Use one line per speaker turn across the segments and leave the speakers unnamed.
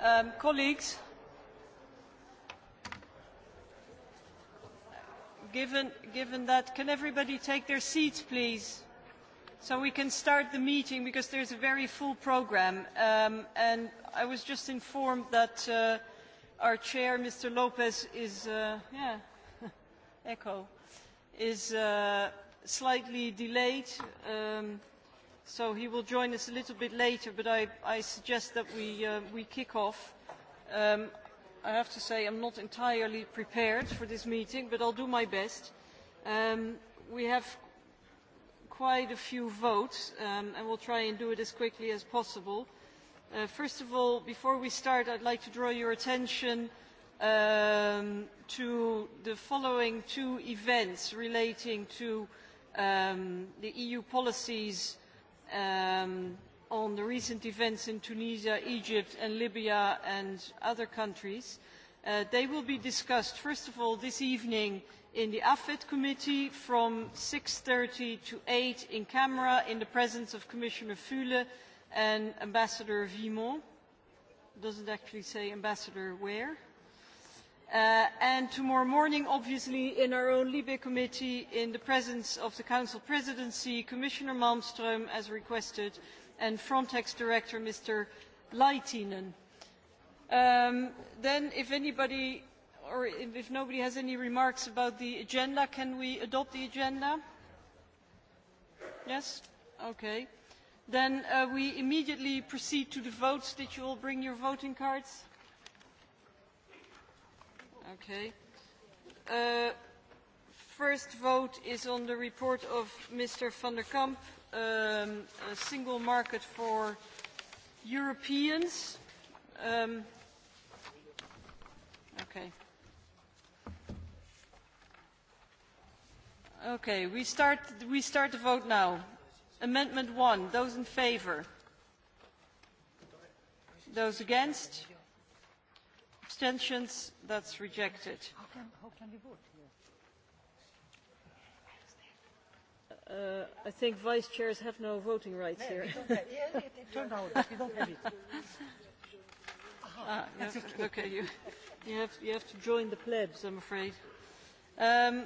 Um, colleagues, given, given that, can everybody take their seats, please? So we can start the meeting because there's a very full program. Um, and I was just informed that uh, our chair, Mr. Lopez, is, uh, yeah, echo, is uh, slightly delayed. Um, so he will join us a little bit later, but I, I suggest that we, uh, we kick off. Um, I have to say I'm not entirely prepared for this meeting, but I'll do my best. Um, we have quite a few votes, um, and we'll try and do it as quickly as possible. Uh, first of all, before we start, I'd like to draw your attention um, to the following two events relating to um, the EU policies uh, um, on the recent events in Tunisia, Egypt and Libya and other countries. Uh, they will be discussed, first of all, this evening in the AFET committee from 6.30 to 8 in camera in the presence of Commissioner Fule and Ambassador Vimon. Doesn't actually say Ambassador where Uh, and tomorrow morning, obviously, in our own Libe committee, in the presence of the Council Presidency, Commissioner Malmström, as requested, and Frontex Director, Mr. Leitinen. Um, then, if anybody or if nobody has any remarks about the agenda, can we adopt the agenda? Yes? Okay. Then uh, we immediately proceed to the votes. Did you all bring your voting cards? Okay. Uh, first vote is on the report of Mr. van der Kamp, um, a single market for Europeans. Um, okay. Okay, we start, we start the vote now. Amendment 1, those in favour? Those against? Abstentions? that's rejected. How
can, how can we vote
here?
Uh, I think vice chairs have no voting rights here. yeah, it, it turned out that we don't have it. Ah, you have, to, okay, you, you, have, you have to join the plebs, I'm afraid. Um,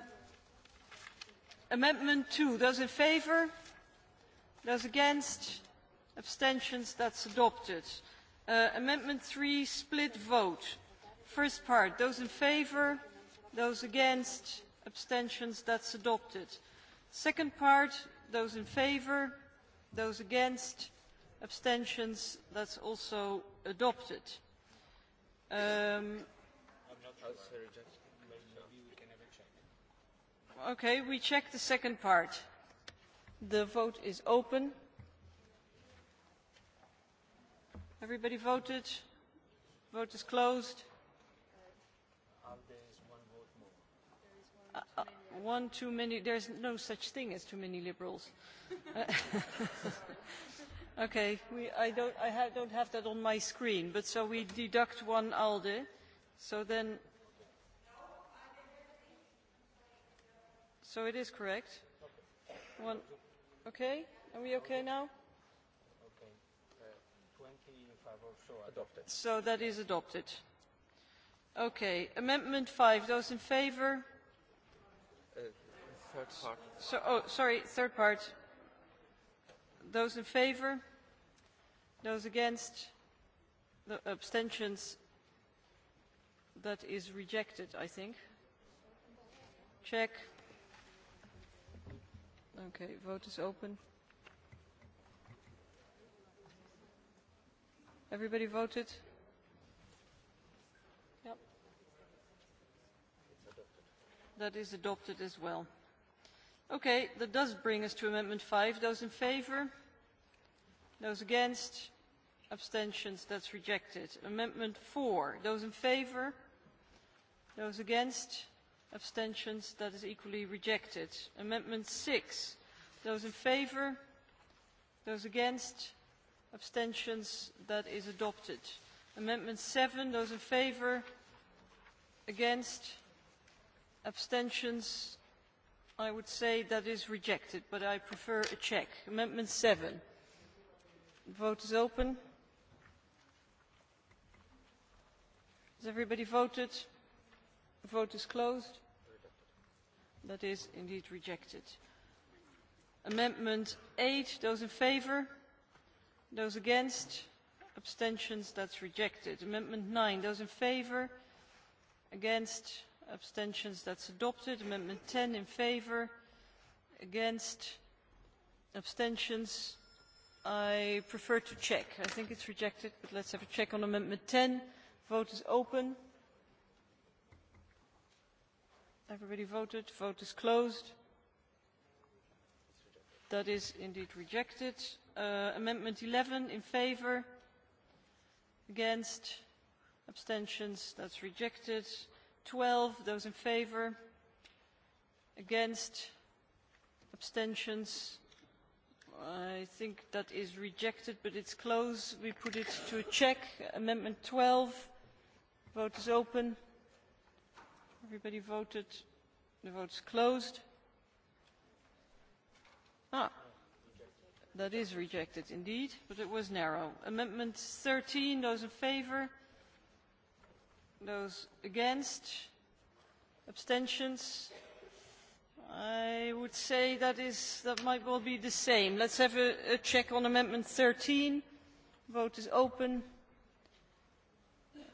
amendment 2, those in favour? Those against? Abstentions? That's adopted. Uh, amendment 3, split vote First part, those in favour, those against, abstentions, that's adopted. Second part, those in favour, those against, abstentions, that's also adopted. Um, okay, we check the second part. The vote is open. Everybody voted? Vote is closed one too many. There's no such thing as too many liberals. Uh, okay, we, I, don't, I ha don't have that on my screen, but so we deduct one ALDE. So then. So it is correct. One. Okay? Are we okay now?
Okay. Uh, 20 in favor, so adopted.
So that is adopted. Okay. Amendment 5. Those in favor? Third part. So, oh, sorry, third part. Those in favor? Those against? The abstentions? That is rejected, I think. Check. Okay, vote is open. Everybody voted? Yep. That is adopted as well. Okay, that does bring us to Amendment 5. Those in favour? Those against? Abstentions? That's rejected. Amendment 4. Those in favour? Those against? Abstentions? That is equally rejected. Amendment 6. Those in favour? Those against? Abstentions? That is adopted. Amendment 7. Those in favour? Against? Abstentions? I would say that is rejected, but I prefer a check. Amendment 7. The vote is open. Has everybody voted? The vote is closed. That is indeed rejected. Amendment 8. Those in favour? Those against? Abstentions? That's rejected. Amendment 9. Those in favour? Against? abstentions that's adopted amendment 10 in favor against abstentions i prefer to check i think it's rejected but let's have a check on amendment 10 vote is open everybody voted vote is closed that is indeed rejected uh, amendment 11 in favor against abstentions that's rejected 12, those in favor, against, abstentions. I think that is rejected, but it's close. We put it to a check. Amendment 12, vote is open. Everybody voted. The vote's closed. Ah, that is rejected indeed, but it was narrow. Amendment 13, those in favor, Those against? Abstentions? I would say that, is, that might well be the same. Let's have a, a check on Amendment 13. Vote is open.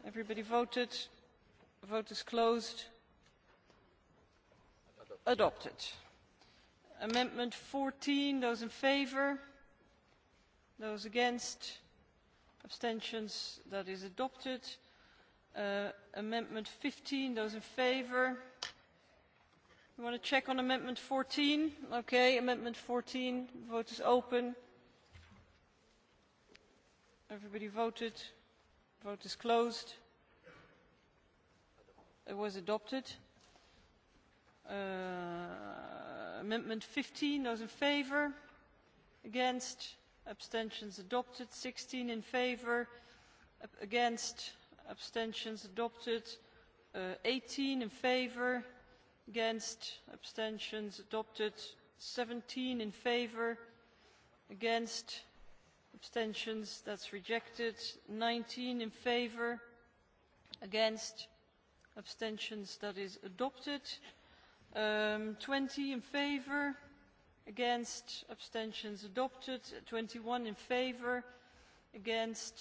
Everybody voted. Vote is closed. Adopted. Adopted. Amendment 14. Those in favour? Those against? Abstentions? That is adopted. Uh, amendment 15, those in favour? You want to check on amendment 14? Okay, amendment 14, vote is open. Everybody voted. Vote is closed. It was adopted. Uh, amendment 15, those in favour? Against? Abstentions adopted. 16 in favour? Against? abstentions adopted uh, 18 in favor against abstentions adopted 17 in favor against abstentions that's rejected 19 in favor against abstentions that is adopted um, 20 in favor against abstentions adopted 21 in favor against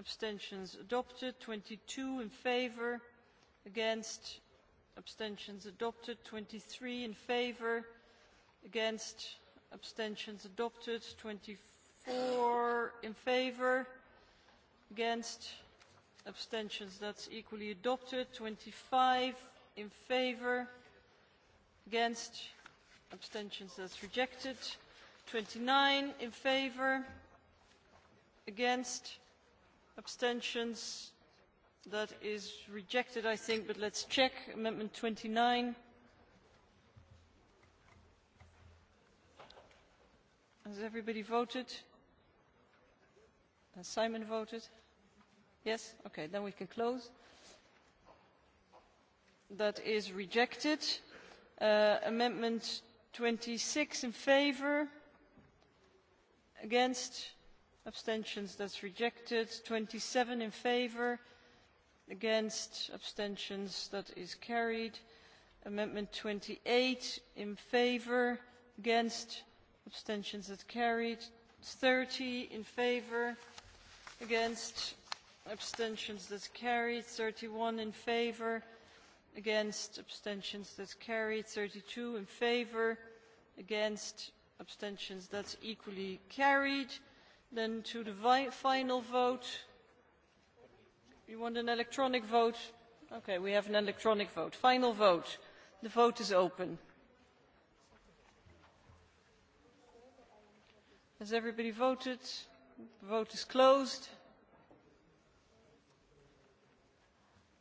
abstentions adopted twenty two in favour against abstentions adopted twenty three in favour against abstentions adopted twenty four in favour against abstentions that's equally adopted twenty five in favour against abstentions that's rejected twenty nine in favour against abstentions that is rejected i think but let's check amendment twenty nine has everybody voted has simon voted yes okay then we can close that is rejected uh, amendment twenty six in favour against abstentions that's rejected 27 in favor against abstentions that is carried amendment 28 in favor against abstentions that carried 30 in favor against abstentions that's carried 31 in favor against abstentions that's carried 32 in favor against abstentions that's equally carried Then to the vi final vote. You want an electronic vote? Okay, we have an electronic vote. Final vote. The vote is open. Has everybody voted? The vote is closed.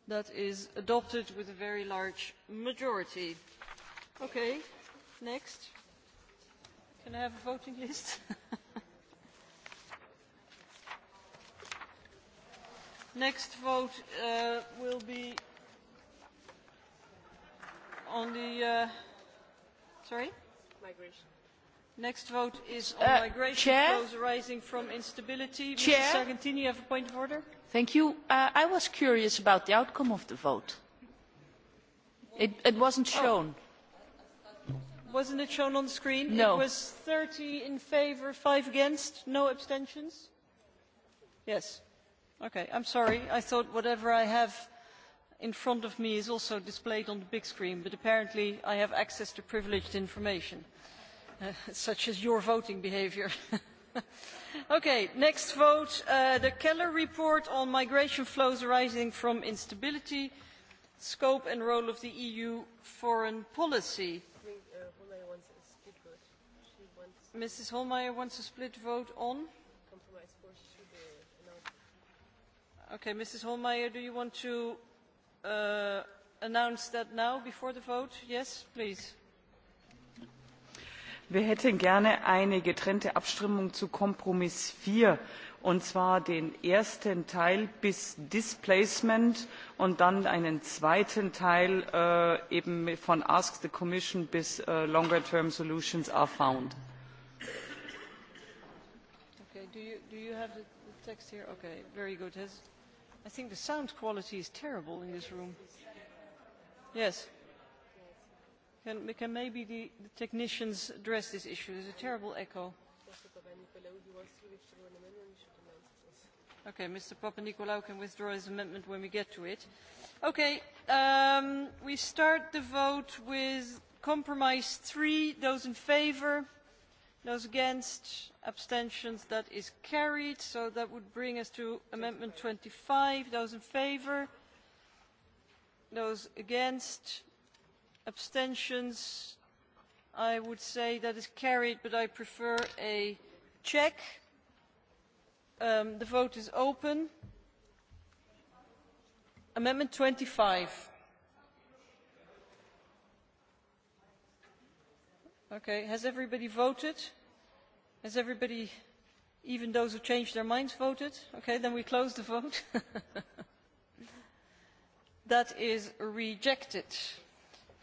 That is adopted with a very large majority. Okay, next. Can I have a voting list? Next vote uh, will be on the... Uh, sorry? Migration. Next vote is on uh, migration Chair? flows arising from instability. Chair? Mrs. Sargentini, you have a point of order?
Thank you. Uh, I was curious about the outcome of the vote. It, it wasn't oh. shown.
Oh. Wasn't it shown on the screen? No. It was 30 in favour, 5 against, no abstentions? Yes Okay, I'm sorry. I thought whatever I have in front of me is also displayed on the big screen, but apparently I have access to privileged information, uh, such as your voting behavior. okay, next vote, uh, the Keller report on migration flows arising from instability, scope and role of the EU foreign policy. Mrs. Uh, Holmeyer wants a split vote on? Okay, Mrs. Holmeyer, do you want to uh, announce that now before the vote? Yes, please.
Wir hätten gerne eine getrennte Abstimmung zu Kompromiss 4, und zwar den ersten Teil bis Displacement und dann einen zweiten Teil äh, eben von Ask the Commission bis äh, Longer Term Solutions are found.
Okay, do you, do you have the text here? Okay, very good. Has, I think the sound quality is terrible in this room. Yes. Can, can maybe the, the technicians address this issue? There's a terrible echo. Okay, Mr. Papanikolaou can withdraw his amendment when we get to it. Okay, um, we start the vote with compromise three. Those in favour? Those against? Abstentions? That is carried. So that would bring us to Amendment 25. Those in favour? Those against? Abstentions? I would say that is carried, but I prefer a check. Um, the vote is open. Amendment 25. Okay, has everybody voted? Has everybody, even those who changed their minds, voted? Okay, then we close the vote. that is rejected.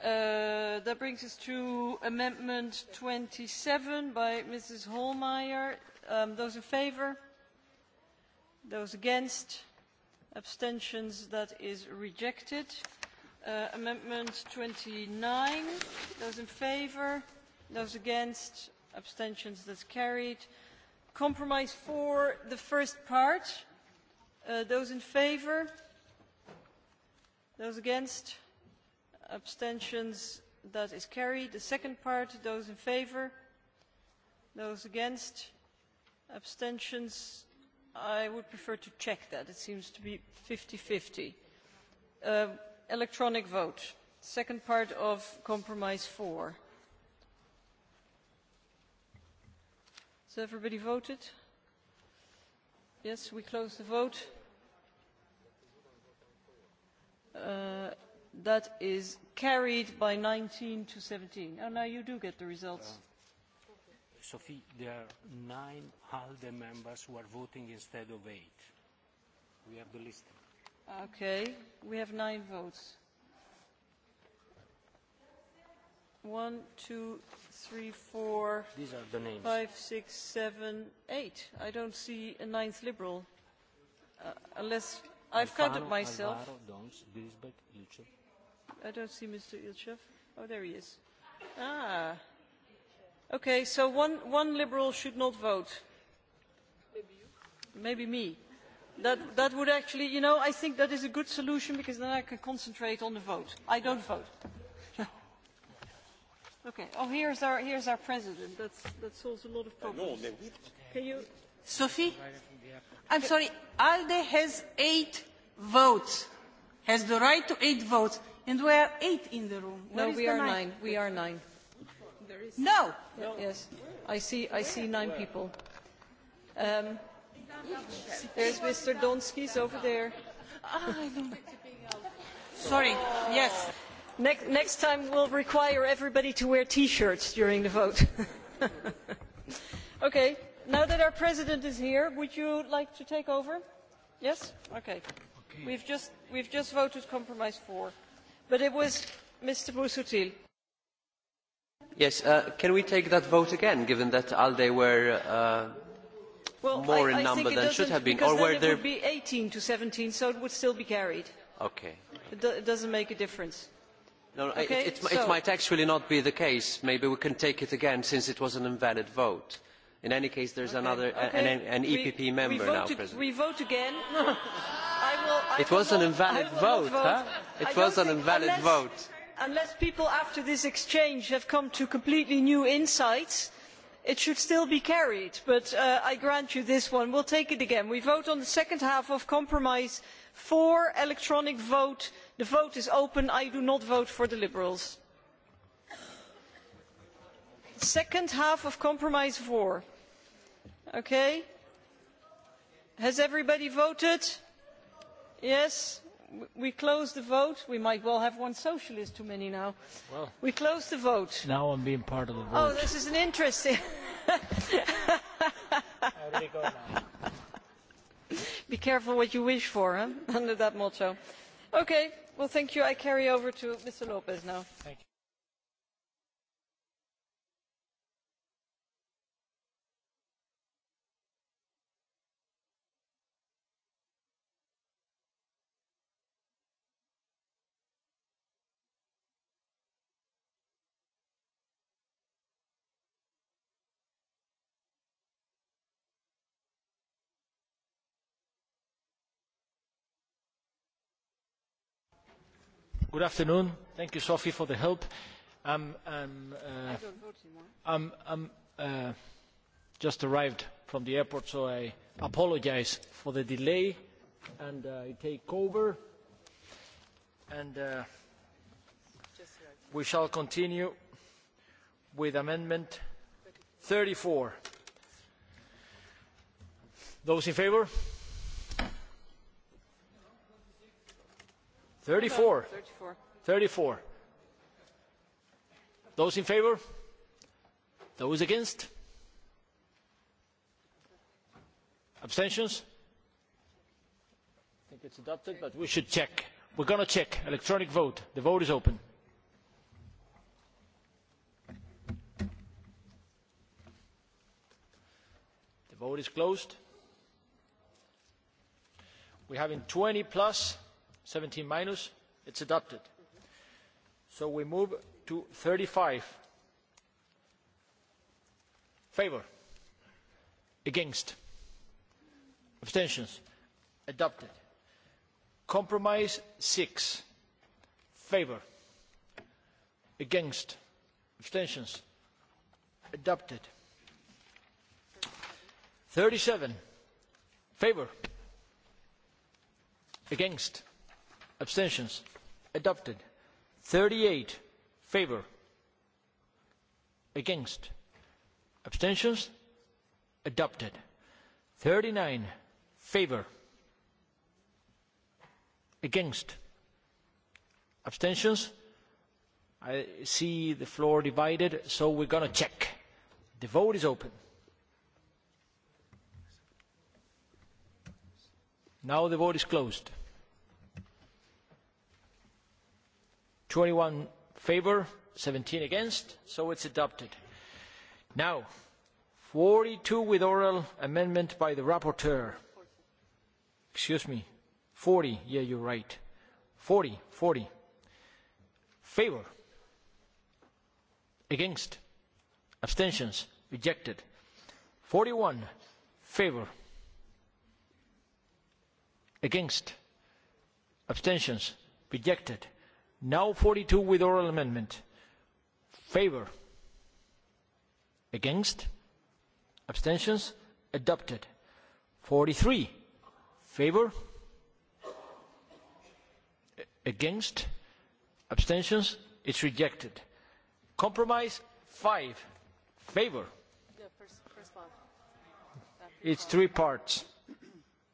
Uh, that brings us to amendment 27 by Mrs. Holmeyer. Um, those in favour? Those against? Abstentions? That is rejected. Uh, amendment 29. Those in favour? Those against? Abstentions? That's carried. Compromise 4, the first part. Uh, those in favour? Those against? Abstentions? That is carried. The second part, those in favour? Those against? Abstentions? I would prefer to check that. It seems to be 50-50. Uh, electronic vote. Second part of compromise 4. Has everybody voted? Yes, we close the vote. Uh, that is carried by 19 to 17. Oh, now you do get the results. Uh,
Sophie, there are nine ALDE members who are voting instead of eight. We have the list.
Okay, we have nine votes. One, two, three, four. These are the names. Five, six, seven, eight. I don't see a ninth liberal, uh, unless I've Alfano, counted myself. Alvaro,
Dons, Grisbeck, Ilchev.
I don't see Mr. Ilchev. Oh, there he is. Ah. Okay, so one, one liberal should not vote. Maybe you. Maybe me. That, that would actually, you know, I think that is a good solution because then I can concentrate on the vote. I don't vote. Okay. Oh, here's our here's our president. That's that
solves a
lot of problems. No,
Can you, Sophie? I'm sorry. ALDE has eight votes. Has the right to eight votes, and we are
eight in the room. Where no, we are nine? nine.
We are nine. There is no. no. Yes,
I see. I see nine Where? people. Um, there's Mr. Donskis over there. Ah, I don't. Sorry. Yes next, next time we'll require everybody to wear t-shirts during the vote. okay, now that our president is here, would you like to take over? Yes? Okay. okay. We've, just, we've just voted compromise four, but it was Mr. Busuttil.
Yes, uh, can we take that vote again, given that ALDE were uh, well, more I, in I number than should have been? Or were then it there... would
be 18 to 17, so it would still be carried. Okay. It, do it doesn't make a difference.
No, okay, it, it, so, it might actually not be the case. Maybe we can take it again since it was an invalid vote. In any case, there's okay, another okay. an, an EPP e we, member we now present.
We vote again. I will, I it was not, an invalid vote, vote, huh? It I was an invalid unless, vote. Unless people after this exchange have come to completely new insights, it should still be carried. But uh, I grant you this one. We'll take it again. We vote on the second half of compromise for electronic vote 4 the vote is open. i do not vote for the liberals. second half of compromise four okay has everybody voted? yes we close the vote we might well have one socialist too many now
well, we close the vote now i'm being part of the oh, vote oh this
is an interesting be careful what you wish for eh? under that motto okay well thank you i carry over to mr lopez now.
Good afternoon. Thank you, Sophie, for the help. I'm, I'm, uh, I don't vote anymore. I'm, I'm uh, just arrived from the airport, so I apologize for the delay, and uh, I take over, and uh, we shall continue with Amendment 34. Those in favour? 34. 34. Those in favour? Those against? Abstentions? I think it's adopted, but we should check. We're going to check. Electronic vote. The vote is open. The vote is closed. We have in 20 plus seventeen minus it's adopted so we move to thirty five favor against abstentions adopted compromise six favor against abstentions adopted thirty seven favor against abstentions adopted 38 favor against abstentions adopted 39 favor against abstentions i see the floor divided so we're going to check the vote is open now the vote is closed twenty one in favour seventeen against so it is adopted. now forty two with oral amendment by the rapporteur excuse me forty yeah you are right forty forty favour against abstentions rejected forty one favour against abstentions rejected now 42 with oral amendment favor against abstentions adopted 43 favor against abstentions it's rejected compromise 5 favor no,
first, first part.
it's three parts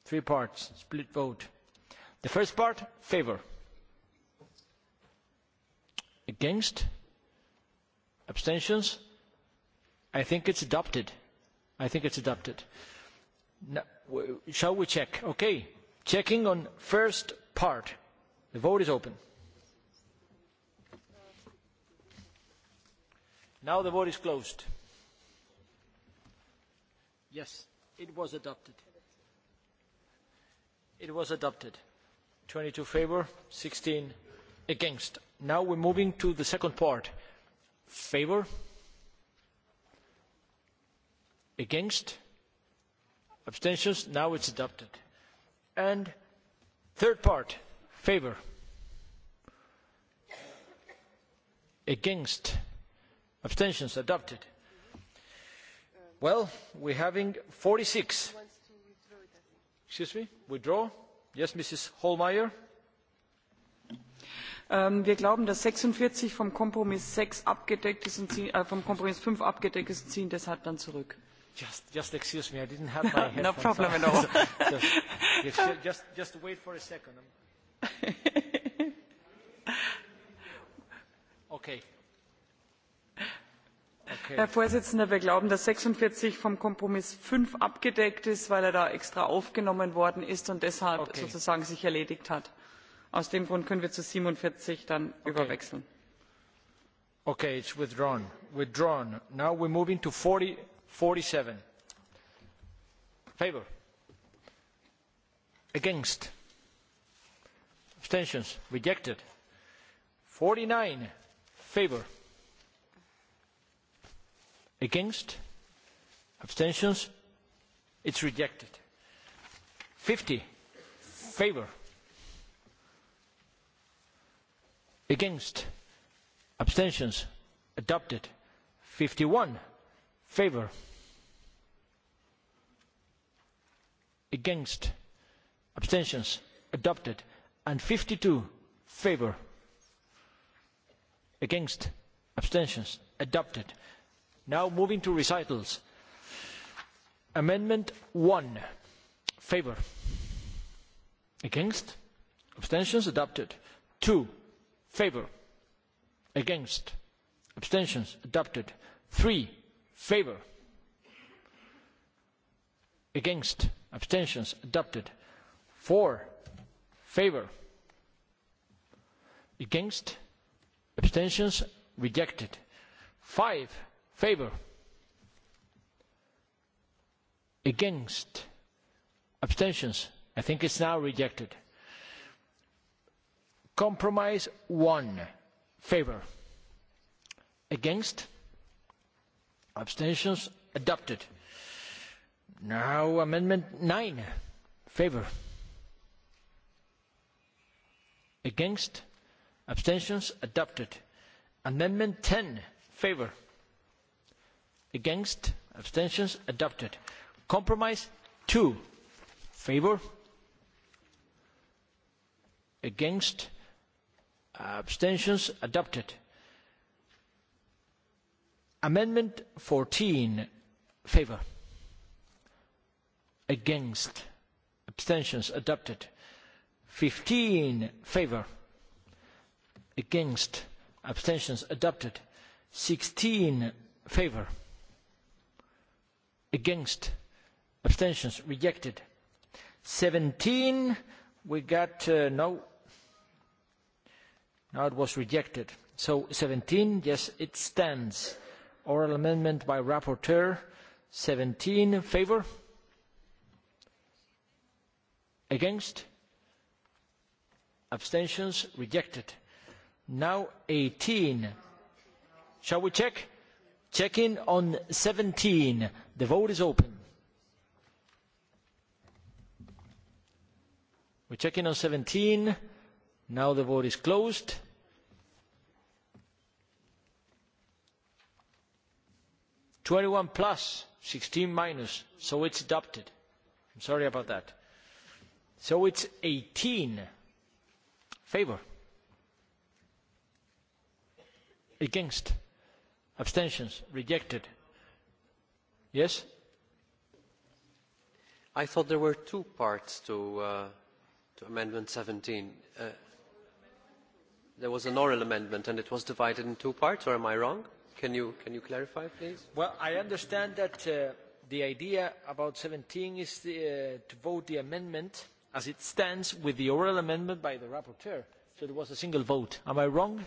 three parts split vote the first part favor Against? Abstentions? I think it's adopted. I think it's adopted. Now, shall we check? Okay. Checking on first part. The vote is open. Now the vote is closed. Yes, it was adopted. It was adopted. 22 favor, 16 against now we are moving to the second part favour against abstentions now it's adopted and third part favour against abstentions adopted well we're having 46 excuse me withdraw
yes mrs holmeyer Ähm, wir glauben dass sechsundvierzig vom kompromiss sechs abgedeckt ist und äh, vom kompromiss fünf abgedeckt ist und ziehen deshalb dann zurück.
Just, just excuse me, I didn't have my headphones. no problem at all. so, just, just, just wait for a second. Okay.
Okay. herr präsident! wir glauben dass sechsundvierzig vom kompromiss fünf abgedeckt ist weil er da extra aufgenommen worden ist und deshalb okay. sozusagen sich erledigt hat aus dem grund können wir zu siebenundvierzig dann okay. überwechseln.
okay it's withdrawn withdrawn now we're moving to 40 47 favor against abstentions rejected 49 favor against abstentions it's rejected 50 favor against abstentions adopted 51 favor against abstentions adopted and 52 favor against abstentions adopted now moving to recitals amendment 1 favor against abstentions adopted 2 favour against abstentions adopted three favour against abstentions adopted four favour against abstentions rejected five favour against abstentions i think it's now rejected Compromise 1. Favor. Against. Abstentions adopted. Now amendment 9. Favor. Against. Abstentions adopted. Amendment 10. Favor. Against. Abstentions adopted. Compromise 2. Favor. Against Uh, abstentions adopted amendment 14 favor against abstentions adopted 15 favor against abstentions adopted 16 favor against abstentions rejected 17 we got uh, no Now it was rejected. So 17, yes, it stands. Oral amendment by rapporteur. 17, in favour? Against? Abstentions? Rejected. Now 18. Shall we check? Checking on 17. The vote is open. We're checking on 17 now the vote is closed twenty one plus sixteen minus so it's adopted i'm sorry about that so it's eighteen favor against abstentions rejected yes
i thought there were two parts to uh, to amendment 17 uh, there was an oral amendment and it was divided in two parts, or am I wrong? Can you, can you clarify, please?
Well, I understand that uh, the idea about 17 is the, uh, to vote the amendment as it
stands with the oral amendment by the rapporteur. So there was a single vote. Am I wrong?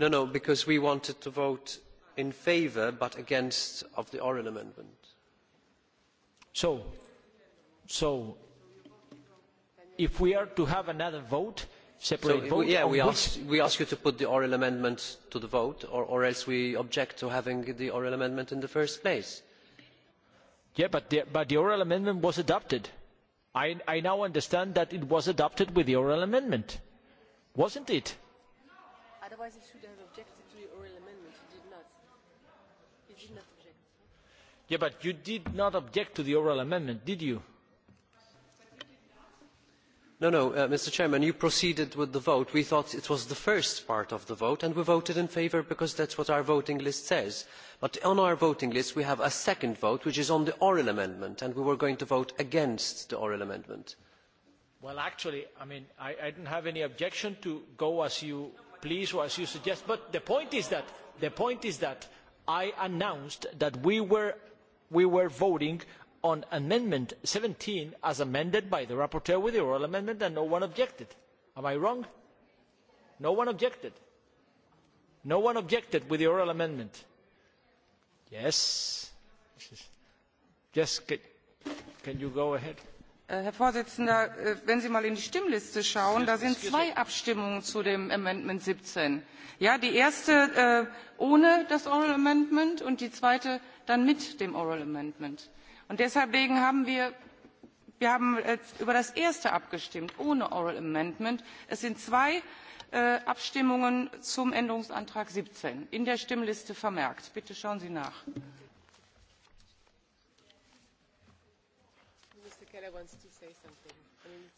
No, no, because we wanted to vote in favour but against of the oral amendment. So,
so if we are to have another vote separate so, vote yeah, we, which... ask,
we ask you to put the oral amendment to the vote or, or else we object to having the oral amendment in the first place.
Yeah, but the, but the oral amendment was adopted. I, I now understand that it was adopted with the oral amendment, wasn't it?
Otherwise, you should have objected to the oral amendment. You did not. You did not object.
Yeah, but you did not object to the oral amendment, did you? No. No, no, uh, Mr. Chairman, you proceeded with the vote. We thought it was the first part of the vote, and we voted in favour because that's what our voting list says. But on our voting list, we have a second vote, which is on the oral amendment, and we were going to vote against the oral amendment.
Well, actually, I mean, I, I didn't have any objection to go as you please or as you suggest, but the point is that, the point is that I announced that we were, we were voting on amendment seventeen as amended by the rapporteur with the oral amendment and no one objected. am i wrong? no one objected. no one objected with the oral amendment. yes. yes can, can you go ahead?
Äh, herr präsident! Äh, wenn sie mal in die stimmliste schauen da sind zwei abstimmungen zu dem änderungsantrag. siebzehn die erste äh, ohne das oral amendment und die zweite dann mit dem oral amendment und deshalb haben wir wir haben über das erste abgestimmt ohne oral amendment. es sind zwei äh, abstimmungen zum änderungsantrag siebzehn in der stimmliste vermerkt. bitte schauen sie nach.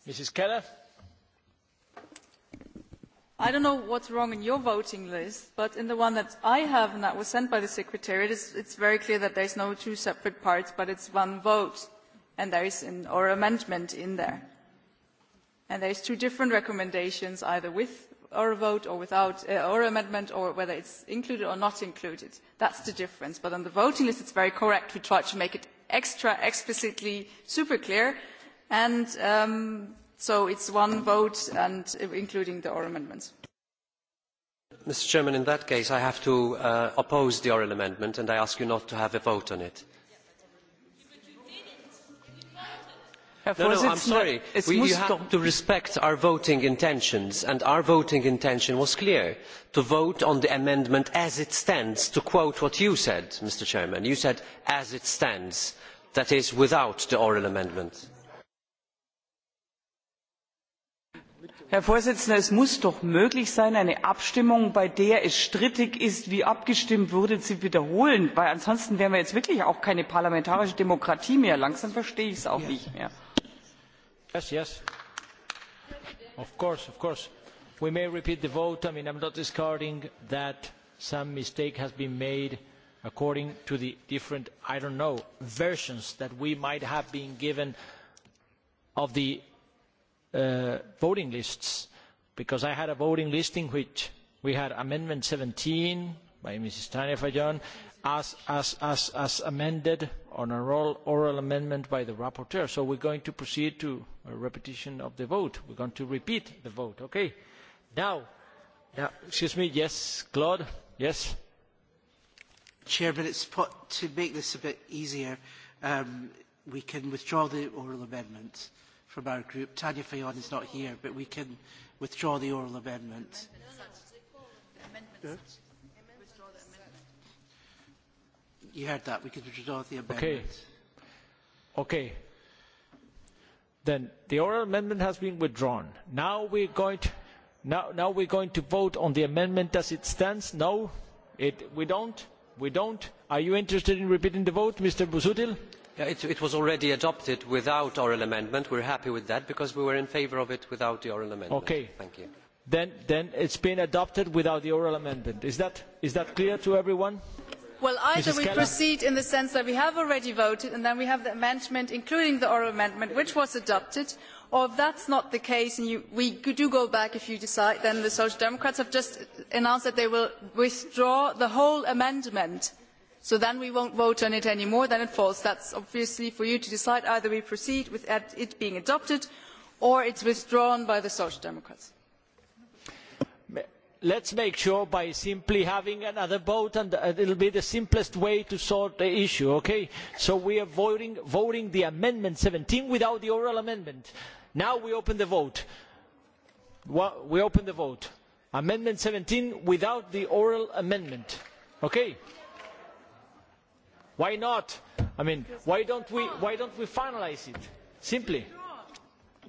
mrs keller
I don't know what's wrong in your voting list, but in the one that I have and that was sent by the Secretariat, it's, it's very clear that there's no two separate parts, but it's one vote, and there is an or amendment in there. And there's two different recommendations, either with or a vote or without uh, or amendment or whether it's included or not included. That's the difference. But on the voting list, it's very correct. We try to make it extra explicitly super clear. And um, so it is one vote and uh, including the oral amendments.
mr president in that case i have to uh, oppose the oral amendment and i ask you not to have a vote on it.
Herr no, no, I'm sorry. We, you have
to respect our voting intentions, and our voting intention was clear, to vote on the amendment as it stands, to quote what you said, Mr Chairman. You said, as it stands, that is, without the oral amendment.
herr präsident es muss doch möglich sein eine abstimmung bei der es strittig ist wie abgestimmt wurde zu wiederholen denn ansonsten wären wir jetzt wirklich auch keine parlamentarische demokratie mehr. langsam verstehe ich es auch nicht mehr.
of course of course we may repeat the vote. i mean i'm not discarding that some mistake has been made according to the different i don't know versions that we might have been given of the uh, voting lists, because I had a voting list in which we had Amendment 17 by Mrs. Tania Fajon as, as, as, as amended on an oral, oral amendment by the rapporteur. So we're going to proceed to a repetition of the vote. We're going to repeat the vote. Okay. Now,
now excuse me, yes, Claude, yes. Chairman, it's put, to make this a bit easier, um, we can withdraw the oral amendment. Uh, from our group. Tanya Fayon is not here, but we can withdraw the oral amendment. Yeah. You heard that. We could withdraw the amendment. Okay. Okay.
Then the oral amendment has been withdrawn. Now we're going to, now, now we're going to vote on the amendment as it stands. No, it, we don't. We don't. Are you interested in repeating the vote, Mr. Busutil?
It, it was already adopted without oral amendment. We're happy with that because we were in favour of it without the oral amendment. Okay. Thank you.
Then, then it's been adopted without the oral amendment. Is that, is that clear to everyone? Well, either we
proceed in the sense that we have already voted and then we have the amendment, including the oral amendment, which was adopted, or if that's not the case and you, we do go back if you decide, then the Social Democrats have just announced that they will withdraw the whole amendment so then we won't vote on it anymore, then it falls. That's obviously for you to decide. Either we proceed with it being adopted or it's withdrawn by the Social Democrats.
Let's make sure by simply having another vote and uh, it'll be the simplest way to sort the issue, okay? So we are voting, voting the amendment 17 without the oral amendment. Now we open the vote. We open the vote. Amendment 17 without the oral amendment. Okay? Why not? I mean, why don't we, why don't we finalize it? Simply.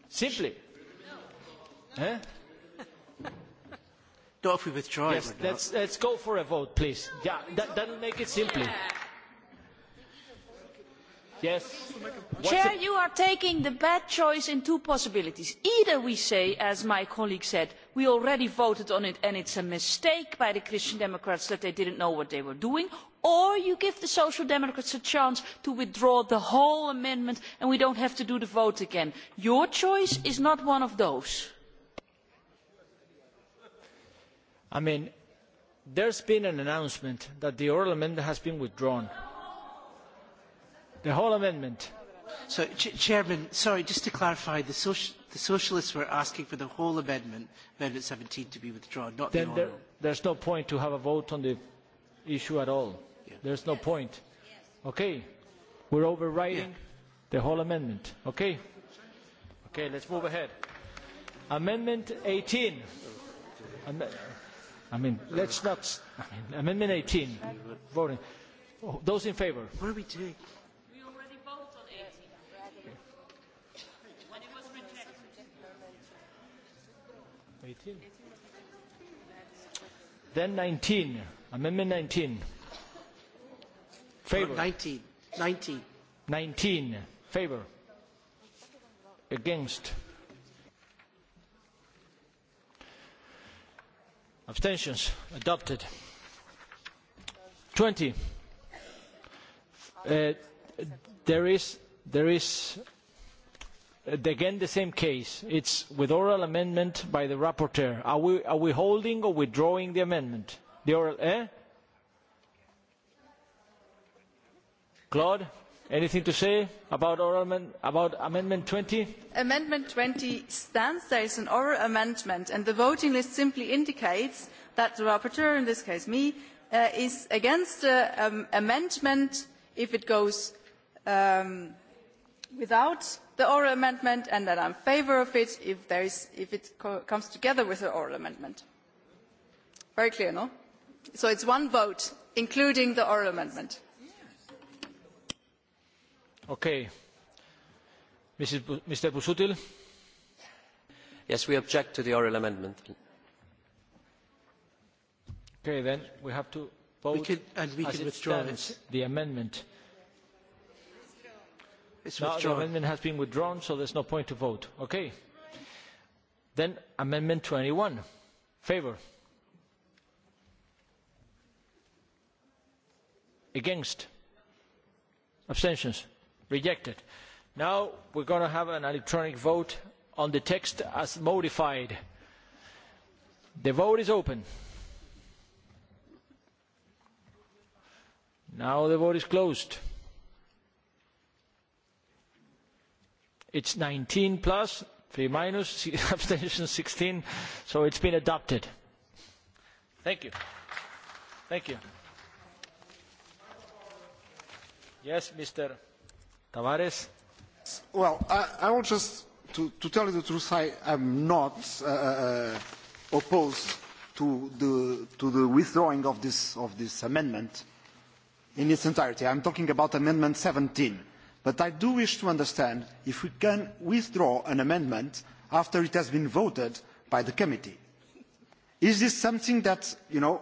Simply. Eh? Not if we withdraw yes, it. Yes, let's, let's go for a vote, please. Yeah, that, that'll make it simply. Yeah. Yes. Chair,
you are taking the bad choice in two possibilities. Either we say, as my colleague said, we already voted on it and it's a mistake by the Christian Democrats that they didn't know what they were doing, or you give the social democrats a chance to withdraw the whole amendment and we do not have to do the vote again. your choice is not one of those.
i mean there has been an announcement that the oral amendment has been withdrawn
the whole amendment. So, Ch Chairman, sorry, just to clarify, the, social, the Socialists were asking for the whole amendment, Amendment 17, to be withdrawn, not then the oral. There,
there's no point to have a vote on the issue at all. Yeah. There's no yes. point. Yes. Okay. We're overriding yeah. the whole amendment. Okay? Okay, let's move ahead. Amendment 18. Am I mean, let's not... I mean, amendment 18. Voting. Oh, those in favor? What are we doing?
We already voted on 18. When it was rejected.
18? Then 19. Amendment 19. Favor. 19. 19. 19. Favor. Against. Abstentions. Adopted. 20. Uh, there is, there is uh, again the same case. It's with oral amendment by the rapporteur. Are we, are we holding or withdrawing the amendment? The oral, eh? claude anything to say about, amend, about amendment? twenty
amendment twenty stands there is an oral amendment and the voting list simply indicates that the rapporteur in this case me uh, is against the uh, um, amendment if it goes um, without the oral amendment and that i am in favour of it if, is, if it co comes together with the oral amendment. very clear no? so it is one vote including the oral amendment.
Okay. Mrs. Bu Mr. Busutil?
Yes, we object to the oral amendment.
Okay, then we have to vote we can, and we as can it withdraw stands, it. the amendment. It's no, withdrawn. the amendment has been withdrawn, so there's no point to vote. Okay. Then Amendment 21. Favour. Against. Abstentions rejected. now we are going to have an electronic vote on the text as modified. the vote is open. now the vote is closed. it's 19 plus 3 minus abstention 16 so it's been adopted. thank you. thank you. yes mr. Tavares? Well, I, I will
just, to, to tell you the truth, I am not uh, uh, uh, opposed to the, to the withdrawing of this, of this amendment in its entirety. I'm talking about Amendment 17. But I do wish to understand if we can withdraw an amendment after it has been voted by the committee. Is this something that, you know,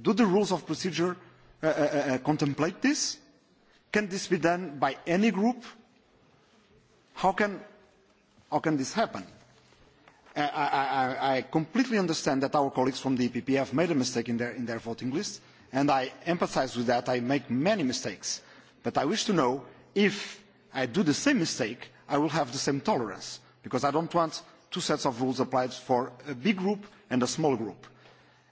do the rules of procedure uh, uh, uh, contemplate this? Uh, Can this be done by any group? How can, how can this happen? I, I, I completely understand that our colleagues from the EPP have made a mistake in their, in their voting list, and I empathize with that. I make many mistakes. But I wish to know if I do the same mistake, I will have the same tolerance, because I don't want two sets of rules applied for a big group and a small group.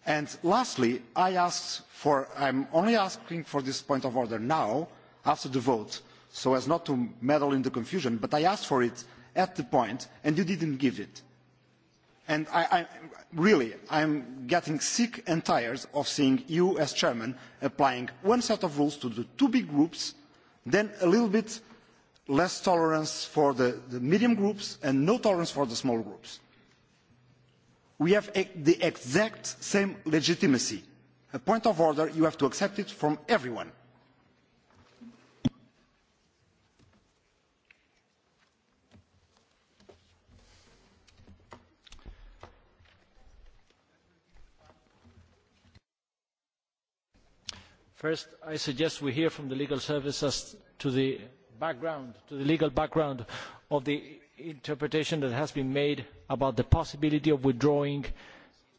And lastly, I asked for, I'm only asking for this point of order now, after the vote so as not to meddle in the confusion, but I asked for it at the point and you didn't give it. And I, I, really, I'm getting sick and tired of seeing you as chairman applying one set of rules to the two big groups, then a little bit less tolerance for the, the medium groups and no tolerance for the small groups. We have a, e, the exact same legitimacy. A point of order, you have to accept it from everyone
First, I suggest we hear from the legal services to the background, to the legal background of the interpretation that has been made about the possibility of withdrawing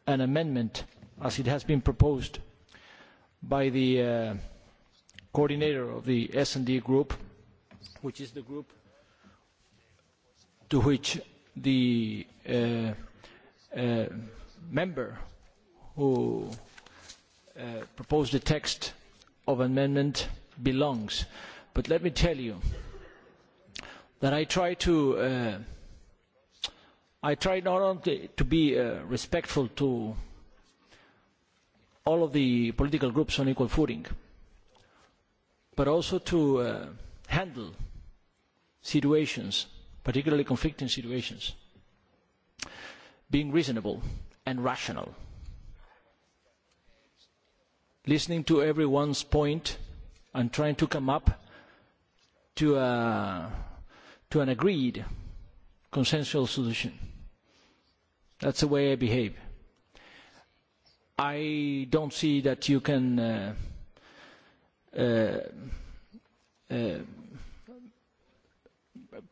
an amendment as it has been proposed by the uh, coordinator of the S&D group, which is the group to which the uh, uh, member who uh, proposed the text of amendment belongs. But let me tell you that I try to uh, I try not only to be uh, respectful to all of the political groups on equal footing, but also to uh, handle situations, particularly conflicting situations, being reasonable and rational listening to everyone's point and trying to come up to, a, to an agreed consensual solution. That's the way I behave. I don't see that you can uh, uh, uh,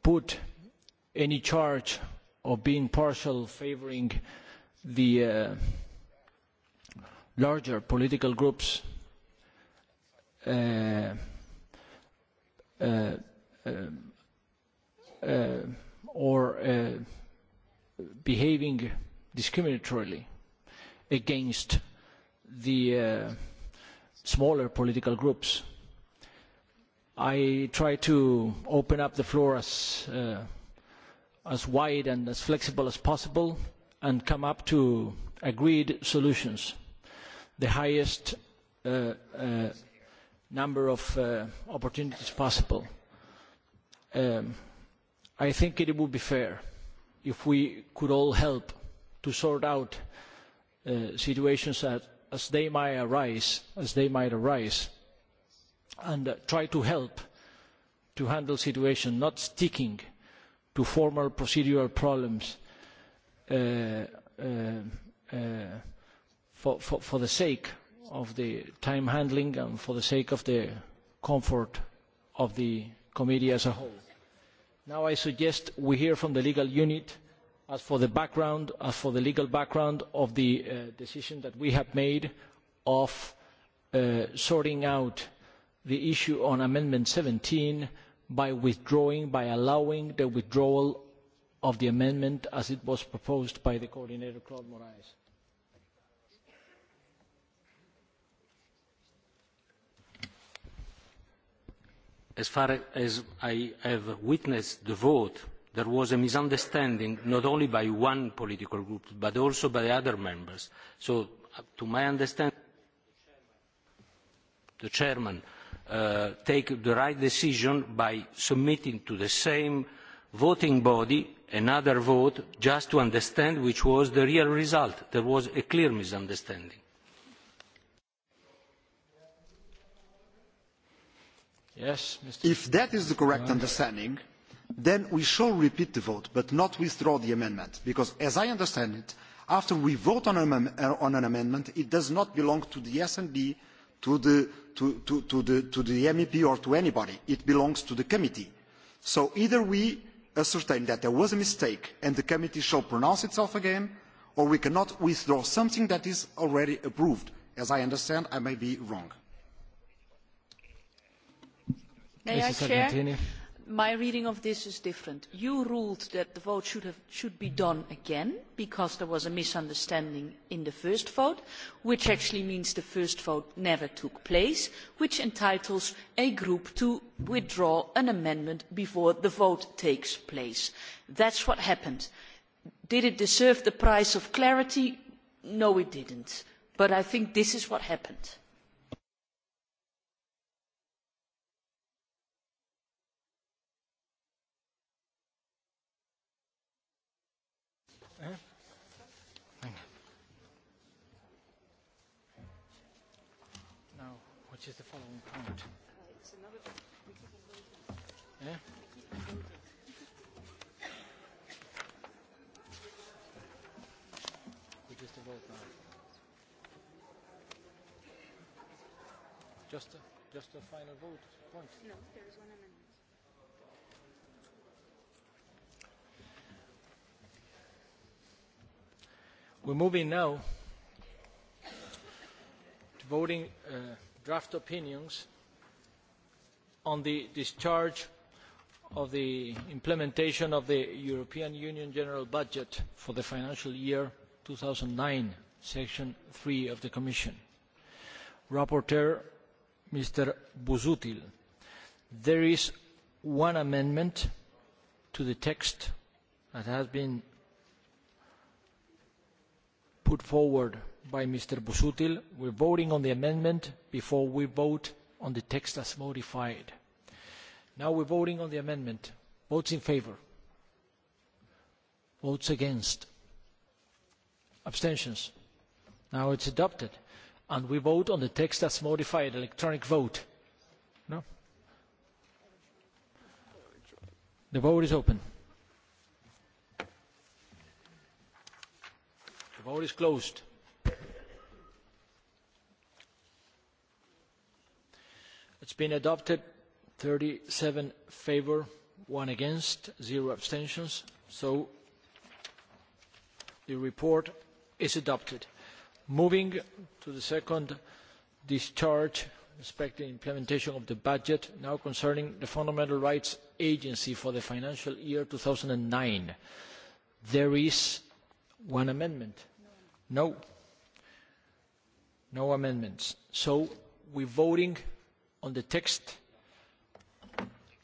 put any charge of being partial favoring the uh, larger political groups uh, uh, uh, or uh, behaving discriminatorily against the uh, smaller political groups. I try to open up the floor as, uh, as wide and as flexible as possible and come up to agreed solutions. Uh, the highest uh, uh, number of uh, opportunities possible. Um, I think it would be fair if we could all help to sort out uh, situations that, as they might arise, as they might arise, and uh, try to help to handle situations, not sticking to formal procedural problems uh, uh, uh, for, for, for the sake of the time handling and for the sake of the comfort of the committee as a whole. Now I suggest we hear from the legal unit as for the background, as for the legal background of the uh, decision that we have made of uh, sorting out the issue on Amendment 17 by withdrawing, by allowing the withdrawal of the amendment as it was proposed by the coordinator Claude Moraes. as far as i have witnessed the vote there was a misunderstanding not only by one political group but also by other members so uh, to my understanding the chairman uh, take the right decision by submitting to the same voting body another vote just to understand which was the real result. there was a clear misunderstanding. Yes, Mr.
If that is the correct understanding, then we shall repeat the vote, but not withdraw the amendment, because as I understand it, after we vote on an, uh, on an amendment, it does not belong to the S&D, to the, to, to, to, the, to the MEP or to anybody. It belongs to the committee. So either we ascertain that there was a mistake and the committee shall pronounce itself again, or we cannot withdraw something that is already approved. As I understand, I may be wrong.
May Mrs. I chair? Argentini? My reading of this is different. You ruled that the vote should, have, should be done again because there was a misunderstanding in the first vote, which actually means the first vote never took place, which entitles a group to withdraw an amendment before the vote takes place. That's what happened. Did it deserve the price of clarity? No, it didn't. But I think this is what happened.
which is the following point.
Yeah?
We just to vote now.
Just a, just a final vote
point. No, there is one amendment.
We're moving now to voting. Uh, draft opinions on the discharge of the implementation of the European Union General Budget for the financial year 2009, Section 3 of the Commission. Rapporteur, Mr. Busutil. There is one amendment to the text that has been put forward by Mr. Busuttil. We're voting on the amendment before we vote on the text as modified. Now we're voting on the amendment. Votes in favour. Votes against. Abstentions. Now it's adopted. And we vote on the text as modified, electronic vote. No? The vote is open. The vote is closed. It's been adopted. 37 favor, one against, zero abstentions. So the report is adopted. Moving to the second discharge respecting implementation of the budget, now concerning the Fundamental Rights Agency for the financial year 2009. There is one amendment. No. No, no amendments. So we're voting on the text.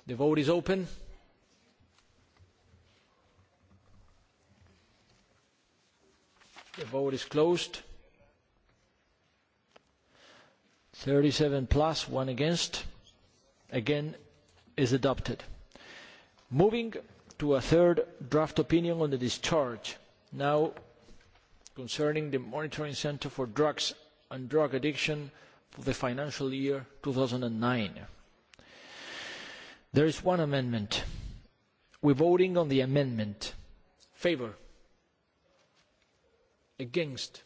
The vote is open. The vote is closed. 37 plus, 1 against. Again, is adopted. Moving to a third draft opinion on the discharge. Now, concerning the Monitoring Center for Drugs and Drug Addiction, the financial year 2009. There is one amendment. We're voting on the amendment. Favor? Against?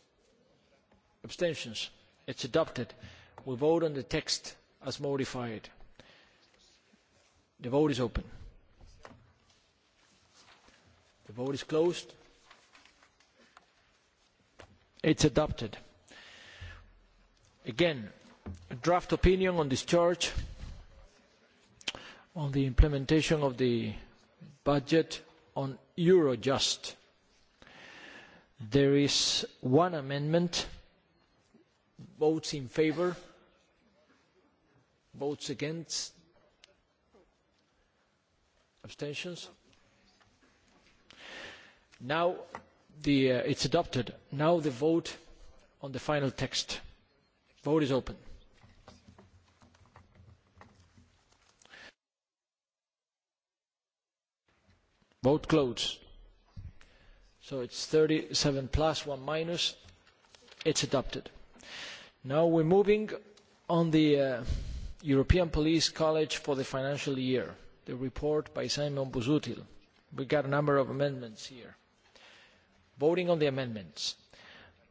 Abstentions? It's adopted. We vote on the text as modified. The vote is open. The vote is closed. It's adopted. Again, a draft opinion on discharge, on the implementation of the budget on Eurojust. There is one amendment. Votes in favor? Votes against? Abstentions? Now the, uh, it's adopted. Now the vote on the final text. Vote is open. Vote closed. So it's 37 plus, 1 minus. It's adopted. Now we're moving on the uh, European Police College for the financial year, the report by Simon Busutil. We got a number of amendments here. Voting on the amendments.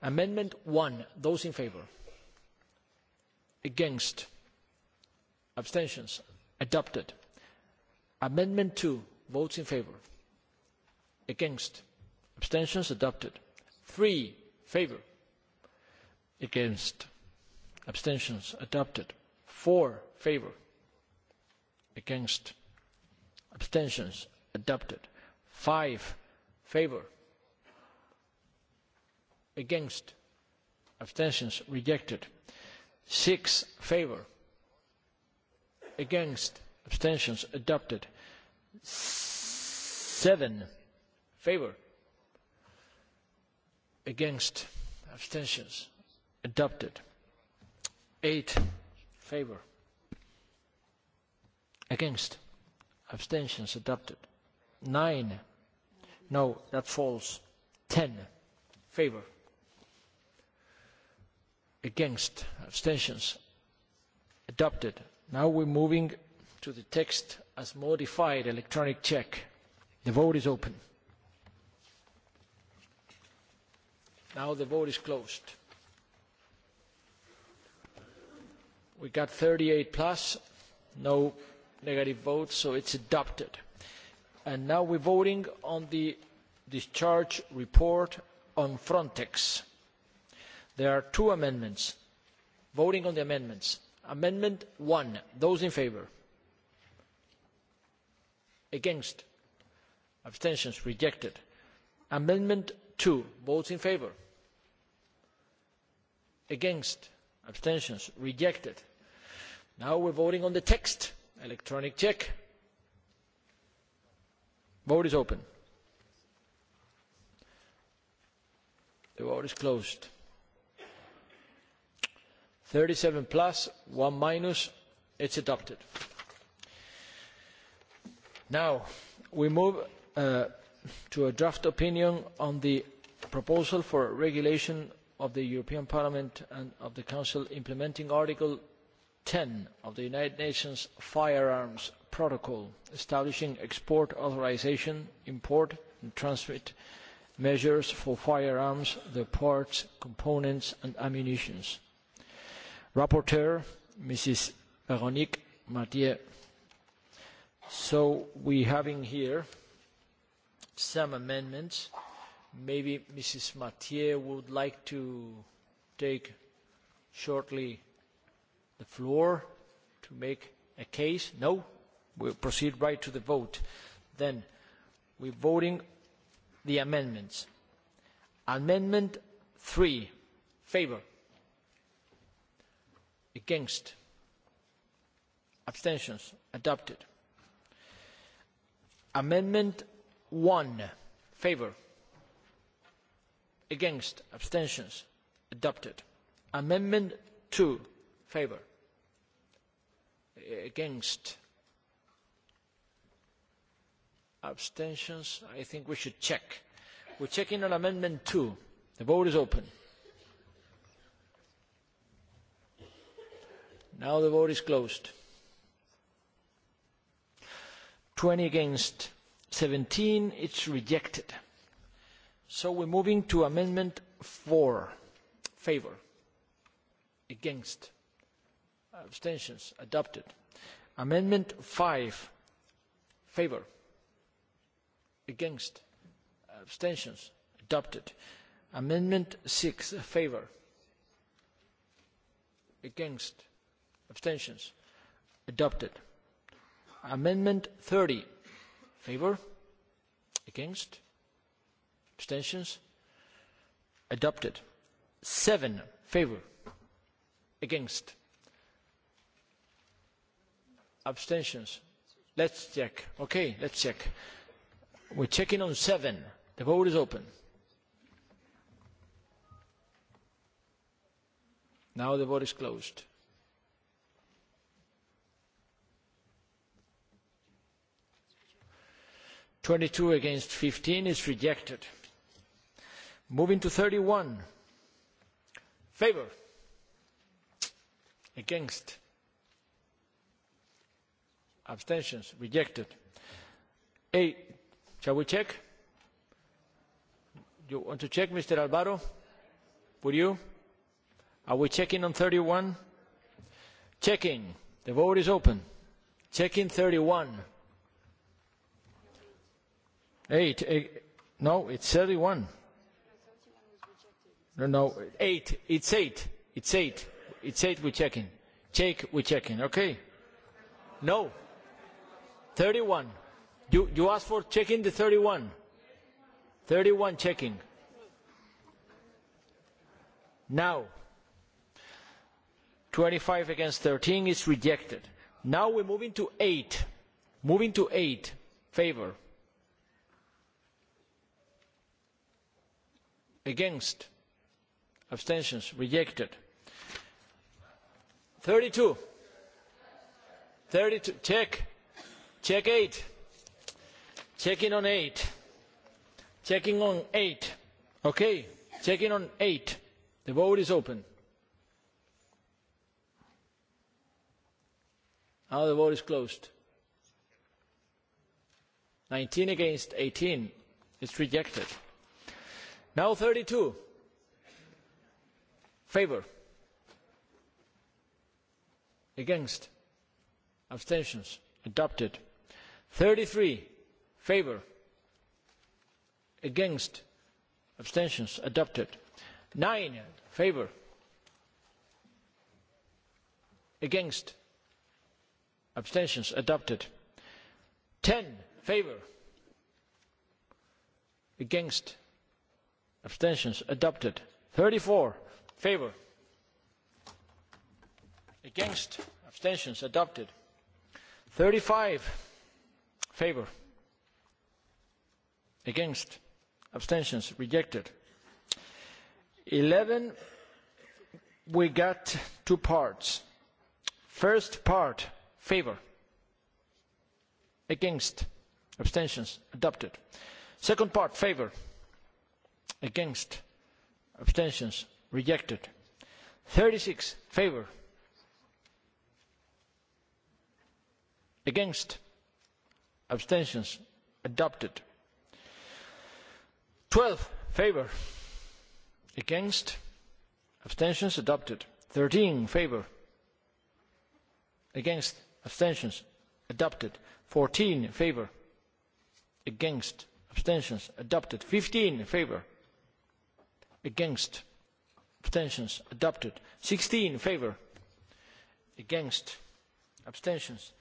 Amendment 1, those in favour against abstentions adopted amendment 2 votes in favor against abstentions adopted 3 favor against abstentions adopted 4 favor against abstentions adopted 5 favor against abstentions rejected six favor against abstentions adopted seven favor against abstentions adopted eight favor against abstentions adopted nine no that falls ten favor against abstentions adopted now we're moving to the text as modified electronic check the vote is open now the vote is closed we got 38 plus no negative votes so it's adopted and now we're voting on the discharge report on frontex there are two amendments voting on the amendments amendment one those in favour against abstentions rejected amendment two votes in favour against abstentions rejected now we're voting on the text electronic check vote is open the vote is closed thirty seven plus one minus it is adopted. now we move uh, to a draft opinion on the proposal for a regulation of the european parliament and of the council implementing article ten of the united nations firearms protocol establishing export authorisation import and transfer measures for firearms their parts components and ammunition. Rapporteur, Mrs. Veronique Mathieu. So we having here some amendments. Maybe Mrs. Mathieu would like to take shortly the floor to make a case? No? We'll proceed right to the vote. Then we're voting the amendments. Amendment 3, favor against abstentions adopted amendment one favour against abstentions adopted amendment two favour against abstentions i think we should check we're checking on amendment two the vote is open now the vote is closed twenty against seventeen it's rejected so we're moving to amendment four favor against abstentions adopted amendment five favor against abstentions adopted amendment six favor against abstentions adopted amendment thirty favour against abstentions adopted seven favour against abstentions let's check okay let's check we're checking on seven the vote is open now the vote is closed twenty two against fifteen is rejected moving to thirty one favour against abstentions rejected eight shall we check you want to check mr alvaro would you are we checking on thirty one checking the vote is open checking thirty one Eight, eight. No, it's 31. No, no, eight. It's eight. It's eight. It's eight we're checking. Check, we're checking, okay? No. 31. You, you asked for checking the 31. 31 checking. Now, 25 against 13 is rejected. Now we're moving to 8. Moving to 8. Favor against abstentions rejected 32 32 check check 8 checking on 8 checking on 8 okay checking on 8 the vote is open now the vote is closed 19 against 18 it's rejected now thirty two favour against abstentions adopted thirty three favour against abstentions adopted nine favour against abstentions adopted ten favour against abstentions adopted 34 favor against abstentions adopted 35 favor against abstentions rejected 11 we got two parts first part favor against abstentions adopted second part favor against abstentions rejected 36 favor against abstentions adopted 12 favor against abstentions adopted 13 favor against abstentions adopted 14 favor against abstentions adopted 15 favor against abstentions adopted 16 in favor against abstentions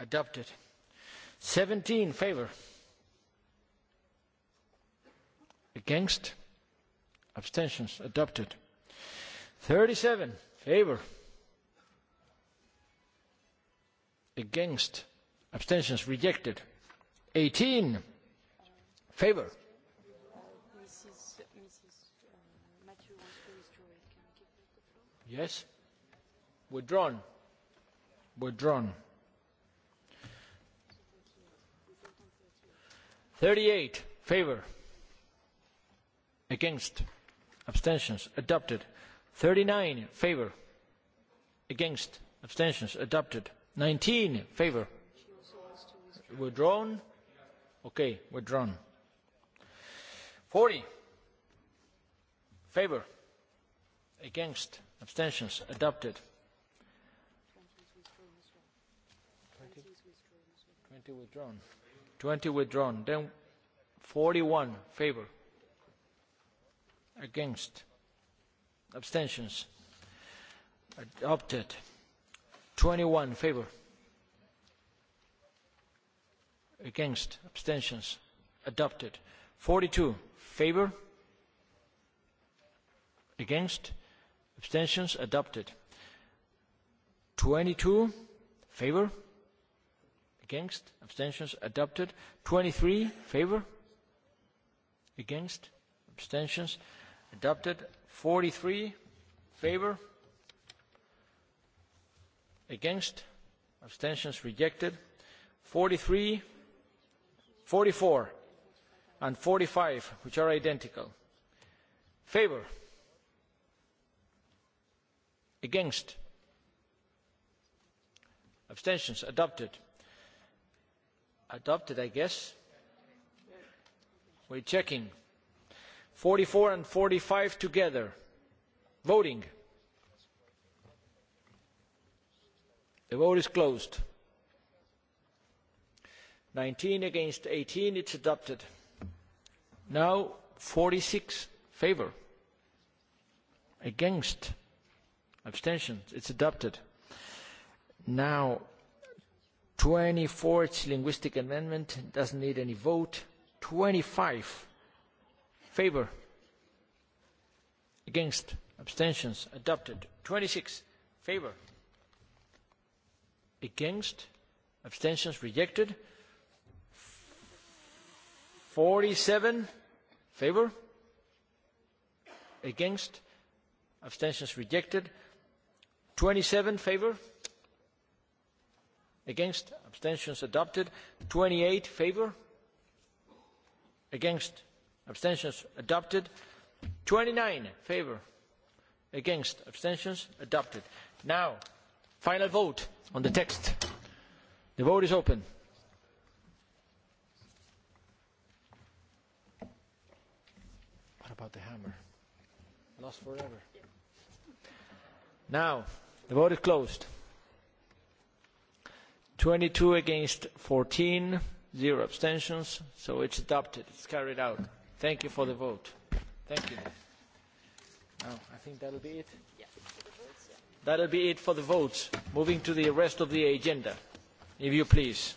adopted 17 in favor against abstentions adopted 37 in favor against abstentions rejected 18 in favor Yes? Withdrawn. Withdrawn. 38 favor against abstentions adopted 39 favor against abstentions adopted 19 favor withdrawn okay withdrawn 40 favor against Abstentions adopted. 20, 20 withdrawn. 20 withdrawn. Then 41 favor. Against. Abstentions adopted. 21 favor. Against. Abstentions adopted. 42 favor. Against abstentions adopted 22 favor against abstentions adopted 23 favor against abstentions adopted 43 favor against abstentions rejected 43 44 and 45 which are identical favor against abstentions adopted adopted i guess we're checking 44 and 45 together voting the vote is closed 19 against 18 it's adopted now 46 favor against Abstentions? It's adopted. Now, 24, it's linguistic amendment, doesn't need any vote. 25, favor. Against? Abstentions? Adopted. 26, favor. Against? Abstentions? Rejected. 47, favor. Against? Abstentions? Rejected twenty seven in favour against abstentions adopted twenty eight in favour against abstentions adopted twenty nine in favour against abstentions adopted. now final vote on the text. the vote is open. what about the hammer? lost forever. now The vote is closed. 22 against 14, zero abstentions, so it's adopted, it's carried out. Thank you for the vote. Thank you. Now, I think that'll be it. Yeah, that'll be it for the votes. Moving to the rest of the agenda, if you please.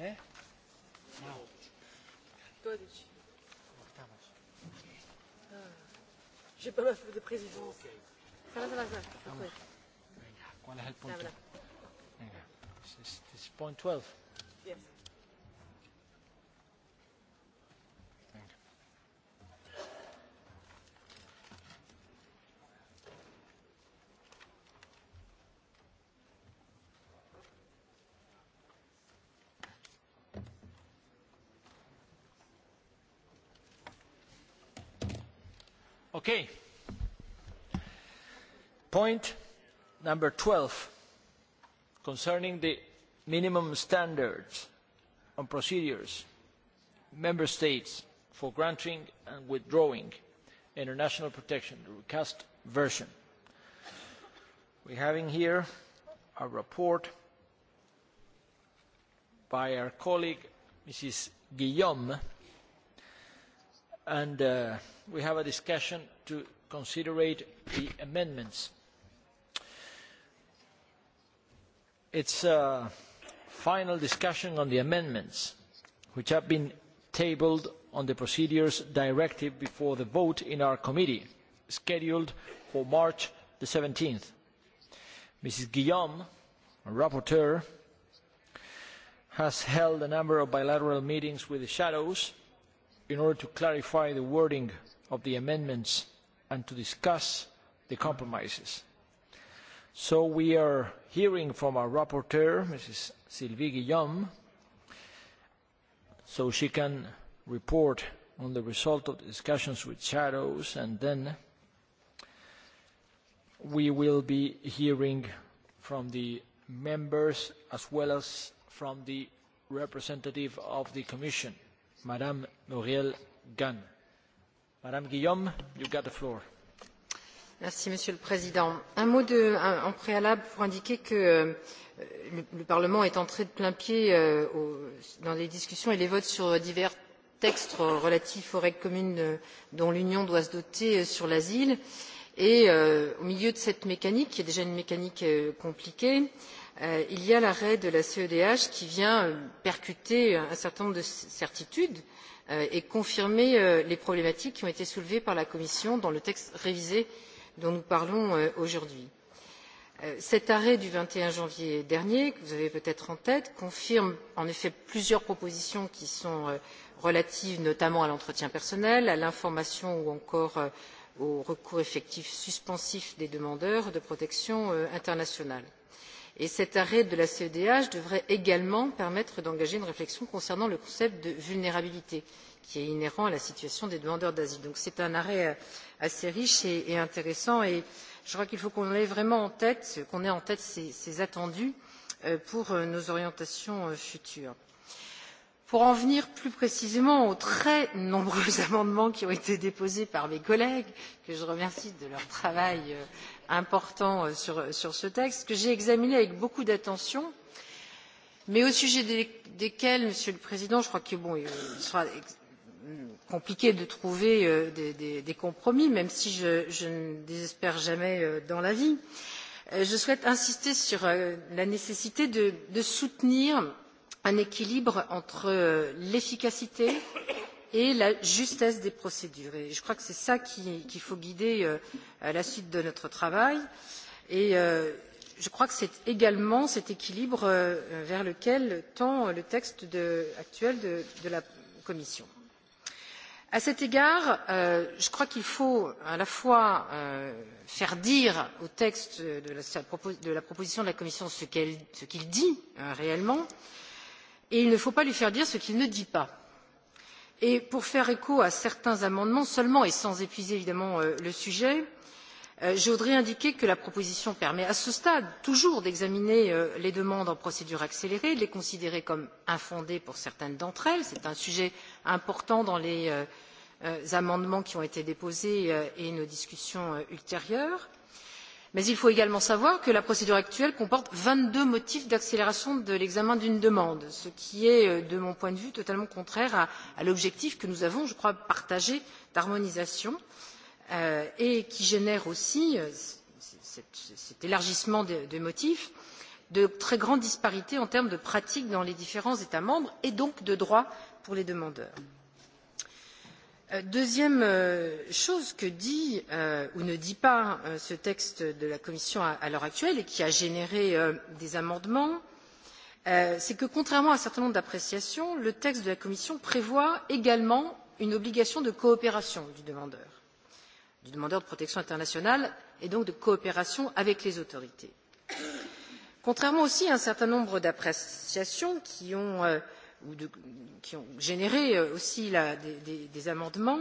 Eh?
No. 12.
Ah, J'ai pas ma feuille de présidence. Okay. Ça va, ça va, ça va. Vamos. Venga,
¿cuál
es el punto? Venga, este es point 12. Okay. Point number 12 concerning the minimum standards on procedures member states for granting and withdrawing international protection, the recast version. We have in here a report by our colleague Mrs. Guillaume and uh, we have a discussion to consider the amendments. It's a final discussion on the amendments, which have been tabled on the procedures directive before the vote in our committee, scheduled for March the 17th. Mrs. Guillaume, our rapporteur, has held a number of bilateral meetings with the shadows in order to clarify the wording of the amendments and to discuss the compromises. So we are hearing from our rapporteur, Mrs. Sylvie Guillaume, so she can report on the result of the discussions with shadows, and then we will be hearing from the members as well as from the representative of the Commission madame le
président un mot en préalable pour indiquer que euh, le parlement est entré de plain-pied euh, dans les discussions et les votes sur divers textes relatifs aux règles communes euh, dont l'union doit se doter sur l'asile et au milieu de cette mécanique qui est déjà une mécanique compliquée Euh, il y a l'arrêt de la cedh qui vient euh, percuter un certain nombre de certitudes euh, et confirmer les problématiques qui ont été soulevées par la commission dans le texte révisé dont nous parlons aujourd'hui. cet arrêt du vingt et un janvier dernier que vous avez peut être en tête confirme en effet plusieurs propositions qui sont relatives notamment à l'entretien personnel à l'information ou encore au recours effectif suspensif des demandeurs de protection internationale et cet arrêt de la cedh devrait également permettre d'engager une réflexion concernant le concept de vulnérabilité qui est inhérent à la situation des demandeurs d'asile. donc c'est un arrêt euh, assez riche et intéressant et je crois qu'il faut qu'on ait vraiment en tête ces attendus euh, pour euh, nos orientations futures. pour en venir plus précisément aux très nombreux amendements qui ont été déposés par mes collègues que je remercie de leur travail important euh, sur, euh, sur ce texte que j'ai examiné avec beaucoup d'attention mais au sujet des, desquels monsieur le président je crois qu'il bon, sera compliqué de trouver euh, des, des, des compromis même si je, je ne désespère jamais dans la vie je souhaite insister sur la nécessité de, de soutenir un équilibre entre l'efficacité et et la justesse des procédures. Et je crois que c'est ça qu'il qui faut guider euh, à la suite de notre travail. Et euh, je crois que c'est également cet équilibre euh, vers lequel tend le texte de, actuel de, de la Commission. À cet égard, euh, je crois qu'il faut à la fois euh, faire dire au texte de la, de la proposition de la Commission ce qu'il qu dit euh, réellement, et il ne faut pas lui faire dire ce qu'il ne dit pas et pour faire écho à certains amendements seulement et sans épuiser évidemment euh, le sujet euh, je voudrais indiquer que la proposition permet à ce stade toujours d'examiner euh, les demandes en procédure accélérée de les considérer comme infondées pour certaines d'entre elles c'est un sujet important dans les amendements qui ont été déposés et nos discussions ultérieures mais il faut également savoir que la procédure actuelle comporte vingt deux motifs d'accélération de l'examen d'une demande ce qui est euh, de mon point de vue totalement contraire à, à l'objectif que nous avons je crois partagé d'harmonisation euh, et qui génère aussi euh, cet, cet élargissement des, des motifs de très grandes disparités en termes de pratiques dans les différents états membres et donc de droits pour les demandeurs. Euh, deuxième euh, chose que dit euh, ou ne dit pas euh, ce texte de la commission à, à l'heure actuelle et qui a généré euh, des amendements euh, c'est que contrairement à un certain nombre d'appréciations le texte de la commission prévoit également une obligation de coopération du demandeur du demandeur de protection internationale et donc de coopération avec les autorités. contrairement aussi à un certain nombre d'appréciations qui ont ou de, qui ont généré euh, aussi la, des, des, des amendements,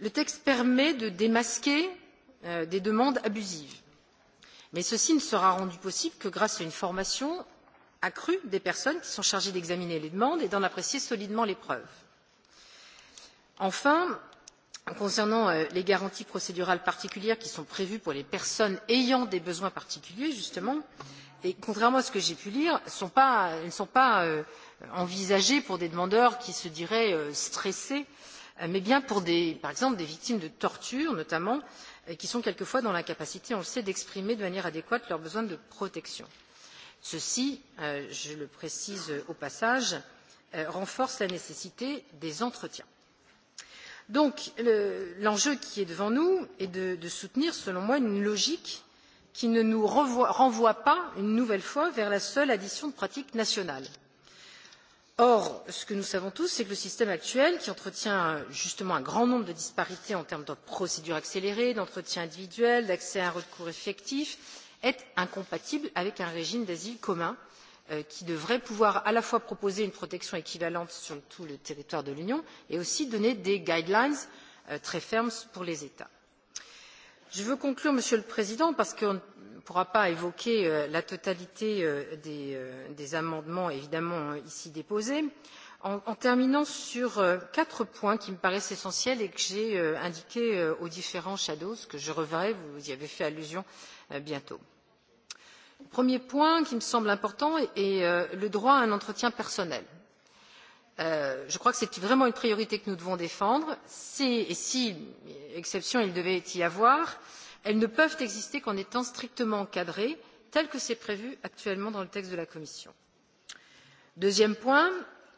le texte permet de démasquer euh, des demandes abusives. Mais ceci ne sera rendu possible que grâce à une formation accrue des personnes qui sont chargées d'examiner les demandes et d'en apprécier solidement les preuves. Enfin, concernant euh, les garanties procédurales particulières qui sont prévues pour les personnes ayant des besoins particuliers, justement, et contrairement à ce que j'ai pu lire, sont pas, ne sont pas euh, envisagée pour des demandeurs qui se diraient euh, stressés euh, mais bien pour des, par exemple des victimes de tortures notamment euh, qui sont quelquefois dans l'incapacité on le sait d'exprimer de manière adéquate leurs besoins de protection. ceci je le précise au passage renforce la nécessité des entretiens. donc l'enjeu qui est devant nous est de, de soutenir selon moi une logique qui ne nous renvoie, renvoie pas une nouvelle fois vers la seule addition de pratiques nationales or ce que nous savons tous c'est que le système actuel qui entretient euh, justement un grand nombre de disparités en termes de procédure accélérée d'entretien individuel d'accès à un recours effectif est incompatible avec un régime d'asile commun euh, qui devrait pouvoir à la fois proposer une protection équivalente sur tout le territoire de l'union et aussi donner des guidelines euh, très fermes pour les états je veux conclure monsieur le président parce qu'on ne pourra pas évoquer euh, la totalité euh, des, euh, des amendements évidemment ici déposés en, en terminant sur quatre points qui me paraissent essentiels et que j'ai indiqués aux différents rapporteurs fictifs que je reverrai vous y avez fait allusion bientôt. premier point qui me semble important est le droit à un entretien personnel. Euh, je crois que c'est vraiment une priorité que nous devons défendre et si exception il devait y avoir elles ne peuvent exister qu'en étant strictement encadrées tel que c'est prévu actuellement dans le texte de la commission. deuxième point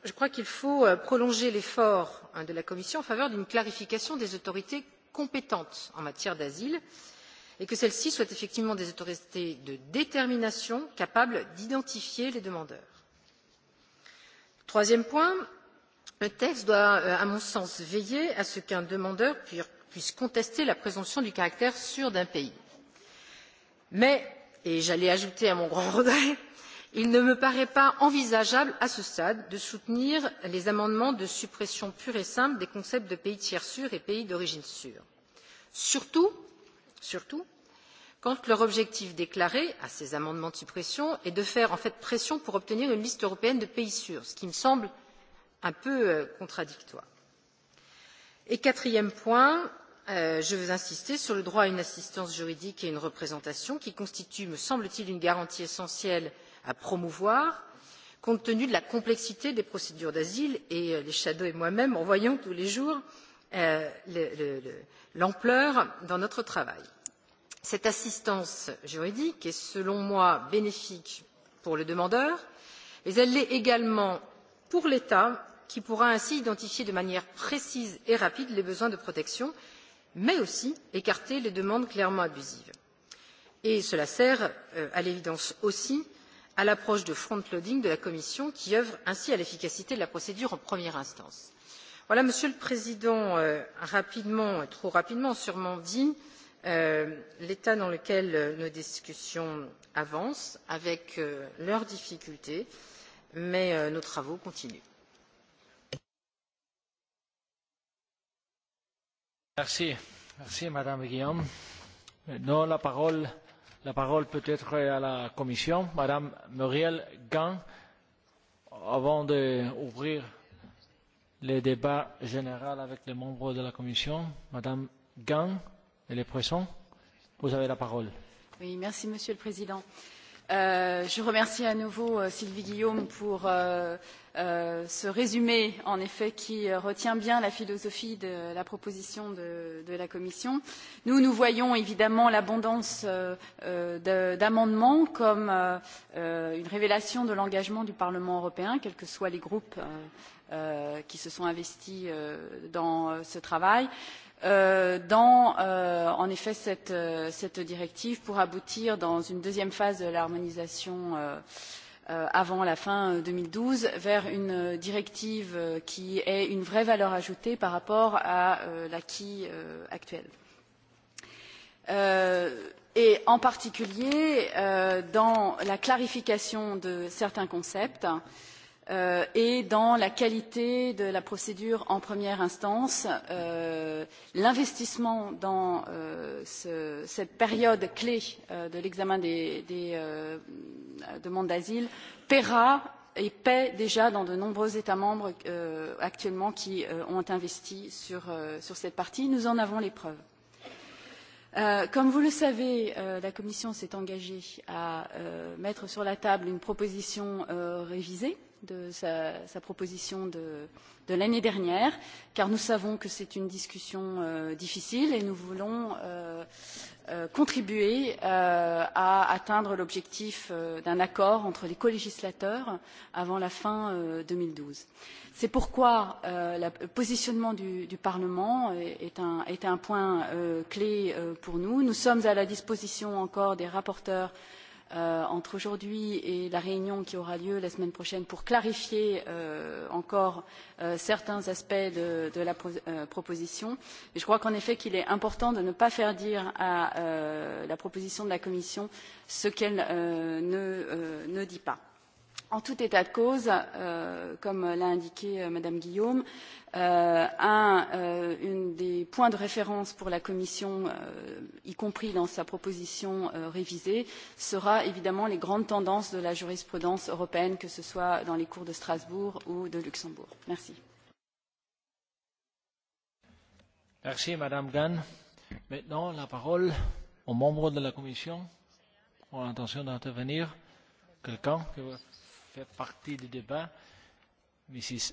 je crois qu'il faut euh, prolonger l'effort de la commission en faveur d'une clarification des autorités compétentes en matière d'asile et que celles ci soient effectivement des autorités de détermination capables d'identifier les demandeurs troisième point le texte doit euh, à mon sens veiller à ce qu'un demandeur puisse contester la présomption du caractère sûr d'un pays mais et j'allais ajouter à mon grand regret il ne me paraît pas envisageable à ce stade de soutenir les amendements de suppression pure et simple des concepts de pays tiers sûr et pays d'origine sûr surtout quand leur objectif déclaré à ces amendements de suppression est de faire en fait pression pour obtenir une liste européenne de pays sûrs ce qui me semble un peu euh, contradictoire. et quatrième point euh, je veux insister sur le droit à une assistance juridique et à une représentation qui constitue me semble t il une garantie essentielle à promouvoir compte tenu de la complexité des procédures d'asile et euh, les shadows et moi même en voyons tous les jours l'ampleur dans notre travail cette assistance juridique est selon moi bénéfique pour le demandeur mais elle l'est également pour l'état qui pourra ainsi identifier de manière précise et rapide les besoins de protection mais aussi écarter les demandes clairement abusives. et cela sert euh, à l'évidence aussi à l'approche de front loading de la commission qui œuvre ainsi à l'efficacité de la procédure en première instance. voilà monsieur le président euh, rapidement trop rapidement sûrement dit Euh, l'état dans lequel euh, nos discussions avancent avec euh, leurs difficultés mais nos travaux continuent.
Merci. Merci Madame Guillaume. Maintenant la parole, la parole peut être à la Commission. Madame Muriel Gant, avant d'ouvrir le débat général avec les membres de la Commission, Madame Gant, Elle est présente. Vous avez la parole.
Oui, merci Monsieur le Président. Euh, je remercie à nouveau euh, Sylvie Guillaume pour euh, euh, ce résumé, en effet, qui euh, retient bien la philosophie de la proposition de, de la Commission. Nous, nous voyons évidemment l'abondance euh, euh, d'amendements comme euh, euh, une révélation de l'engagement du Parlement européen, quels que soient les groupes euh, euh, qui se sont investis euh, dans euh, ce travail. Euh, Euh, dans euh, en effet cette, euh, cette directive pour aboutir dans une deuxième phase de l'harmonisation euh, euh, avant la fin 2012 euh, vers une directive qui ait une vraie valeur ajoutée par rapport à euh, l'acquis euh, actuel. Euh, et en particulier euh, dans la clarification de certains concepts euh, euh, et dans la qualité de la procédure en première instance. Euh, L'investissement dans euh, ce, cette période clé euh, de l'examen des, des euh, demandes d'asile paiera et paie déjà dans de nombreux États membres euh, actuellement qui euh, ont investi sur, euh, sur cette partie. Nous en avons les preuves. Euh, comme vous le savez, euh, la Commission s'est engagée à euh, mettre sur la table une proposition euh, révisée euh, de sa, sa proposition de, de l'année dernière, car nous savons que c'est une discussion euh, difficile et nous voulons euh, euh, contribuer euh, à atteindre l'objectif euh, d'un accord entre les colégislateurs avant la fin euh, 2012. C'est pourquoi euh, la, le positionnement du, du Parlement est un, est un point euh, clé euh, pour nous. Nous sommes à la disposition encore des rapporteurs euh, euh, entre aujourd'hui et la réunion qui aura lieu la semaine prochaine pour clarifier euh, encore euh, certains aspects de, de la pro euh, proposition. Et je crois qu'en effet qu'il est important de ne pas faire dire à euh, la proposition de la Commission ce qu'elle euh, ne, euh, ne dit pas. Euh, en tout état de cause, euh, comme l'a indiqué euh, Madame Guillaume, euh, un euh, une des points de référence pour la Commission, euh, y compris dans sa proposition euh, révisée, sera évidemment les grandes tendances de la jurisprudence européenne, que ce soit dans les cours de Strasbourg ou de Luxembourg. Merci.
Merci Madame Gann. Maintenant, la parole aux membres de la Commission ont l'intention d'intervenir. Quelqu'un que fait partie du débat. Mrs.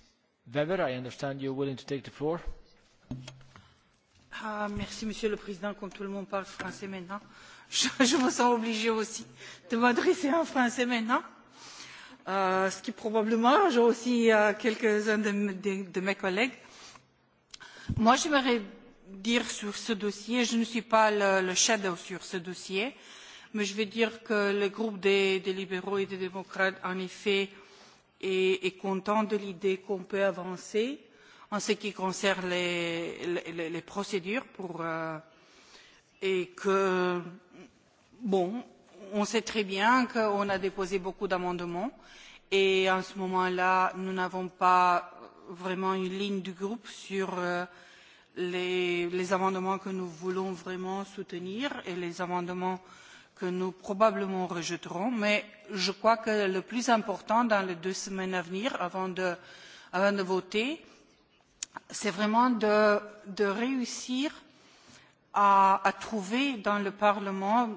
Weber, I understand you're willing to take the floor.
Ah, merci, Monsieur le Président. Comme tout le monde parle français maintenant, je, je me sens obligée aussi de m'adresser en français maintenant. Euh, ce qui probablement, j'ai aussi euh, quelques-uns de, de, de mes collègues. Moi, j'aimerais dire sur ce dossier, je ne suis pas le, le shadow sur ce dossier. Euh, mais je vais dire que le groupe des, des libéraux et des démocrates, en effet, est, est content de l'idée qu'on peut avancer en ce qui concerne les, les, les procédures pour, euh, et que, bon, on sait très bien qu'on a déposé beaucoup d'amendements et en ce moment-là, nous n'avons pas vraiment une ligne du groupe sur euh, les, les amendements que nous voulons vraiment soutenir et les amendements euh, que nous probablement rejetterons mais je crois que le plus important dans les deux semaines à venir avant de, avant de voter c'est vraiment de, de réussir à, à trouver dans le parlement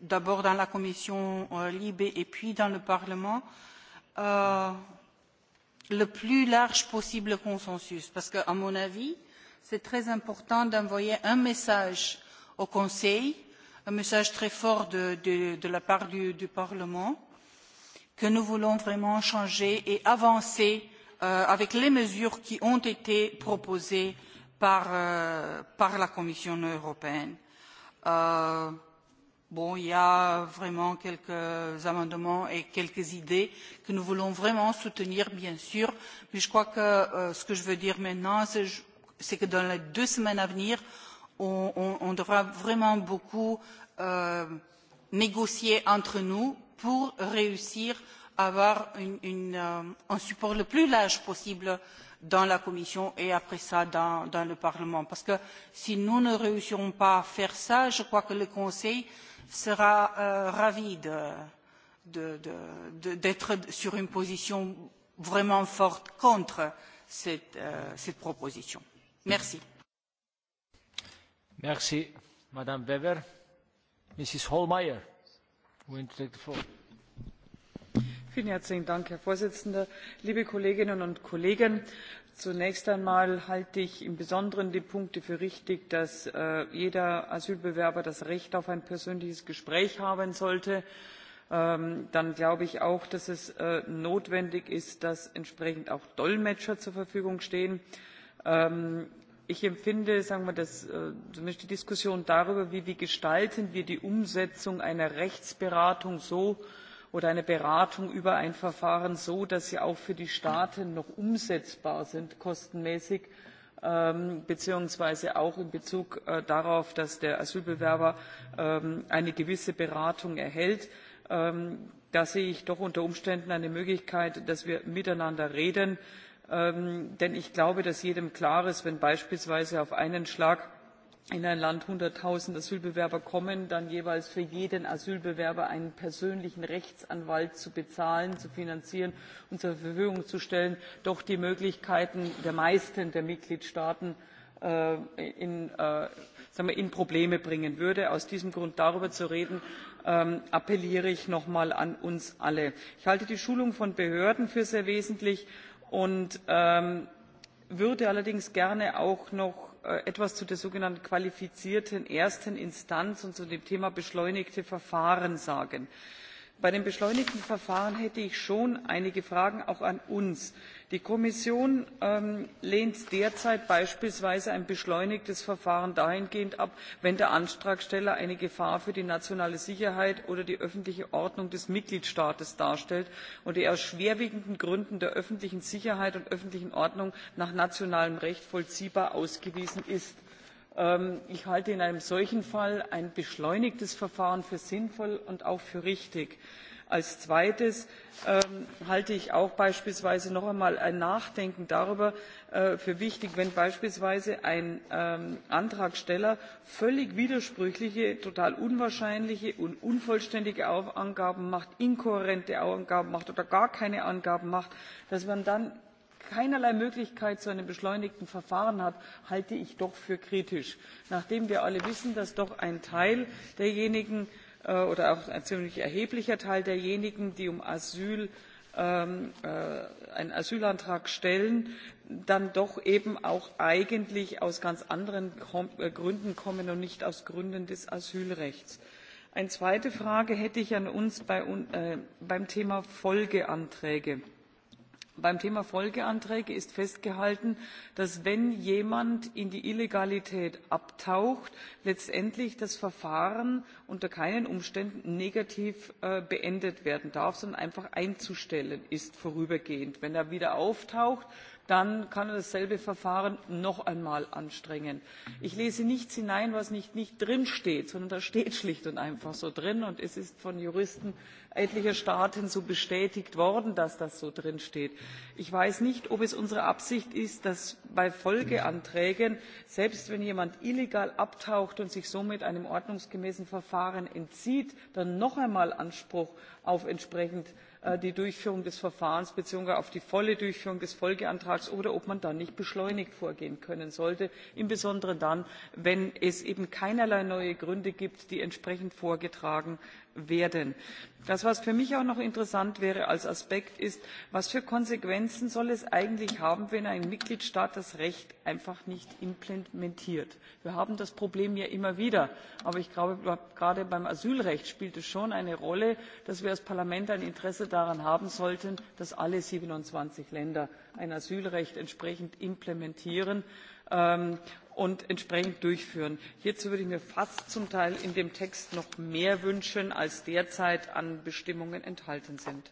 d'abord dans la commission euh, libe et puis dans le parlement euh, le plus large possible consensus parce qu'à mon avis c'est très important d'envoyer un message au conseil euh, un message très fort de, de, de la part du, du Parlement que nous voulons vraiment changer et avancer euh, avec les mesures qui ont été proposées par, euh, par la Commission européenne. Euh, bon, il y a vraiment quelques amendements et quelques idées que nous voulons vraiment soutenir, bien sûr, mais je crois que euh, ce que je veux dire maintenant, c'est que dans les deux semaines à venir, euh, on, on, on devra vraiment beaucoup euh, négocier entre nous pour réussir à avoir une, une, euh, un support le plus large possible dans la Commission et après ça dans, dans le Parlement. Parce que si nous ne réussirons pas à faire ça, je crois que le Conseil sera euh, ravi d'être de, de, de, de, sur une position vraiment forte contre cette, euh, cette proposition. Merci. Mm -hmm.
Merci, Madame Weber. Mrs. Holmeyer, going to take the floor.
Vielen herzlichen Dank, Herr Vorsitzender. Liebe Kolleginnen und Kollegen, zunächst einmal halte ich im besonderen die punkte für richtig dass äh, jeder asylbewerber das recht auf ein persönliches gespräch haben sollte. Ähm, dann glaube ich auch dass es äh, notwendig ist dass entsprechend auch dolmetscher zur verfügung stehen. Ähm, ich empfinde sagen wir das, äh, zumindest die diskussion darüber wie, wie gestalten wir die umsetzung einer rechtsberatung so oder eine beratung über ein verfahren so dass sie auch für die staaten noch umsetzbar sind kostenmäßig ähm, beziehungsweise auch in bezug äh, darauf dass der asylbewerber ähm, eine gewisse beratung erhält ähm, da sehe ich doch unter umständen eine möglichkeit dass wir miteinander reden Ähm, denn ich glaube, dass jedem klar ist, wenn beispielsweise auf einen Schlag in ein Land 100.000 Asylbewerber kommen, dann jeweils für jeden Asylbewerber einen persönlichen Rechtsanwalt zu bezahlen, zu finanzieren und zur Verfügung zu stellen, doch die Möglichkeiten der meisten der Mitgliedstaaten äh, in, äh, sagen wir, in Probleme bringen würde. Aus diesem Grund darüber zu reden, ähm, appelliere ich nochmal an uns alle. Ich halte die Schulung von Behörden für sehr wesentlich und ähm, würde allerdings gerne auch noch äh, etwas zu der sogenannten qualifizierten ersten instanz und zu dem thema beschleunigte verfahren sagen bei dem beschleunigten verfahren hätte ich schon einige fragen auch an uns. die kommission ähm, lehnt derzeit beispielsweise ein beschleunigtes verfahren dahingehend ab wenn der antragsteller eine gefahr für die nationale sicherheit oder die öffentliche ordnung des mitgliedstaates darstellt und er aus schwerwiegenden gründen der öffentlichen sicherheit und öffentlichen ordnung nach nationalem recht vollziehbar ausgewiesen ist. Ähm, ich halte in einem solchen fall ein beschleunigtes verfahren für sinnvoll und auch für richtig. als zweites ähm, halte ich auch beispielsweise noch einmal ein nachdenken darüber äh, für wichtig wenn beispielsweise ein ähm, antragsteller völlig widersprüchliche total unwahrscheinliche und unvollständige angaben macht inkohärente angaben macht oder gar keine angaben macht dass man dann keinerlei möglichkeit zu einem beschleunigten verfahren hat halte ich doch für kritisch nachdem wir alle wissen dass doch ein teil derjenigen äh, oder auch ein ziemlich erheblicher teil derjenigen die um asyl ähm, äh, einen asylantrag stellen dann doch eben auch eigentlich aus ganz anderen äh, gründen kommen und nicht aus gründen des asylrechts. eine zweite frage hätte ich an uns beim thema folgeanträge beim thema folgeanträge ist festgehalten dass wenn jemand in die illegalität abtaucht letztendlich das verfahren unter keinen umständen negativ äh, beendet werden darf sondern einfach einzustellen ist vorübergehend wenn er wieder auftaucht dann kann er dasselbe verfahren noch einmal anstrengen. ich lese nichts hinein was nicht, nicht drinsteht sondern das steht schlicht und einfach so drin und es ist von juristen etlicher staaten so bestätigt worden dass das so drinsteht. ich weiß nicht ob es unsere absicht ist dass bei folgeanträgen selbst wenn jemand illegal abtaucht und sich somit einem ordnungsgemäßen verfahren entzieht dann noch einmal anspruch auf entsprechend Äh, die durchführung des verfahrens bezogen auf die volle durchführung des folgeantrags oder ob man da nicht beschleunigt vorgehen können sollte im besonderen dann wenn es eben keinerlei neue gründe gibt die entsprechend vorgetragen werden. das was für mich auch noch interessant wäre als aspekt ist was für konsequenzen soll es eigentlich haben wenn ein mitgliedstaat das recht einfach nicht implementiert? wir haben das problem ja immer wieder aber ich glaube gerade beim asylrecht spielt es schon eine rolle dass wir als parlament ein interesse daran haben sollten dass alle siebenundzwanzig länder ein asylrecht entsprechend implementieren. Ähm, und entsprechend durchführen. hierzu würde ich mir fast zum teil in dem text noch mehr wünschen als derzeit an bestimmungen enthalten sind.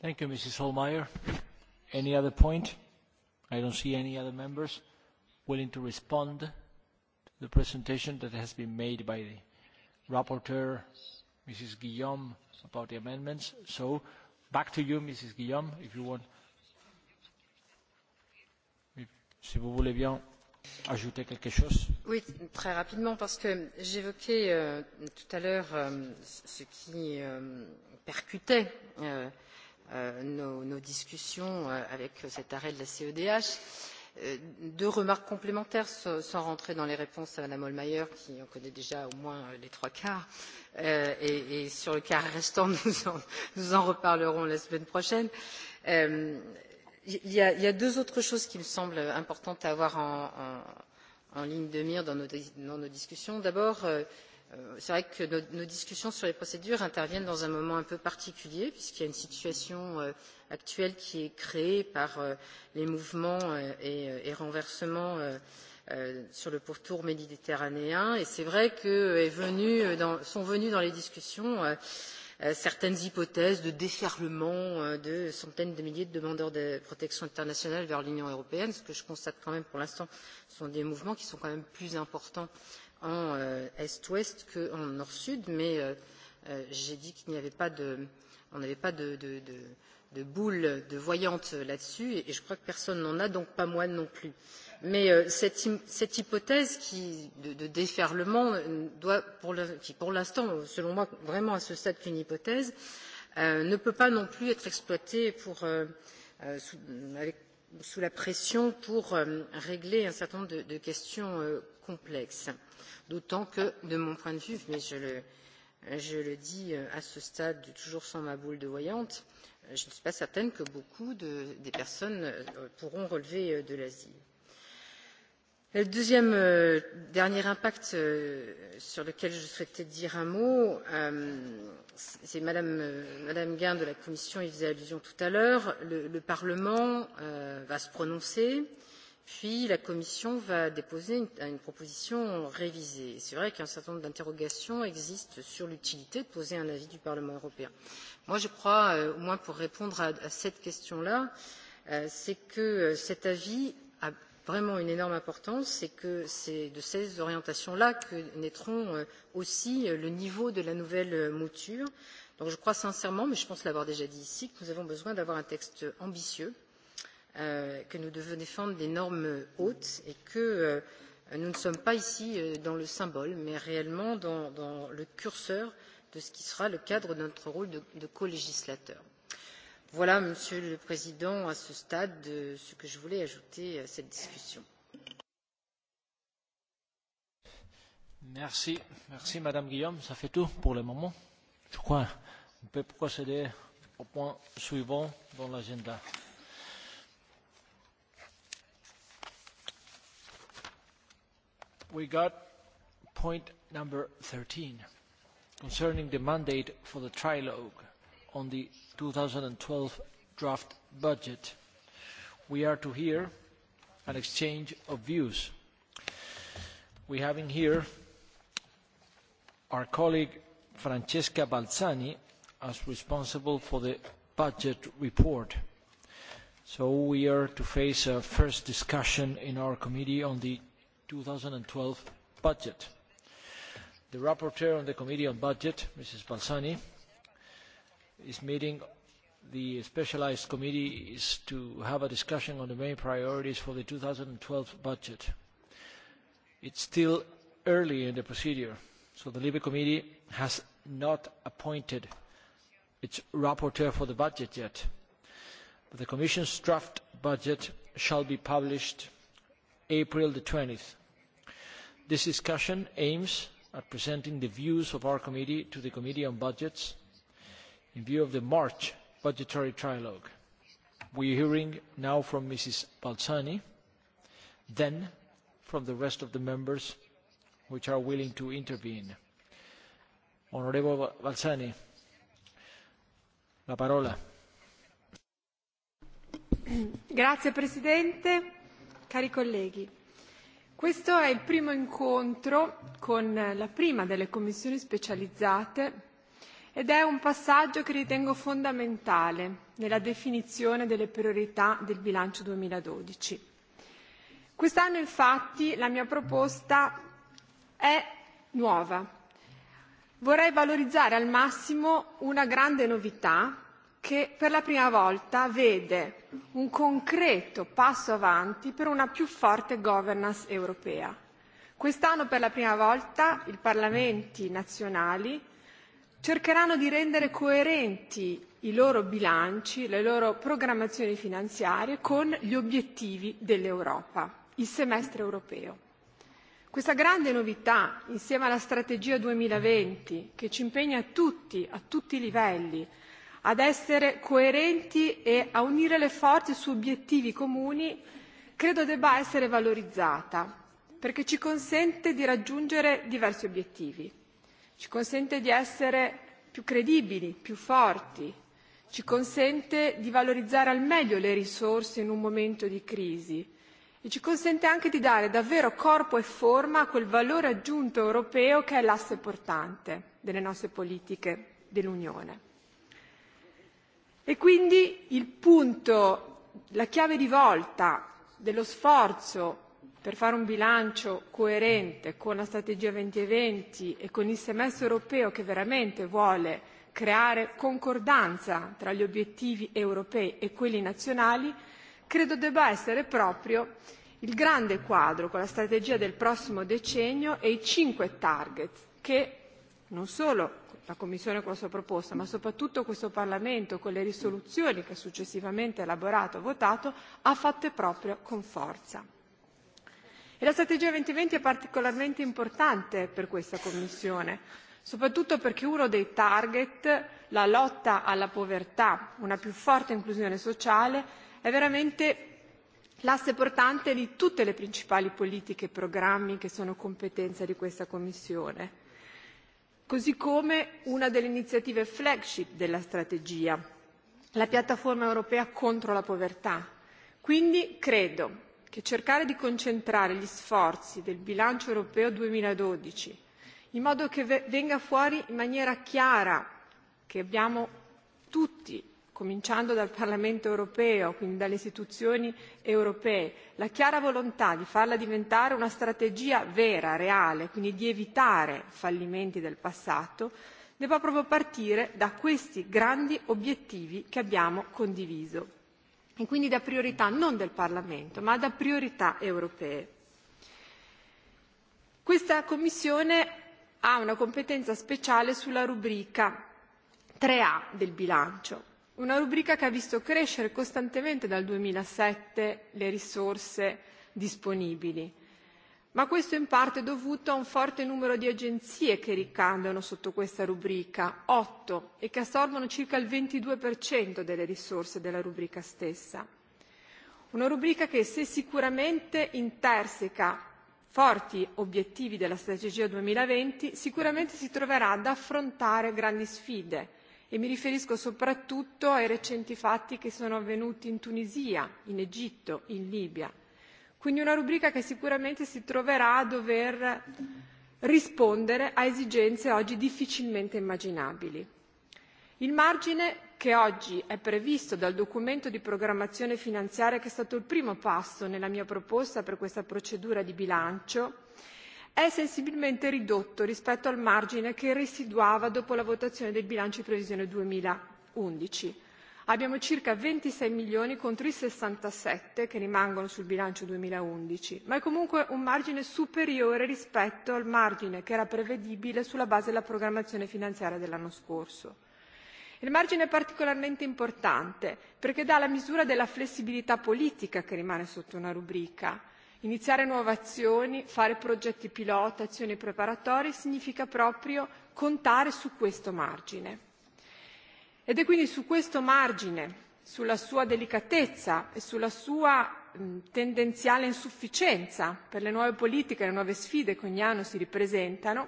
thank you mrs hohlmeier. any other point? i don't see any other members willing to respond to the presentation that has been made by the rapporteur mrs guillaume about the amendments. So back to you, Mrs. Guillaume, if you want. Si vous voulez bien ajouter quelque chose.
Oui, très rapidement, parce que j'évoquais euh, tout à l'heure euh, ce qui euh, percutait euh, euh, nos, nos discussions euh, avec cet arrêt de la CEDH. Euh, Euh, deux remarques complémentaires sans rentrer dans les réponses à mme hohlmeier qui en connaît déjà au moins euh, les trois quarts euh, et sur le quart restant nous en reparlerons la semaine prochaine. il y a deux autres choses qui me semblent importantes à avoir en ligne de mire dans nos discussions. d'abord Euh, c'est vrai que nos, nos discussions sur les procédures interviennent dans un moment un peu particulier puisqu'il y a une situation euh, actuelle qui est créée par euh, les mouvements euh, et, euh, et renversements euh, euh, sur le pourtour méditerranéen et c'est vrai que euh, est venu dans, sont venues dans les discussions euh, certaines hypothèses de déferlement de centaines de milliers de demandeurs de protection internationale vers l'Union européenne. Ce que je constate quand même pour l'instant, ce sont des mouvements qui sont quand même plus importants en euh, est-ouest qu'en nord-sud, mais euh, euh, j'ai dit qu'il n'y avait pas de, on n'avait pas de, de, de, de boule de voyante là-dessus, et, et je crois que personne n'en a, donc pas moi non plus. Mais euh, cette, cette hypothèse qui, de, de déferlement euh, doit, pour le, qui pour l'instant, selon moi, vraiment à ce stade qu'une hypothèse, euh, ne peut pas non plus être exploitée pour, euh, euh, sous, avec, sous la pression pour euh, régler un certain nombre de, de questions euh, complexe d'autant que de mon point de vue mais je le, je le dis euh, à ce stade toujours sans ma boule de voyante euh, je ne suis pas certaine que beaucoup de, des personnes euh, pourront relever de l'asile. Le deuxième euh, dernier impact euh, sur lequel je souhaitais dire un mot, euh, c'est Madame, euh, Madame Guin de la Commission y faisait allusion tout à l'heure. Le, le Parlement euh, va se prononcer. Euh, Puis la Commission va déposer une, une proposition révisée. C'est vrai qu'un certain nombre d'interrogations existent sur l'utilité de poser un avis du Parlement européen. Moi, je crois, euh, au moins pour répondre à, à cette question-là, euh, c'est que euh, cet avis a vraiment une énorme importance, c'est que c'est de ces orientations-là que naîtront euh, aussi euh, le niveau de la nouvelle euh, mouture. Donc je crois sincèrement, mais je pense l'avoir déjà dit ici, que nous avons besoin d'avoir un texte ambitieux euh, que nous devons défendre des normes hautes et que euh, nous ne sommes pas ici euh, dans le symbole, mais réellement dans, dans le curseur de ce qui sera le cadre de notre rôle de, de colégislateur. Voilà, Monsieur le Président, à ce stade, euh, ce que je voulais ajouter à cette discussion.
Merci, merci Madame Guillaume, ça fait tout pour le moment. Je crois qu'on peut procéder au point suivant dans l'agenda. we got point number 13 concerning the mandate for the trilogue on the 2012 draft budget. We are to hear an exchange of views. We have in here our colleague Francesca Balzani as responsible for the budget report. So we are to face a first discussion in our committee on the 2012 budget. The rapporteur on the Committee on Budget, Mrs. Balsani, is meeting the specialized committee is to have a discussion on the main priorities for the 2012 budget. It's still early in the procedure, so the Libre Committee has not appointed its rapporteur for the budget yet. But the Commission's draft budget shall be published April the 20th This discussion aims at presenting the views of our committee to the Committee on Budgets in view of the March budgetary trilogue. We are hearing now from Mrs. Balzani, then from the rest of the members which are willing to intervene. Onorevole Balzani, la parola.
Grazie Presidente, cari colleghi Questo è il primo incontro con la prima delle commissioni specializzate ed è un passaggio che ritengo fondamentale nella definizione delle priorità del bilancio 2012. Quest'anno infatti la mia proposta è nuova. Vorrei valorizzare al massimo una grande novità che per la prima volta vede un concreto passo avanti per una più forte governance europea. Quest'anno per la prima volta i parlamenti nazionali cercheranno di rendere coerenti i loro bilanci, le loro programmazioni finanziarie con gli obiettivi dell'Europa, il semestre europeo. Questa grande novità, insieme alla strategia 2020, che ci impegna tutti, a tutti i livelli, ad essere coerenti e a unire le forze su obiettivi comuni credo debba essere valorizzata perché ci consente di raggiungere diversi obiettivi ci consente di essere più credibili più forti ci consente di valorizzare al meglio le risorse in un momento di crisi e ci consente anche di dare davvero corpo e forma a quel valore aggiunto europeo che è l'asse portante delle nostre politiche dell'unione. E quindi il punto, la chiave di volta dello sforzo per fare un bilancio coerente con la strategia 2020 e, e con il semestre europeo che veramente vuole creare concordanza tra gli obiettivi europei e quelli nazionali, credo debba essere proprio il grande quadro con la strategia del prossimo decennio e i cinque target che non solo la Commissione con la sua proposta, ma soprattutto questo Parlamento con le risoluzioni che successivamente ha elaborato e votato, ha fatte proprio con forza. E la strategia 2020 è particolarmente importante per questa Commissione, soprattutto perché uno dei target, la lotta alla povertà, una più forte inclusione sociale, è veramente l'asse portante di tutte le principali politiche e programmi che sono competenza di questa Commissione così come una delle iniziative flagship della strategia, la piattaforma europea contro la povertà. Quindi credo che cercare di concentrare gli sforzi del bilancio europeo 2012 in modo che venga fuori in maniera chiara che abbiamo tutti cominciando dal Parlamento europeo, quindi dalle istituzioni europee, la chiara volontà di farla diventare una strategia vera, reale, quindi di evitare fallimenti del passato, debba proprio partire da questi grandi obiettivi che abbiamo condiviso e quindi da priorità non del Parlamento ma da priorità europee. Questa Commissione ha una competenza speciale sulla rubrica 3A del bilancio una rubrica che ha visto crescere costantemente dal duemilasette le risorse disponibili ma questo in parte è dovuto a un forte numero di agenzie che ricadono sotto questa rubrica otto e che assorbono circa il ventidue delle risorse della rubrica stessa una rubrica che se sicuramente interseca forti obiettivi della strategia duemilaventi sicuramente si troverà ad affrontare grandi sfide e mi riferisco soprattutto ai recenti fatti che sono avvenuti in Tunisia, in Egitto, in Libia. Quindi una rubrica che sicuramente si troverà a dover rispondere a esigenze oggi difficilmente immaginabili. Il margine che oggi è previsto dal documento di programmazione finanziaria, che è stato il primo passo nella mia proposta per questa procedura di bilancio, è sensibilmente ridotto rispetto al margine che residuava dopo la votazione del bilancio di previsione 2011. Abbiamo circa 26 milioni contro i 67 che rimangono sul bilancio 2011, ma è comunque un margine superiore rispetto al margine che era prevedibile sulla base della programmazione finanziaria dell'anno scorso. Il margine è particolarmente importante perché dà la misura della flessibilità politica che rimane sotto una rubrica Iniziare nuove azioni, fare progetti pilota, azioni preparatorie significa proprio contare su questo margine. Ed è quindi su questo margine, sulla sua delicatezza e sulla sua tendenziale insufficienza per le nuove politiche, le nuove sfide che ogni anno si ripresentano,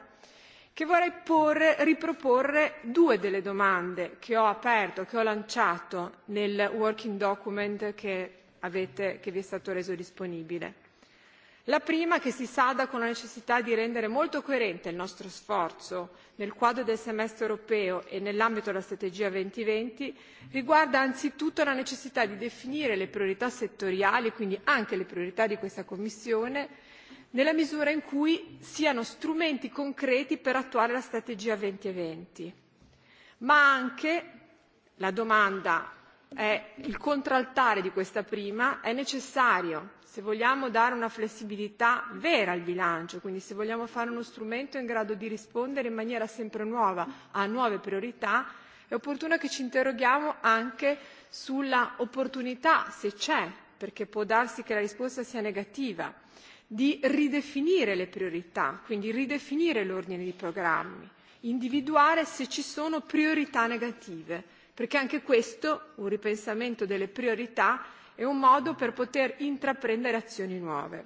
che vorrei porre, riproporre due delle domande che ho aperto, che ho lanciato nel working document che, avete, che vi è stato reso disponibile la prima che si sada con la necessità di rendere molto coerente il nostro sforzo nel quadro del semestre europeo e nell'ambito della strategia duemilaventi riguarda anzitutto la necessità di definire le priorità settoriali quindi anche le priorità di questa commissione nella misura in cui siano strumenti concreti per attuare la strategia duemilaventi ma anche la domanda è il contraltare di questa prima è necessario se vogliamo dare una flessibilità vera al bilancio, quindi se vogliamo fare uno strumento in grado di rispondere in maniera sempre nuova a nuove priorità, è opportuno che ci interroghiamo anche sulla opportunità, se c'è, perché può darsi che la risposta sia negativa, di ridefinire le priorità, quindi ridefinire l'ordine di programmi, individuare se ci sono priorità negative, perché anche questo, un ripensamento delle priorità, è un modo per poter intraprendere azioni nuove.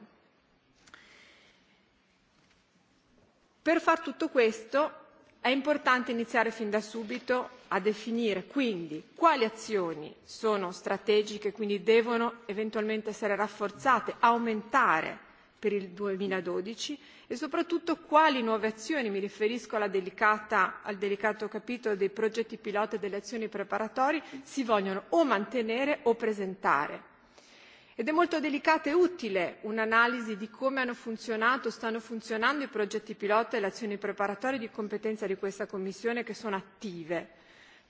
Per far tutto questo è importante iniziare fin da subito a definire quindi quali azioni sono strategiche, quindi devono eventualmente essere rafforzate, aumentare per il 2012 e soprattutto quali nuove azioni mi riferisco delicata, al delicato capitolo dei progetti pilota e delle azioni preparatorie si vogliono o mantenere o presentare. Ed è molto delicata e utile un'analisi di come hanno funzionato o stanno funzionando i progetti pilota e le azioni preparatorie di competenza di questa Commissione che sono attive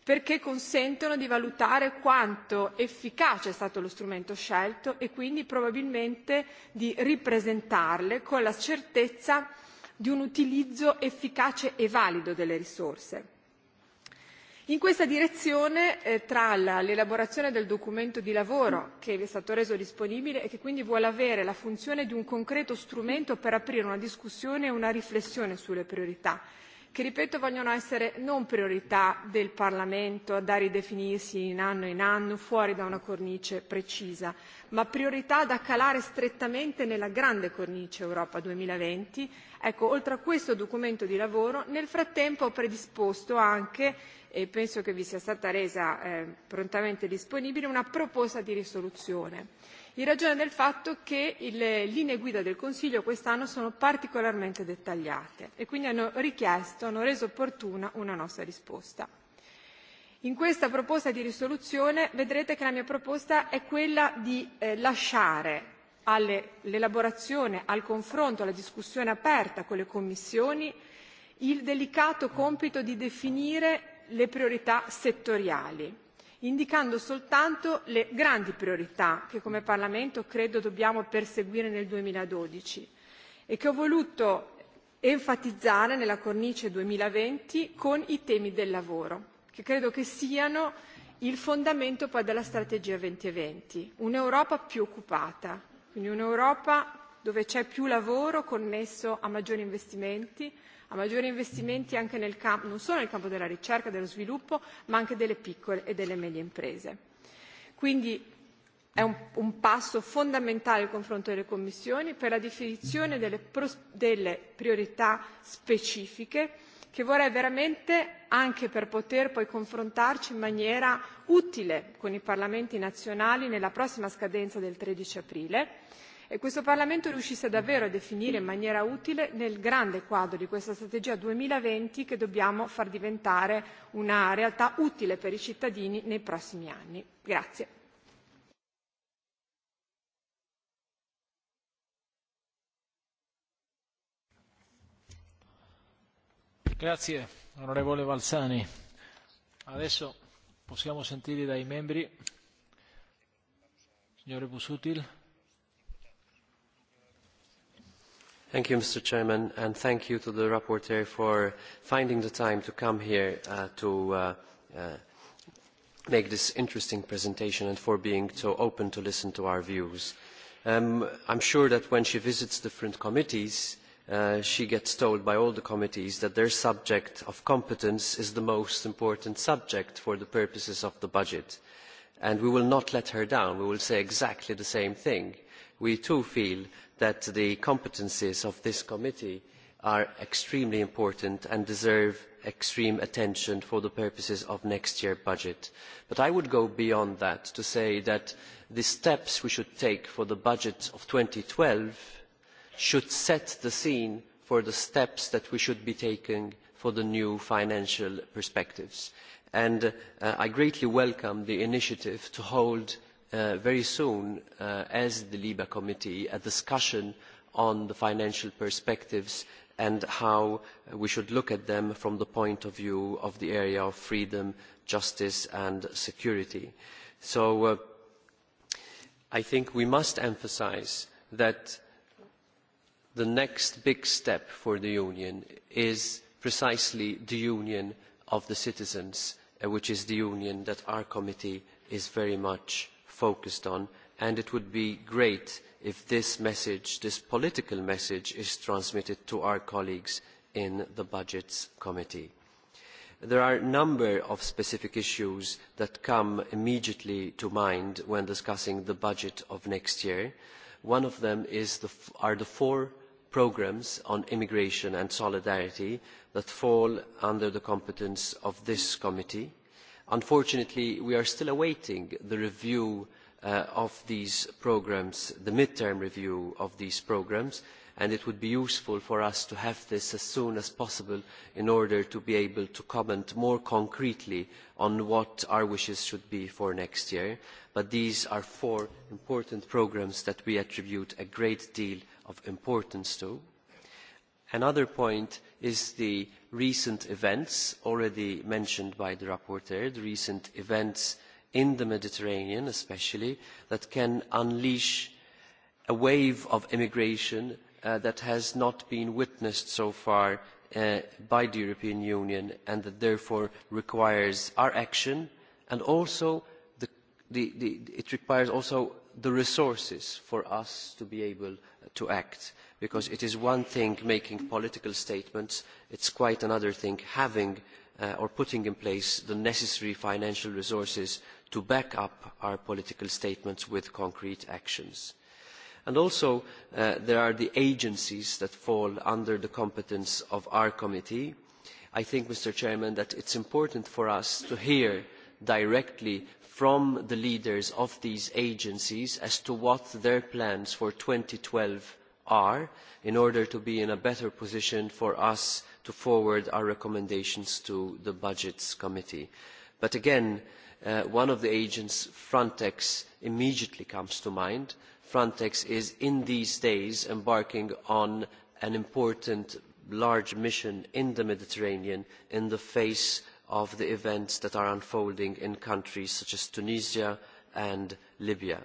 perché consentono di valutare quanto efficace è stato lo strumento scelto e quindi probabilmente di ripresentarle con la certezza di un utilizzo efficace e valido delle risorse. In questa direzione, eh, tra la, l'elaborazione del documento di lavoro che vi è stato reso disponibile e che quindi vuole avere la funzione di un concreto strumento per aprire una discussione e una riflessione sulle priorità che ripeto vogliono essere non priorità del Parlamento da ridefinirsi in anno in anno fuori da una cornice precisa, ma priorità da calare strettamente nella grande cornice Europa 2020. Ecco, oltre a questo documento di lavoro, nel frattempo ho predisposto anche e penso che vi sia stata resa eh, prontamente disponibile una proposta di risoluzione in ragione del fatto che le linee guida del Consiglio quest'anno sono particolarmente dettagliate e quindi hanno richiesto, hanno reso opportuna una nostra risposta. In questa proposta di risoluzione vedrete che la mia proposta è quella di eh, lasciare all'elaborazione, al confronto, alla discussione aperta con le commissioni il delicato compito di definire le priorità settoriali indicando soltanto le grandi priorità che come Parlamento credo dobbiamo perseguire nel 2012 e che ho voluto enfatizzare nella cornice 2020 con i temi del lavoro, che credo che siano il fondamento poi della strategia 2020, un'Europa più occupata, quindi un'Europa dove c'è più lavoro connesso a maggiori investimenti, a maggiori investimenti anche nel campo, non solo nel campo della ricerca, dello sviluppo, ma anche delle piccole e delle medie imprese. Quindi è un, un passo fondamentale il confronto delle commissioni per la definizione delle, pros, delle priorità specifiche che vorrei veramente anche per poter poi confrontarci in maniera utile con i parlamenti nazionali nella prossima scadenza del 13 aprile e questo Parlamento riuscisse davvero a definire in maniera utile nel grande quadro di questa strategia 2020 che dobbiamo far diventare una realtà utile per i cittadini nei prossimi anni. Grazie.
Grazie onorevole Valsani. Adesso possiamo sentire dai membri. Signore Busutil.
Thank you, Mr. Chairman, and thank you to the rapporteur for finding the time to come here uh, to uh, uh, make this interesting presentation and for being so open to listen to our views. Um, I'm sure that when she visits different committees, uh, she gets told by all the committees that their subject of competence is the most important subject for the purposes of the budget. And we will not let her down. We will say exactly the same thing. Uh, we too feel that the competences of this committee are extremely important and deserve extreme attention for the purposes of next year's budget. But I would go beyond that to say that the steps we should take for the budget of 2012 should set the scene for the steps that we should be taking for the new financial perspectives. And uh, I greatly welcome the initiative to hold uh, very soon uh, as the LIBA committee a discussion on the financial perspectives and how we should look at them from the point of view of the area of freedom, justice and security. So uh, I think we must emphasize that the next big step for the Union is precisely the union of the citizens, uh, which is the union that our committee is very much focused on and it would be great if this message, this political message, is transmitted to our colleagues in the Budgets Committee. There are a number of specific issues that come immediately to mind when discussing the budget of next year. One of them is the, are the four programmes on immigration and solidarity that fall under the competence of this committee unfortunately we are still awaiting the review uh, of these programmes, the mid-term review of these programmes, and it would be useful for us to have this as soon as possible in order to be able to comment more concretely on what our wishes should be for next year. But these are four important programmes that we attribute a great deal of importance to. Another point is the recent events already mentioned by the rapporteur, the recent events in the Mediterranean especially, that can unleash a wave of immigration uh, that has not been witnessed so far uh, by the European Union and that therefore requires our action and also the, the, the, it requires also the resources for us to be able to act. Uh, because it is one thing making political statements, it's quite another thing having uh, or putting in place the necessary financial resources to back up our political statements with concrete actions. And also, uh, there are the agencies that fall under the competence of our committee. I think, Mr Chairman, that it's important for us to hear directly from the leaders of these agencies as to what their plans for 2012 are in order to be in a better position for us to forward our recommendations to the Budgets Committee. But again, uh, one of the agents, Frontex, immediately comes to mind. Frontex is in these days embarking on an important large mission in the Mediterranean in the face of the events that are unfolding in countries such as Tunisia and Libya.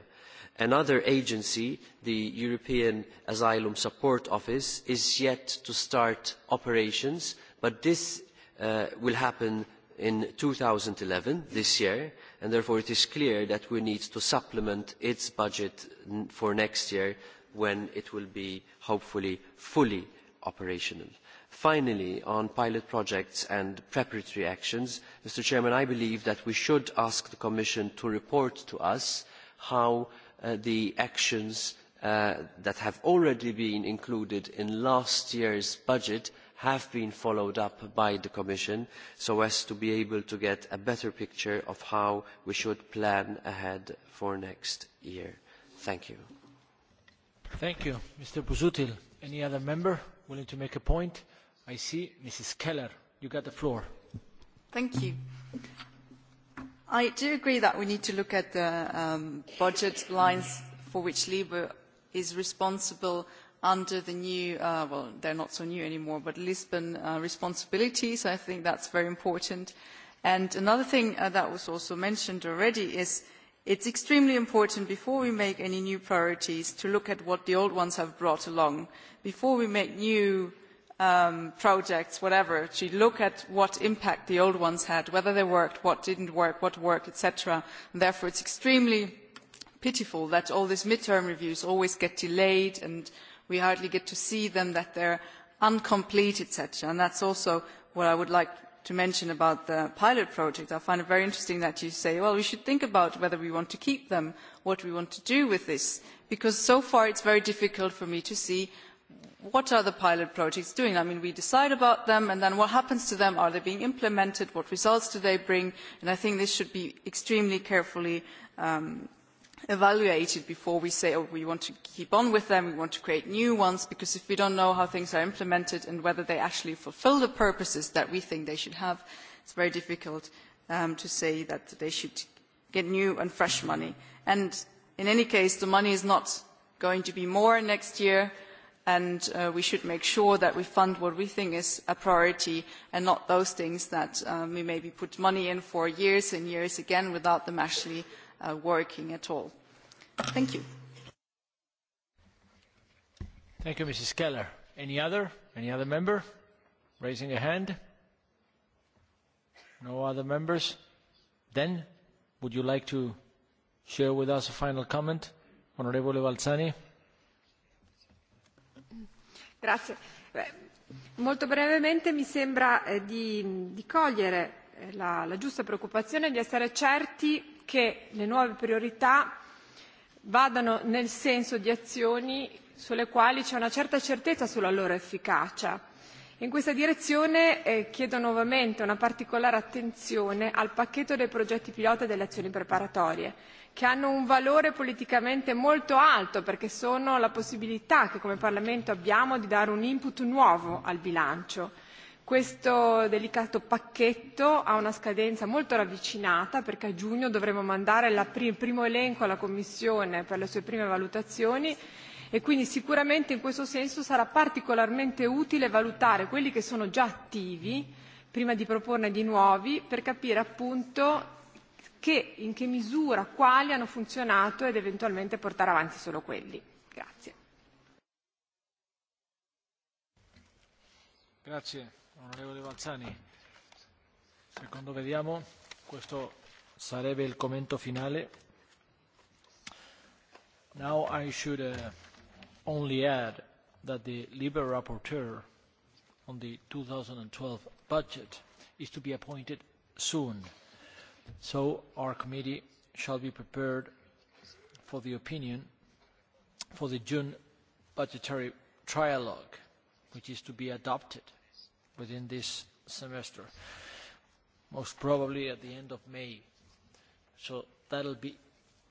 Another agency, the European Asylum Support Office, is yet to start operations, but this uh, will happen in 2011, this year, and therefore it is clear that we need to supplement its budget for next year when it will be hopefully fully operational. Finally, on pilot projects and preparatory actions, Mr. Chairman, I believe that we should ask the Commission to report to us how uh, uh, the actions uh, that have already been included in last year's budget have been followed up by the Commission so as to be able to get a better picture of how we should plan ahead for next year. Thank you.
Thank you. Mr. Busutil, any other member willing to make a point? I see. Mrs. Keller, you got the floor.
Thank you. I do agree that we need to look at the um, budget lines for which Libre is responsible under the new, uh, well, they're not so new anymore, but Lisbon uh, responsibilities. I think that's very important. And another thing uh, that was also mentioned already is it's extremely important before we make any new priorities to look at what the old ones have brought along. Before we make new uh, um, projects, whatever, to look at what impact the old ones had, whether they worked, what didn't work, what worked, etc. And therefore, it's extremely pitiful that all these midterm reviews always get delayed and we hardly get to see them, that they're incomplete, etc. And that's also what I would like to mention about the pilot project. I find it very interesting that you say, well, we should think about whether we want to keep them, what we want to do with this, because so far it's very difficult for me to see what are the pilot projects doing? I mean, we decide about them, and then what happens to them? Are they being implemented? What results do they bring? And I think this should be extremely carefully um, evaluated before we say, oh, we want to keep on with them, we want to create new ones, because if we don't know how things are implemented and whether they actually fulfill the purposes that we think they should have, it's very difficult um, to say that they should get new and fresh money. And in any case, the money is not going to be more next year and uh, we should make sure that we fund what we think is a priority and not those things that um, we maybe put money in for years and years again without them actually uh, working at all. Thank you.
Thank you, Mrs. Keller. Any other? Any other member? Raising a hand? No other members? Then, would you like to share with us a final comment? Honorable Balzani.
Beh, molto brevemente mi sembra eh, di, di cogliere eh, la, la giusta preoccupazione di essere certi che le nuove priorità vadano nel senso di azioni sulle quali c'è una certa certezza sulla loro efficacia In questa direzione eh, chiedo nuovamente una particolare attenzione al pacchetto dei progetti pilota e delle azioni preparatorie, che hanno un valore politicamente molto alto perché sono la possibilità che come Parlamento abbiamo di dare un input nuovo al bilancio. Questo delicato pacchetto ha una scadenza molto ravvicinata perché a giugno dovremo mandare la pr- il primo elenco alla Commissione per le sue prime valutazioni e quindi sicuramente in questo senso sarà particolarmente utile valutare quelli che sono già attivi prima di proporne di nuovi per capire appunto che, in che misura, quali hanno funzionato ed eventualmente portare avanti solo quelli. Grazie.
Grazie, onorevole Balzani. Secondo vediamo, questo sarebbe il commento finale. Now I should uh, only add that the Libre Rapporteur on the 2012 budget is to be appointed soon. So our committee shall be prepared for the opinion for the June budgetary trialogue, which is to be adopted within this semester, most probably at the end of May. So that'll be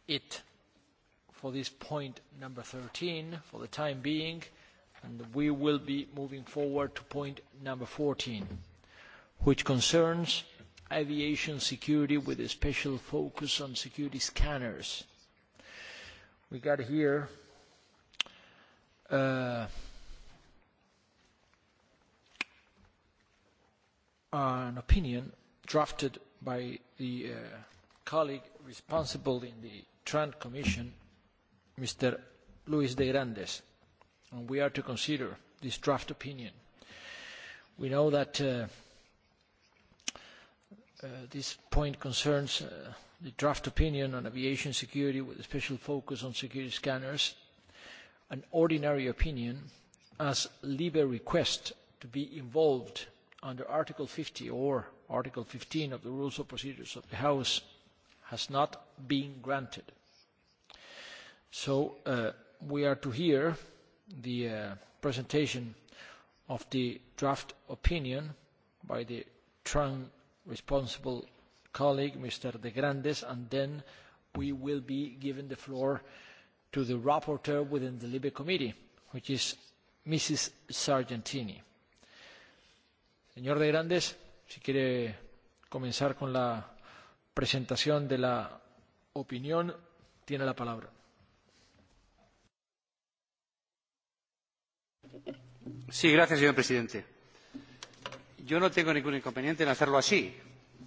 it for this point number 13 for the time being, and we will be moving forward to point number 14, which concerns aviation security with a special focus on security scanners. We got here uh, an opinion drafted by the uh, colleague responsible in the Trent Commission Mr. Luis de Grandes, and we are to consider this draft opinion. We know that uh, uh, this point concerns uh, the draft opinion on aviation security with a special focus on security scanners, an ordinary opinion, as LIBE request to be involved under Article 50 or Article 15 of the Rules of Procedures of the House has not been granted So uh, we are to hear the uh, presentation of the draft opinion by the TRAN responsible colleague, Mr. De Grandes, and then we will be giving the floor to the rapporteur within the Libe Committee, which is Mrs. Sargentini. Señor De Grandes, si quiere comenzar con la presentación de la opinión, tiene la palabra.
Sí, gracias, señor presidente. Yo no tengo ningún inconveniente en hacerlo así,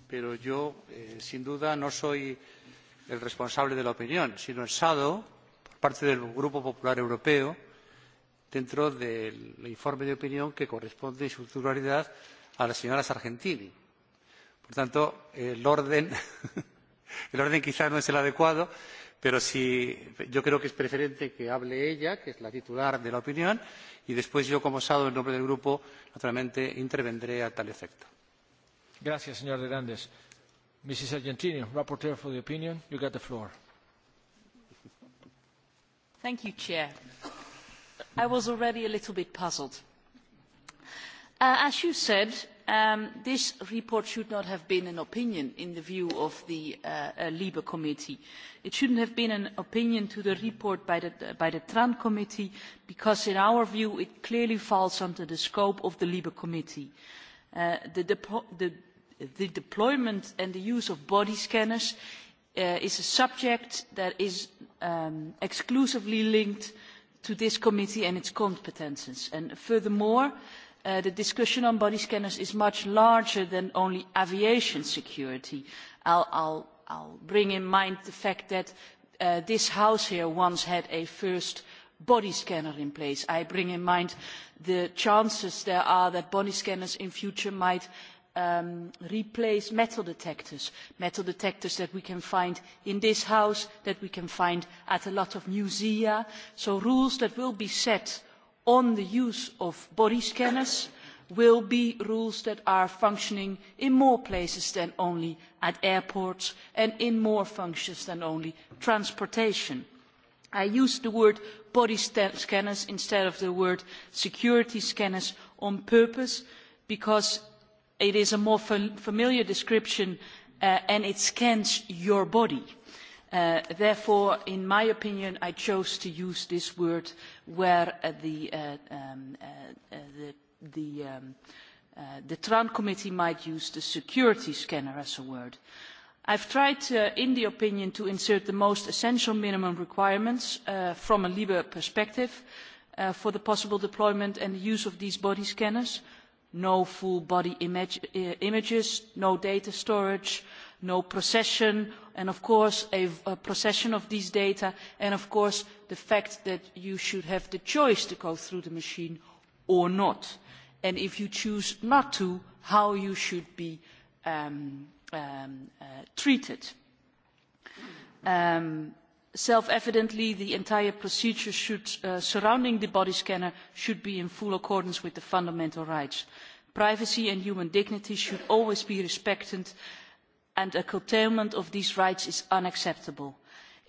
pero yo, eh, sin duda, no soy el responsable de la opinión, sino el SADO, por parte del Grupo Popular Europeo, dentro del informe de opinión que corresponde en su titularidad a la señora Sargentini. Por tanto, el orden, el orden quizás no es el adecuado, pero si, yo creo que es preferente que hable ella, que es la titular de la opinión, y después yo, como Sado, en nombre del grupo, naturalmente intervendré a tal efecto.
Gracias, señor Hernández. Mrs. Argentini, rapporteur for the opinion, you got the floor.
Thank you, Chair. I was already a little bit puzzled. Uh, as you said, um, this report should not have been an opinion in the view of the uh, uh, Libre Committee. It shouldn't have been an opinion to the report by the, uh, by the TRAN Committee because in our view it clearly falls under the scope of the Libre Committee. Uh, the, depo the, the deployment and the use of body scanners uh, is a subject that is um, exclusively linked to this committee and its competences. And furthermore, uh, Uh, the discussion on body scanners is much larger than only aviation security. I'll, I'll, I'll bring in mind the fact that uh, this house here once had a first body scanner in place. I bring in mind the chances there are that body scanners in future might um, replace metal detectors, metal detectors that we can find in this house, that we can find at a lot of museums. So rules that will be set on the use of body scanners will be rules that are functioning in more places than only at airports and in more functions than only transportation. I used the word body scanners instead of the word security scanners on purpose because it is a more fam familiar description uh, and it scans your body. Uh, therefore, in my opinion, I chose to use this word where uh, the, uh, um, uh, uh, the, the, um, uh, the TRAN committee might use the security scanner as a word. I've tried to, uh, in the opinion to insert the most essential minimum requirements uh, from a LIBE perspective uh, for the possible deployment and use of these body scanners. No full body image, uh, images, no data storage, uh, no procession, and of course a, a procession of these data, and of course the fact that you should have the choice to go through the machine or not. And if you choose not to, how you should be um, um, uh, treated. Um, self-evidently the entire procedure should, uh, surrounding the body scanner should be in full accordance with the fundamental rights. Privacy and human dignity should always be respected and a curtailment of these rights is unacceptable.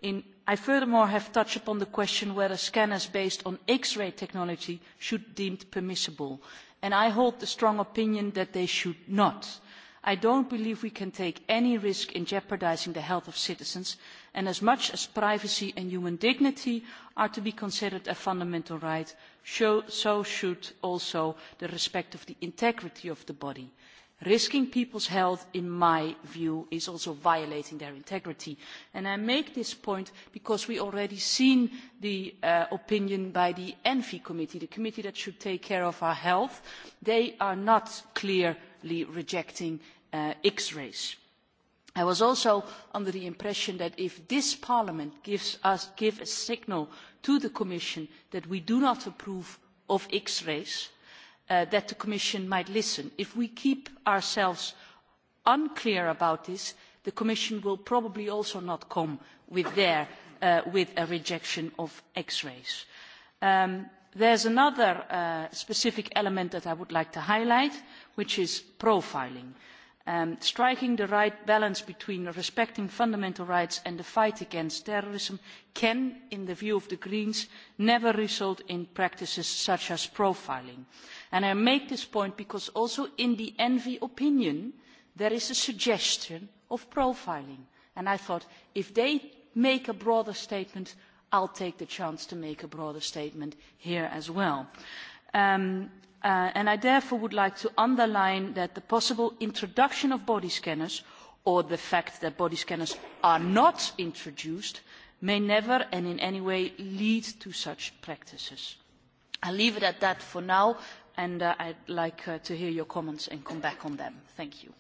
In, I furthermore have touched upon the question whether scanners based on X-ray technology should be deemed permissible, and I hold the strong opinion that they should not. I don't believe we can take any risk in jeopardizing the health of citizens, and as much as privacy and human dignity are to be considered a fundamental right, so, so should also the respect of the integrity of the body risking people's health in my view is also violating their integrity and i make this point because we have already seen the uh, opinion by the envi committee the committee that should take care of our health they are not clearly rejecting uh, x rays i was also under the impression that if this parliament gives us give a signal to the commission that we do not approve of x rays uh, that the Commission might listen. If we keep ourselves unclear about this, the Commission will probably also not come with, their, uh, with a rejection of X-rays. Um, there's another uh, specific element that I would like to highlight, which is profiling. Uh, Um, striking the right balance between respecting fundamental rights and the fight against terrorism can in the view of the greens never result in practices such as profiling. And i make this point because also in the envi opinion there is a suggestion of profiling and i thought if they make a broader statement i will take the chance to make a broader statement here as well. Um, Uh, and I therefore would like to underline that the possible introduction of body scanners or the fact that body scanners are not introduced may never and in any way lead to such practices. I'll leave it at that for now and uh, I'd like uh, to hear your comments and come back on them. Thank you.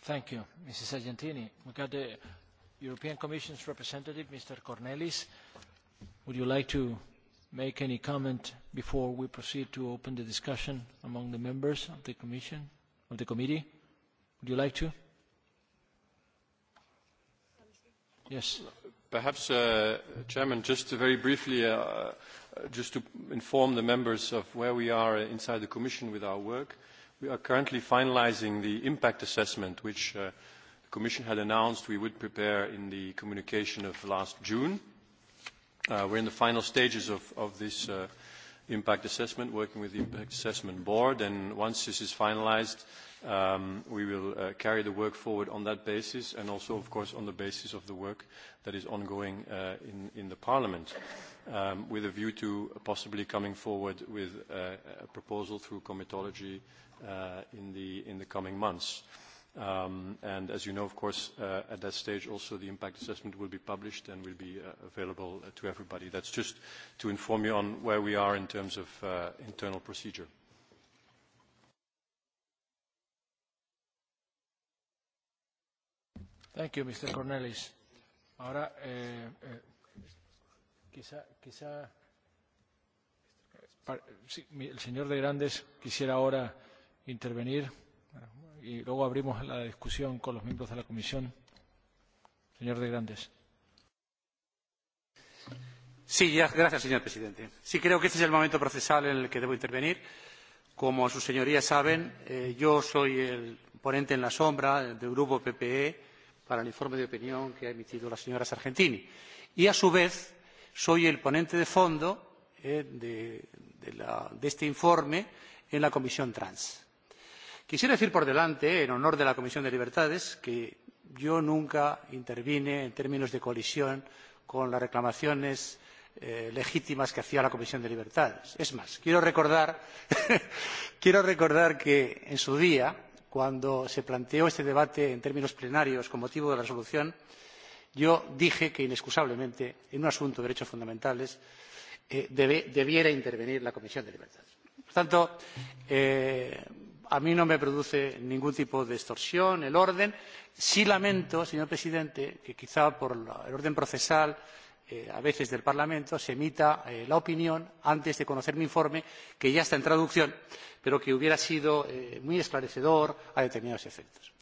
Thank you, Mrs. Argentini. We've got the European Commission's representative, Mr. Cornelis, Would you like to make any comment before we proceed to open the discussion among the members of the Commission, of the Committee? Would you like to?
Yes. Perhaps, uh, Chairman, just very briefly, uh, uh, just to inform the members of where we are inside the Commission with our work. We are currently finalizing the impact assessment, which uh, the Commission had announced we would prepare in the communication of last June. Uh, Uh, we're in the final stages of, of this uh, impact assessment, working with the Impact Assessment Board, and once this is finalized, um, we will uh, carry the work forward on that basis and also, of course, on the basis of the work that is ongoing uh, in, in the Parliament, um, with a view to possibly coming forward with uh, a proposal through comitology uh, in, the, in the coming months. Uh, Um, and as you know, of course, uh, at that stage also the impact assessment will be published and will be uh, available uh, to everybody. That's just to inform you on where we are in terms of uh, internal procedure.
Thank you, Mr. Cornelis. Ahora, eh, eh, quizá, quizá eh, para, sí, el señor de Grandes quisiera ahora intervenir y luego abrimos la discusión con los miembros de la comisión. Señor de Grandes.
Sí, ya, gracias, señor presidente. Sí, creo que este es el momento procesal en el que debo intervenir. Como sus señorías saben, eh, yo soy el ponente en la sombra del Grupo PPE para el informe de opinión que ha emitido la señora Sargentini. Y, a su vez, soy el ponente de fondo eh, de, de, la, de este informe en la Comisión Trans quisiera decir por delante en honor de la comisión de libertades que yo nunca intervine en términos de colisión con las reclamaciones eh, legítimas que hacía la comisión de libertades. es más quiero recordar, quiero recordar que en su día cuando se planteó este debate en términos plenarios con motivo de la resolución yo dije que inexcusablemente en un asunto de derechos fundamentales eh, debe, debiera intervenir la comisión de libertades civiles. por tanto eh, a mí no me produce ningún tipo de distorsión el orden. sí lamento señor presidente que quizá por el orden procesal eh, a veces del parlamento se emita eh, la opinión antes de conocer mi informe que ya está en traducción pero que hubiera sido eh, muy esclarecedor a determinados efectos.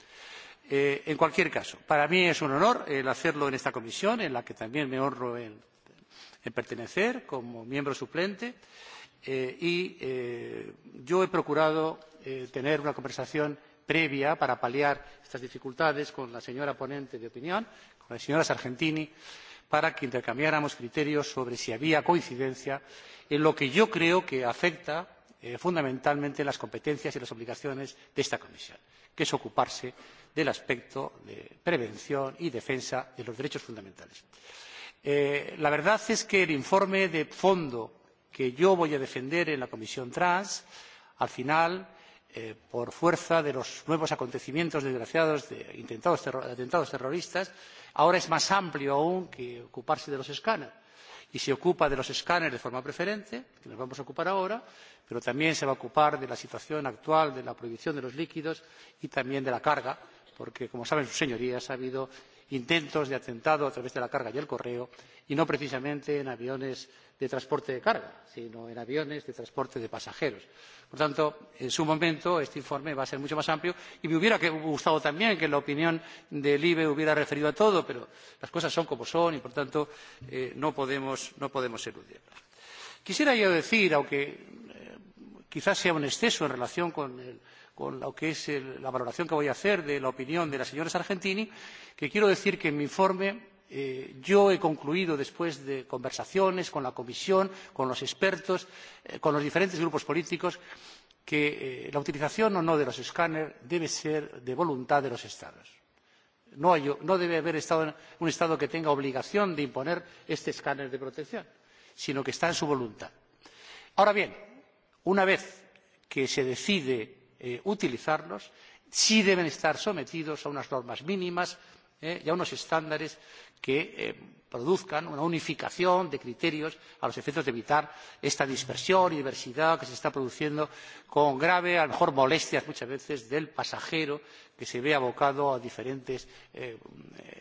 en cualquier caso para mí es un honor hacerlo en esta comisión a la que también me honro en pertenecer como miembro suplente y yo he procurado eh, tener una conversación previa para paliar estas dificultades con la señora ponente de opinión, con la señora Sargentini, para que intercambiáramos criterios sobre si había coincidencia en lo que yo creo que afecta eh, fundamentalmente las competencias y las obligaciones de esta comisión, que es ocuparse del aspecto de prevención y defensa de los derechos fundamentales. Eh, la verdad es que el informe de fondo que yo voy a defender en la comisión trans al final eh, por fuerza de los nuevos acontecimientos desgraciados de intentados terro atentados terroristas, ahora es más amplio aún que ocuparse de los escáneres. Y se ocupa de los escáneres de forma preferente, que nos vamos a ocupar ahora, pero también se va a ocupar de la situación actual de la prohibición de los líquidos y también de la carga, porque, como saben sus señorías, ha habido intentos de atentado a través de la carga y el correo y no precisamente en aviones de transporte de carga sino en aviones de transporte de pasajeros. por tanto en su momento este informe va a ser mucho más amplio y me hubiera gustado también que la opinión de la libe hubiera referido a todo pero las cosas son como son y por tanto eh, no podemos, no podemos eludirlas. quisiera yo decir aunque eh, quizás sea un exceso en relación con el con lo que es el, la valoración que voy a hacer de la opinión de la señora Sargentini, que quiero decir que en mi informe eh, yo he concluido, después de conversaciones con la Comisión, con los expertos, eh, con los diferentes grupos políticos, que eh, la utilización o no de los escáneres debe ser de voluntad de los Estados. No, hay, no debe haber estado, un Estado que tenga obligación de imponer este escáner de protección, sino que está en su voluntad. Ahora bien, una vez que se decide eh, utilizarlos, sí deben estar sometidos a unas normas mínimas eh, y a unos estándares que eh, produzcan una unificación de criterios a los efectos de evitar esta dispersión y diversidad que se está produciendo con graves, a lo mejor molestias muchas veces del pasajero que se ve abocado a diferentes eh,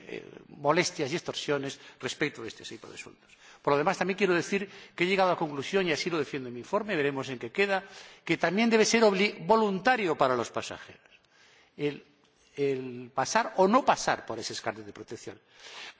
eh molestias y extorsiones respecto de este tipo de asuntos por lo demás también quiero decir que he llegado a la conclusión y así lo defiendo en mi informe veremos en qué queda que también debe ser voluntario para los pasajeros el, el pasar o no pasar por ese escáner de protección.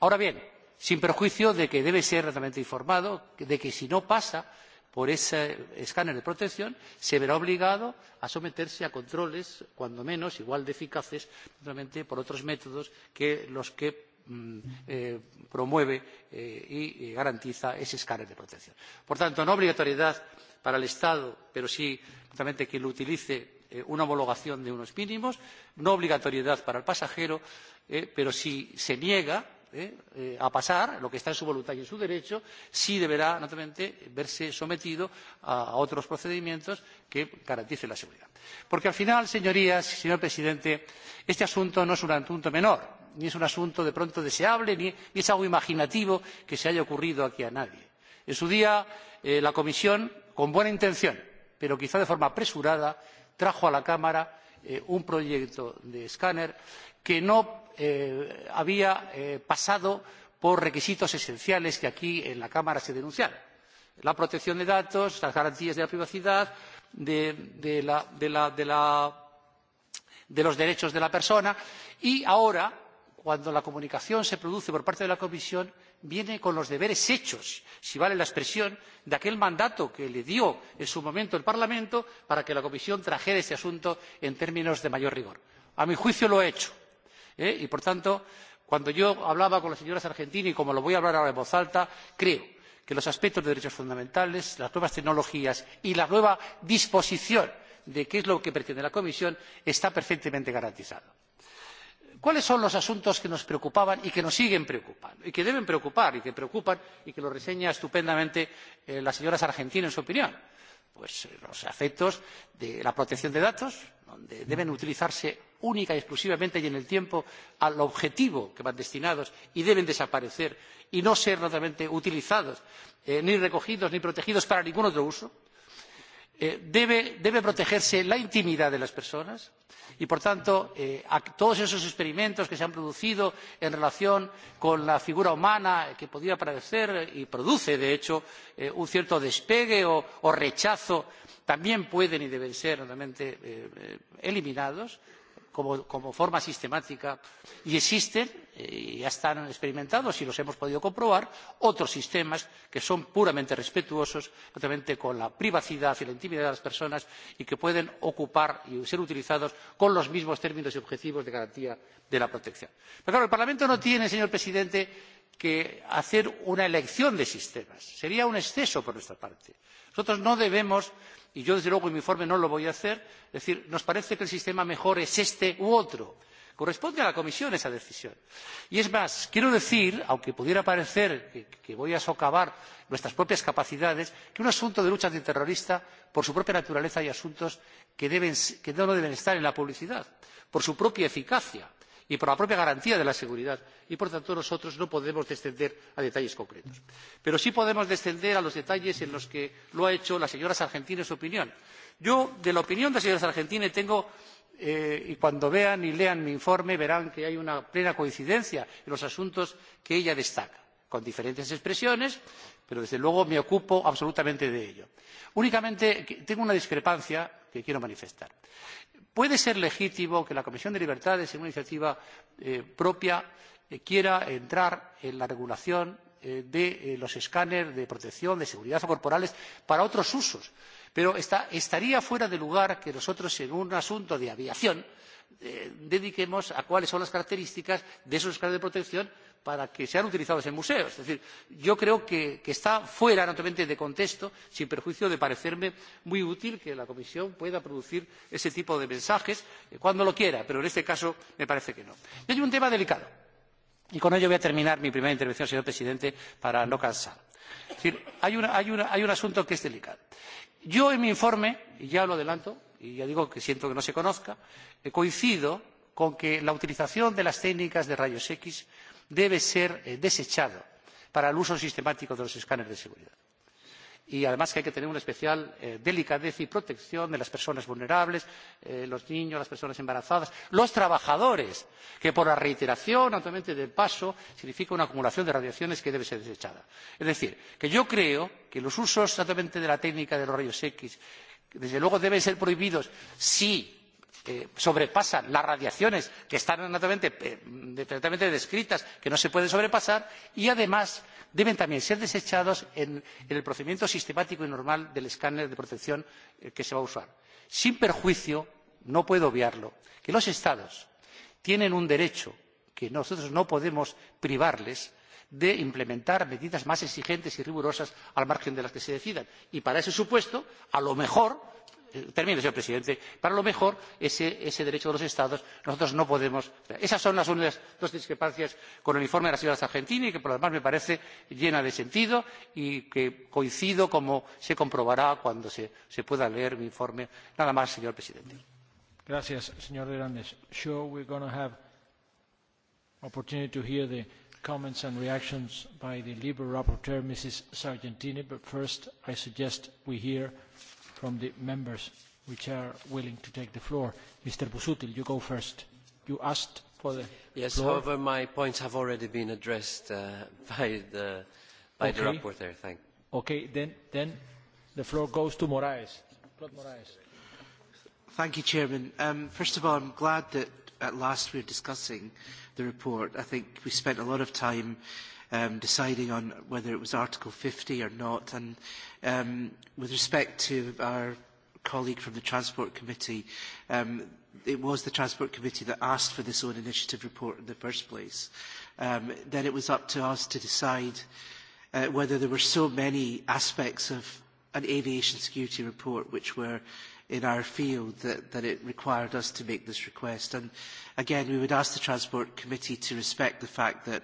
ahora bien sin perjuicio de que debe ser realmente informado de que si no pasa por ese escáner de protección se verá obligado a someterse a controles cuando menos igual de eficaces naturalmente por otros métodos que los que Mm, eh, promueve eh, y eh, garantiza ese escáner de protección. Por tanto, no obligatoriedad para el Estado, pero sí justamente que lo utilice eh, una homologación de unos mínimos, no obligatoriedad para el pasajero, eh, pero si se niega eh, eh, a pasar lo que está en su voluntad y en su derecho, sí deberá, naturalmente, verse sometido a, a otros procedimientos que garanticen la seguridad. Porque al final, señorías, señor presidente, este asunto no es un asunto menor ni es un asunto de pronto deseable ni, ni es algo imaginativo que se haya ocurrido aquí a nadie. en su día eh, la comisión con buena intención pero quizá de forma apresurada trajo a la cámara eh, un proyecto de escáner que no eh, había eh, pasado por requisitos esenciales que aquí en la cámara se denunciaron la protección de datos las garantías de la privacidad de, de, la, de, la, de la, los derechos de la persona y ahora cuando la comunicación se produce por parte de la Comisión, viene con los deberes hechos, si vale la expresión, de aquel mandato que le dio en su momento el Parlamento para que la Comisión trajera este asunto en términos de mayor rigor. A mi juicio lo ha hecho. ¿eh? Y, por tanto, cuando yo hablaba con la señora Sargentini, como lo voy a hablar ahora en voz alta, creo que los aspectos de derechos fundamentales, las nuevas tecnologías y la nueva disposición de qué es lo que pretende la Comisión está perfectamente garantizado cuáles son los asuntos que nos preocupaban y que nos siguen preocupando y que deben preocupar y que preocupan y que los reseña estupendamente eh, la señora Sargentini en su opinión? Pues eh, los efectos de la protección de datos, donde deben utilizarse única y exclusivamente y en el tiempo al objetivo que van destinados y deben desaparecer y no ser naturalmente utilizados eh, ni recogidos ni protegidos para ningún otro uso eh, debe, debe protegerse la intimidad de las personas y por tanto eh, a todos esos experimentos que se han producido en relación con la figura humana que podía parecer y produce de hecho eh, un cierto despegue o, o rechazo también pueden y deben ser realmente eh, eh, eliminados como, como forma sistemática y existen eh, y ya están experimentados y los hemos podido comprobar otros sistemas que son puramente respetuosos justamente con la privacidad y la intimidad de las personas y que pueden ocupar y ser utilizados con los mismos términos y objetivos de garantía de la protección. pero claro el parlamento no tiene señor presidente que hacer una elección de sistemas. Sería un exceso por nuestra parte. Nosotros no debemos, y yo desde luego en mi informe no lo voy a hacer, decir, nos parece que el sistema mejor es este u otro. Corresponde a la Comisión esa decisión. Y es más, quiero decir, aunque pudiera parecer que, que voy a socavar nuestras propias capacidades, que un asunto de lucha antiterrorista, por su propia naturaleza, hay asuntos que, deben, que no deben estar en la publicidad, por su propia eficacia y por la propia garantía de la seguridad y por tanto nosotros no podemos descender a detalles concretos. pero sí podemos descender a los detalles en los que lo ha hecho la señora sargentini en su opinión. yo de la opinión de la señora sargentini tengo eh, y cuando vean y lean mi informe verán que hay una plena coincidencia en los asuntos que ella destaca con diferentes expresiones pero desde luego me ocupo absolutamente de ello. únicamente tengo una discrepancia que quiero manifestar puede ser legítimo que la comisión de libertades en una iniciativa eh, propia eh, quiera entrar en la regulación eh, de eh, los escáneres de protección de seguridad o corporales para otros usos pero está, estaría fuera de lugar que nosotros en un asunto de aviación eh, dediquemos a cuáles son las características de esos escáneres de protección para que sean utilizados en museos. Es decir, yo creo que, que está fuera, naturalmente, de contexto, sin perjuicio de parecerme muy útil que la Comisión pueda producir ese tipo de mensajes eh, cuando lo quiera, pero en este caso me parece que no. Y hay un tema delicado, y con ello voy a terminar mi primera intervención, señor presidente, para no cansar. Es decir, hay, una, hay, una, hay un asunto que es delicado. Yo en mi informe, y ya lo adelanto, y ya digo que siento que no se conozca, eh, coincido con que la utilización de las técnicas de rayos X debe ser eh, desechado para el uso sistemático de los escáneres de seguridad y además que hay que tener una especial eh, delicadeza y protección de las personas vulnerables eh, los niños las personas embarazadas los trabajadores que por la reiteración naturalmente del paso significa una acumulación de radiaciones que debe ser desechada. es decir que yo creo que los usos naturalmente de la técnica de los rayos x desde luego deben ser prohibidos si eh, sobrepasan las radiaciones que están naturalmente eh, perfectamente descritas que no se pueden sobrepasar y además deben también ser desechados en, en el procedimiento sistemático y normal del escáner de protección eh, que se va a usar. sin perjuicio no puedo obviarlo de que los estados tienen un derecho que nosotros no podemos privarles de implementar medidas más exigentes y rigurosas al margen de las que se decidan y para ese supuesto a lo mejor termino señor presidente para lo mejor ese, ese derecho de los estados nosotros no podemos. esas son las únicas dos discrepancias con el informe de la señora sargentini que por lo demás me parece llena de sentido y que coincido como se comprobará cuando se, se pueda leer mi informe. nada más señor presidente.
Gracias, señor Hernández. Sure, we're going to have opportunity to hear the comments and reactions by the Libre Rapporteur, Mrs. Sargentini, but first I suggest we hear from the members which are willing to take the floor. Mr. Busuttil, you go first. You asked for the Yes, floor. however,
my points have already been addressed uh, by, the, by okay. the rapporteur. Thank
okay,
then, then the floor goes to
Moraes. Claude Moraes.
Thank you, Chairman. Um, first of all, I'm glad that at last we're discussing the report. I think we spent a lot of time uh, um, deciding on whether it was Article 50 or not. And um, with respect to our colleague from the Transport Committee, um, it was the Transport Committee that asked for this own initiative report in the first place. Um, then it was up to us to decide uh, whether there were so many aspects of an aviation security report which were in our field that, that it required us to make this request. And again, we would ask the Transport Committee to respect the fact that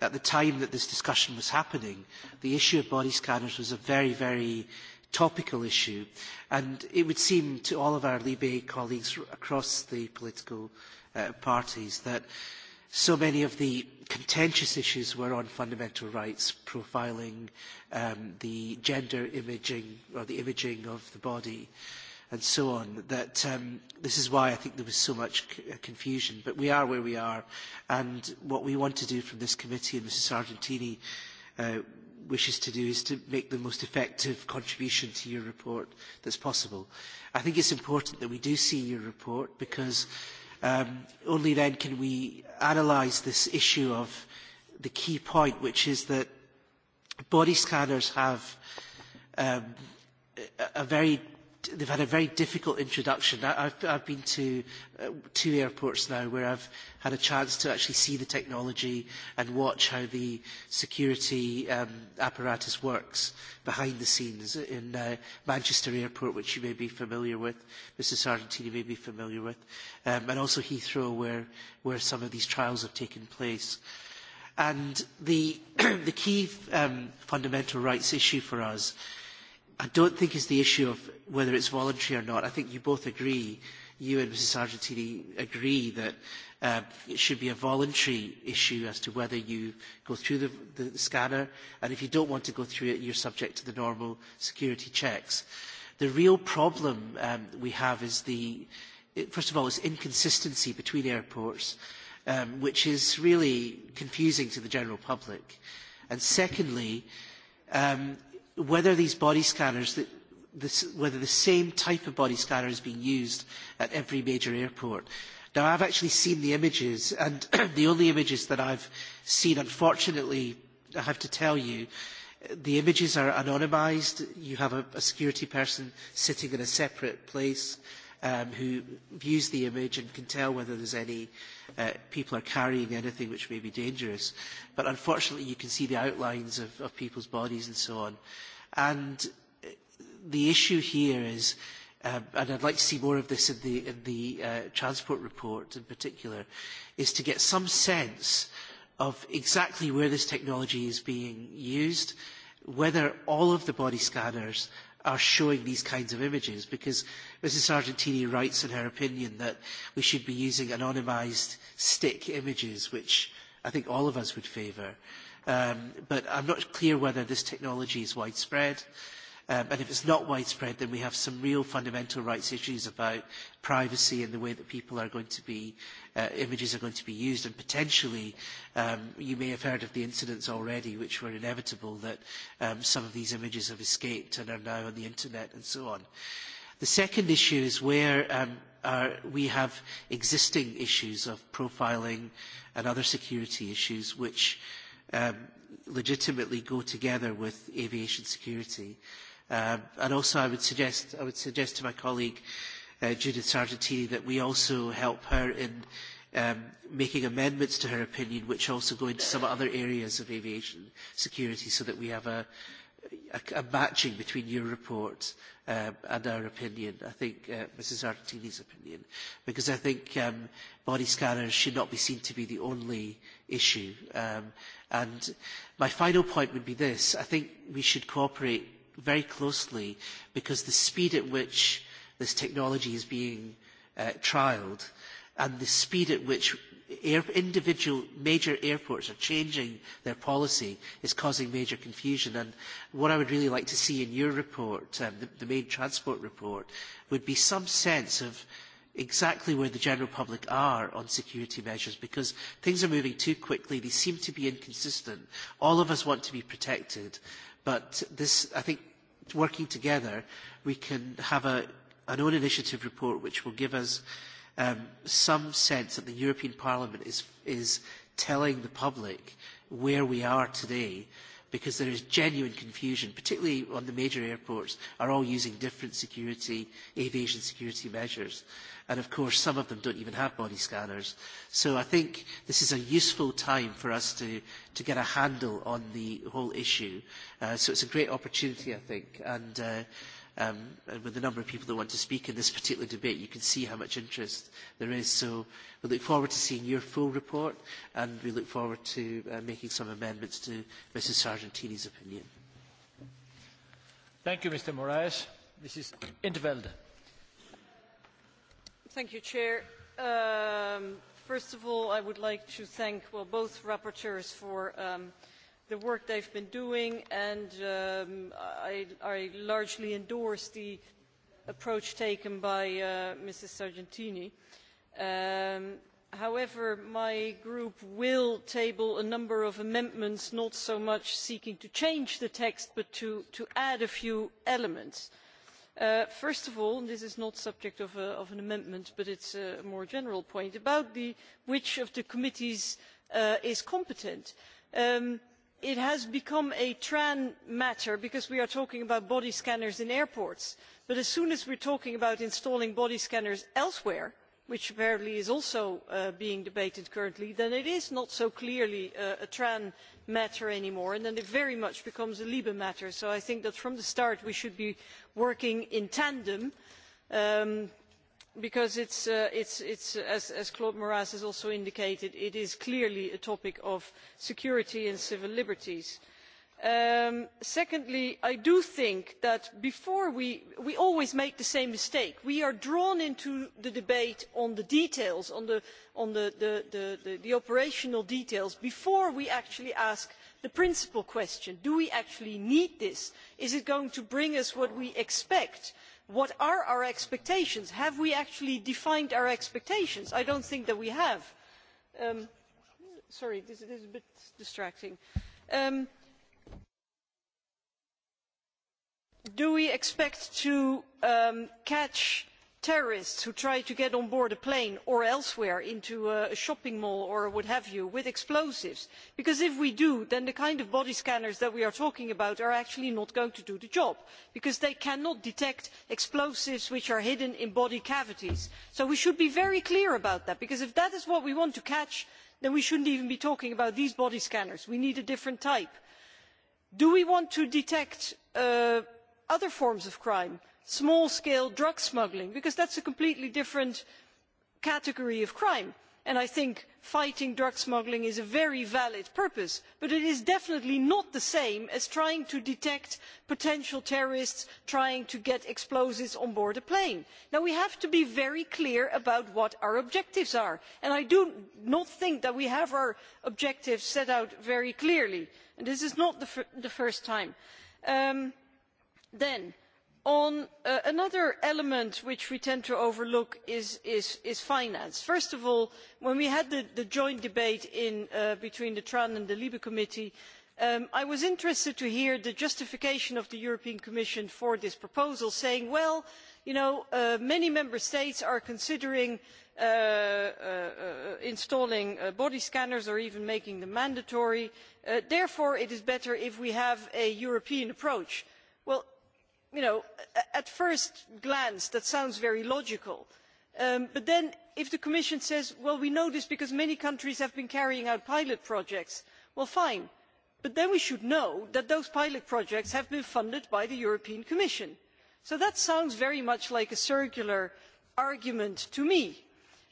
at the time that this discussion was happening, the issue of body scanners was a very, very topical issue. And it would seem to all of our Libe colleagues across the political uh, parties that so many of the contentious issues were on fundamental rights, profiling, um, the gender imaging or the imaging of the body. Uh, and so on, that um, this is why I think there was so much c uh, confusion. But we are where we are, and what we want to do from this committee, and Mrs Sargentini uh, wishes to do, is to make the most effective contribution to your report that's possible. I think it's important that we do see your report, because um, only then can we analyse this issue of the key point, which is that body scanners have um, a very they've had a very difficult introduction. I, I've, I've been to uh, two airports now where I've had a chance to actually see the technology and watch how the security um, apparatus works behind the scenes in uh, Manchester Airport, which you may be familiar with, Mrs Sargentini may be familiar with, um, and also Heathrow, where, where some of these trials have taken place. And the, the key um, fundamental rights issue for us I don't think is the issue of whether it's voluntary or not. I think you both agree, you and Mrs Sargentini agree that uh, it should be a voluntary issue as to whether you go through the, the, the scanner, and if you don't want to go through it, you're subject to the normal security checks. The real problem um, we have is the, it, first of all, is inconsistency between airports, um, which is really confusing to the general public. And secondly, um, whether these body scanners, that this, whether the same type of body scanner is being used at every major airport. Now, I've actually seen the images, and the only images that I've seen, unfortunately, I have to tell you, the images are anonymised. You have a, a security person sitting in a separate place um, who views the image and can tell whether there's any uh, people are carrying anything which may be dangerous. But unfortunately, you can see the outlines of, of people's bodies and so on. And uh, the issue here is, um, and I'd like to see more of this in the, in the uh, transport report in particular, is to get some sense of exactly where this technology is being used, whether all of the body scanners are showing these kinds of images because Mrs Sargentini writes in her opinion that we should be using anonymised stick images, which I think all of us would favour. Um, but I'm not clear whether this technology is widespread. Uh, Um, and if it's not widespread, then we have some real fundamental rights issues about privacy and the way that people are going to be, uh, images are going to be used. And potentially, um, you may have heard of the incidents already, which were inevitable, that um, some of these images have escaped and are now on the internet and so on. The second issue is where um, are, we have existing issues of profiling and other security issues which um, legitimately go together with aviation security. Uh, Uh, and also I would suggest, I would suggest to my colleague uh, Judith Sargentini that we also help her in um, making amendments to her opinion which also go into some other areas of aviation security so that we have a, a, a matching between your report um, and our opinion, I think uh, Mrs Artini's opinion, because I think um, body scanners should not be seen to be the only issue. Um, and my final point would be this, I think we should cooperate very closely because the speed at which this technology is being uh, trialled and the speed at which air, individual major airports are changing their policy is causing major confusion. And what I would really like to see in your report, um, the, the main transport report, would be some sense of exactly where the general public are on security measures because things are moving too quickly. They seem to be inconsistent. All of us want to be protected But this, I think, working together, we can have a, an own initiative report which will give us um, some sense that the European Parliament is, is telling the public where we are today because there is genuine confusion, particularly on the major airports, are all using different security, aviation security measures. And of course, some of them don't even have body scanners. So I think this is a useful time for us to, to get a handle on the whole issue. Uh, so it's a great opportunity, I think. And uh, um, and with the number of people that want to speak in this particular debate, you can see how much interest there is. So we look forward to seeing your full report, and we look forward to uh, making some amendments to Mrs Sargentini's opinion.
Thank you, Mr Moraes. Mrs Intervelde.
Thank you, Chair. Um, first of all, I would like to thank well, both rapporteurs for um, uh, the work they've been doing, and um, I, I largely endorse the approach taken by uh, Mrs. Sargentini. Um, however, my group will table a number of amendments, not so much seeking to change the text, but to, to add a few elements. Uh, first of all, and this is not subject of, a, of an amendment, but it's a more general point, about the, which of the committees uh, is competent. Um, it has become a tran matter because we are talking about body scanners in airports but as soon as we are talking about installing body scanners elsewhere which apparently is also uh, being debated currently then it is not so clearly uh, a tran matter anymore and then it very much becomes a libe matter so i think that from the start we should be working in tandem um, because it's, uh, it's, it's, uh, as, as Claude Moraes has also indicated, it is clearly a topic of security and civil liberties. Um, secondly, I do think that before we, we always make the same mistake. We are drawn into the debate on the details, on the, on the, the, the, the, the operational details, before we actually ask the principal question. Do we actually need this? Is it going to bring us what we expect? Uh, what are our expectations? have we actually defined our expectations? i do not think that we have. Um, sorry this is a bit distracting. Um, do we expect to um, catch terrorists who try to get on board a plane or elsewhere into a shopping mall or what have you with explosives because if we do then the kind of body scanners that we are talking about are actually not going to do the job because they cannot detect explosives which are hidden in body cavities. so we should be very clear about that because if that is what we want to catch then we should not even be talking about these body scanners we need a different type. do we want to detect uh, other forms of crime? small scale drug smuggling because that is a completely different category of crime and i think fighting drug smuggling is a very valid purpose but it is definitely not the same as trying to detect potential terrorists trying to get explosives on board a plane. we have to be very clear about what our objectives are and i do not think that we have our objectives set out very clearly and this is not the first time. Um, then on uh, another element which we tend to overlook is, is, is finance. first of all when we had the, the joint debate in, uh, between the tran and the libe committee um, i was interested to hear the justification of the european commission for this proposal saying well you know uh, many member states are considering uh, uh, uh, installing body scanners or even making them mandatory therefore it is better if we have a european approach. well you know, at first glance that sounds very logical um, but then if the commission says well we know this because many countries have been carrying out pilot projects well fine but then we should know that those pilot projects have been funded by the european commission. so that sounds very much like a circular argument to me.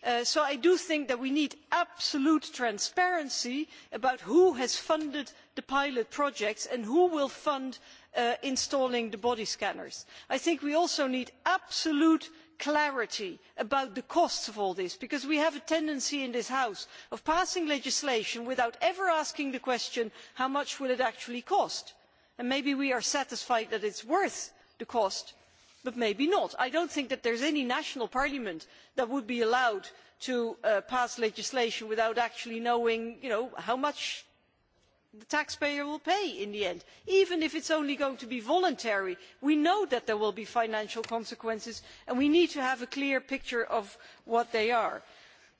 Uh, so i do think that we need absolute transparency about who has funded the pilot projects and who will fund uh, installing the body scanners. i think we also need absolute clarity about the costs of all this because we have a tendency in this house of passing legislation without ever asking the question how much will it actually cost? And maybe we are satisfied that it is worth the cost but maybe not. i do not think that there is any national parliament that would be allowed to uh, pass legislation without actually knowing you know, how much the taxpayer will pay in the end even if it is only going to be voluntary. we know that there will be financial consequences and we need to have a clear picture of what they are.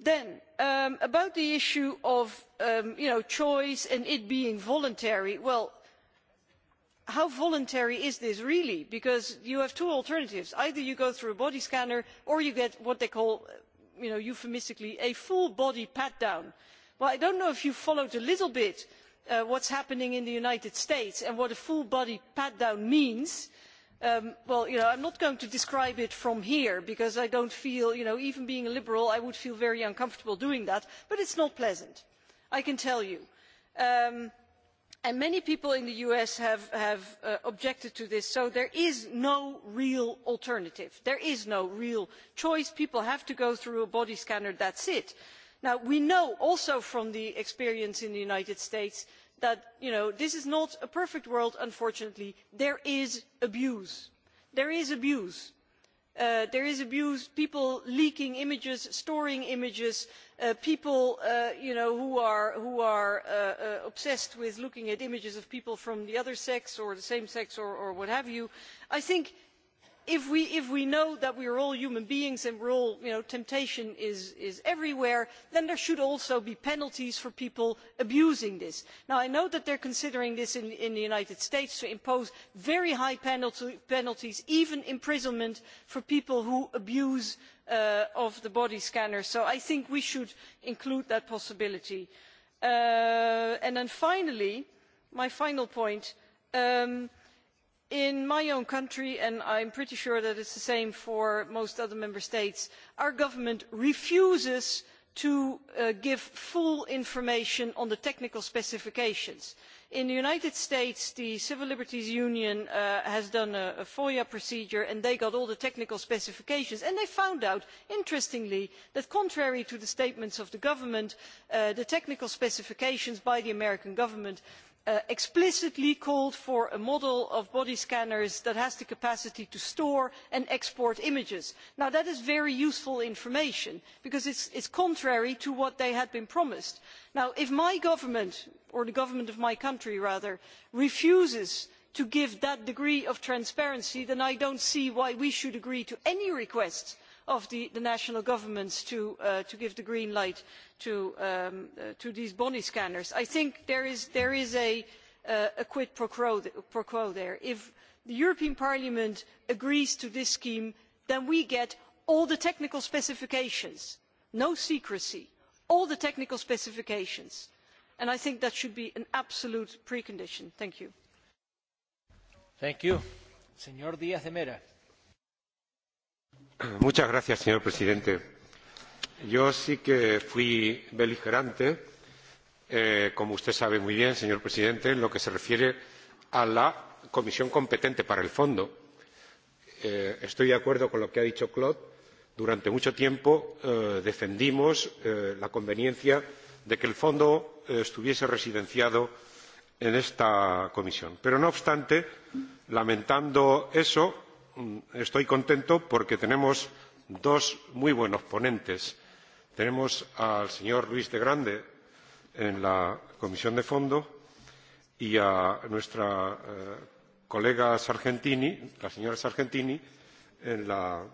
then um, about the issue of um, you know, choice and it being voluntary well how voluntary is this really because you have two alternatives either you go through a body scanner or you get what they call you know, euphemistically a full body pat down'. well i do not know if you followed a little bit uh, what is happening in the united states and what a full body pat down means um, well you know i am not going to describe it from here because i do not feel you know even being a liberal i would feel very uncomfortable doing that but it is not pleasant i can tell you. Um, and many people in the us have, have uh, objected to this so there is no real alternative there is no real choice people have to go through a body scanner that is it. Now, we know also from the experience in the united states that you know, this is not a perfect world unfortunately there is abuse there is abuse uh, there is abuse people leaking images storing images uh, people uh, you know, who are, who are uh, uh, obsessed with looking at images of people from the other sex or the same sex or, or what have you i think if we, if we know that we are all human beings and we're all, you know, temptation is, is everywhere, then there should also be penalties for people abusing this. Now, I know that they're considering this in, in the United States to impose very high penalty, penalties, even imprisonment for people who abuse uh, of the body scanner. So I think we should include that possibility. Uh, and then finally, my final point, um, uh, in my own country and i am pretty sure that it is the same for most other member states our government refuses to uh, give full information on the technical specifications. in the united states the civil liberties union uh, has done a foia procedure and they got all the technical specifications and they found out interestingly that contrary to the statements of the government uh, the technical specifications by the american government Uh, explicitly called for a model of body scanners that has the capacity to store and export images. Now, that is very useful information because it is contrary to what they had been promised. Now, if my government or the government of my country rather refuses to give that degree of transparency then i do not see why we should agree to any requests of the, the national governments to, uh, to give the green light to, um, uh, to these body scanners. I think there is, there is a, uh, a quid pro quo, pro quo there. If the European Parliament agrees to this scheme, then we get all the technical specifications, no secrecy, all the technical specifications. And I think that should be an absolute precondition. Thank you.
Thank you. Señor Díaz de Mera.
Muchas gracias, señor presidente. Yo sí que fui beligerante, eh, como usted sabe muy bien, señor presidente, en lo que se refiere a la comisión competente para el fondo. Eh, estoy de acuerdo con lo que ha dicho Claude. Durante mucho tiempo eh, defendimos eh, la conveniencia de que el fondo eh, estuviese residenciado en esta comisión. Pero, no obstante, lamentando eso, Mm, estoy contento porque tenemos dos muy buenos ponentes. Tenemos al señor Luis de Grande en la Comisión de Fondo y a nuestra eh, colega Sargentini, la señora Sargentini, en la,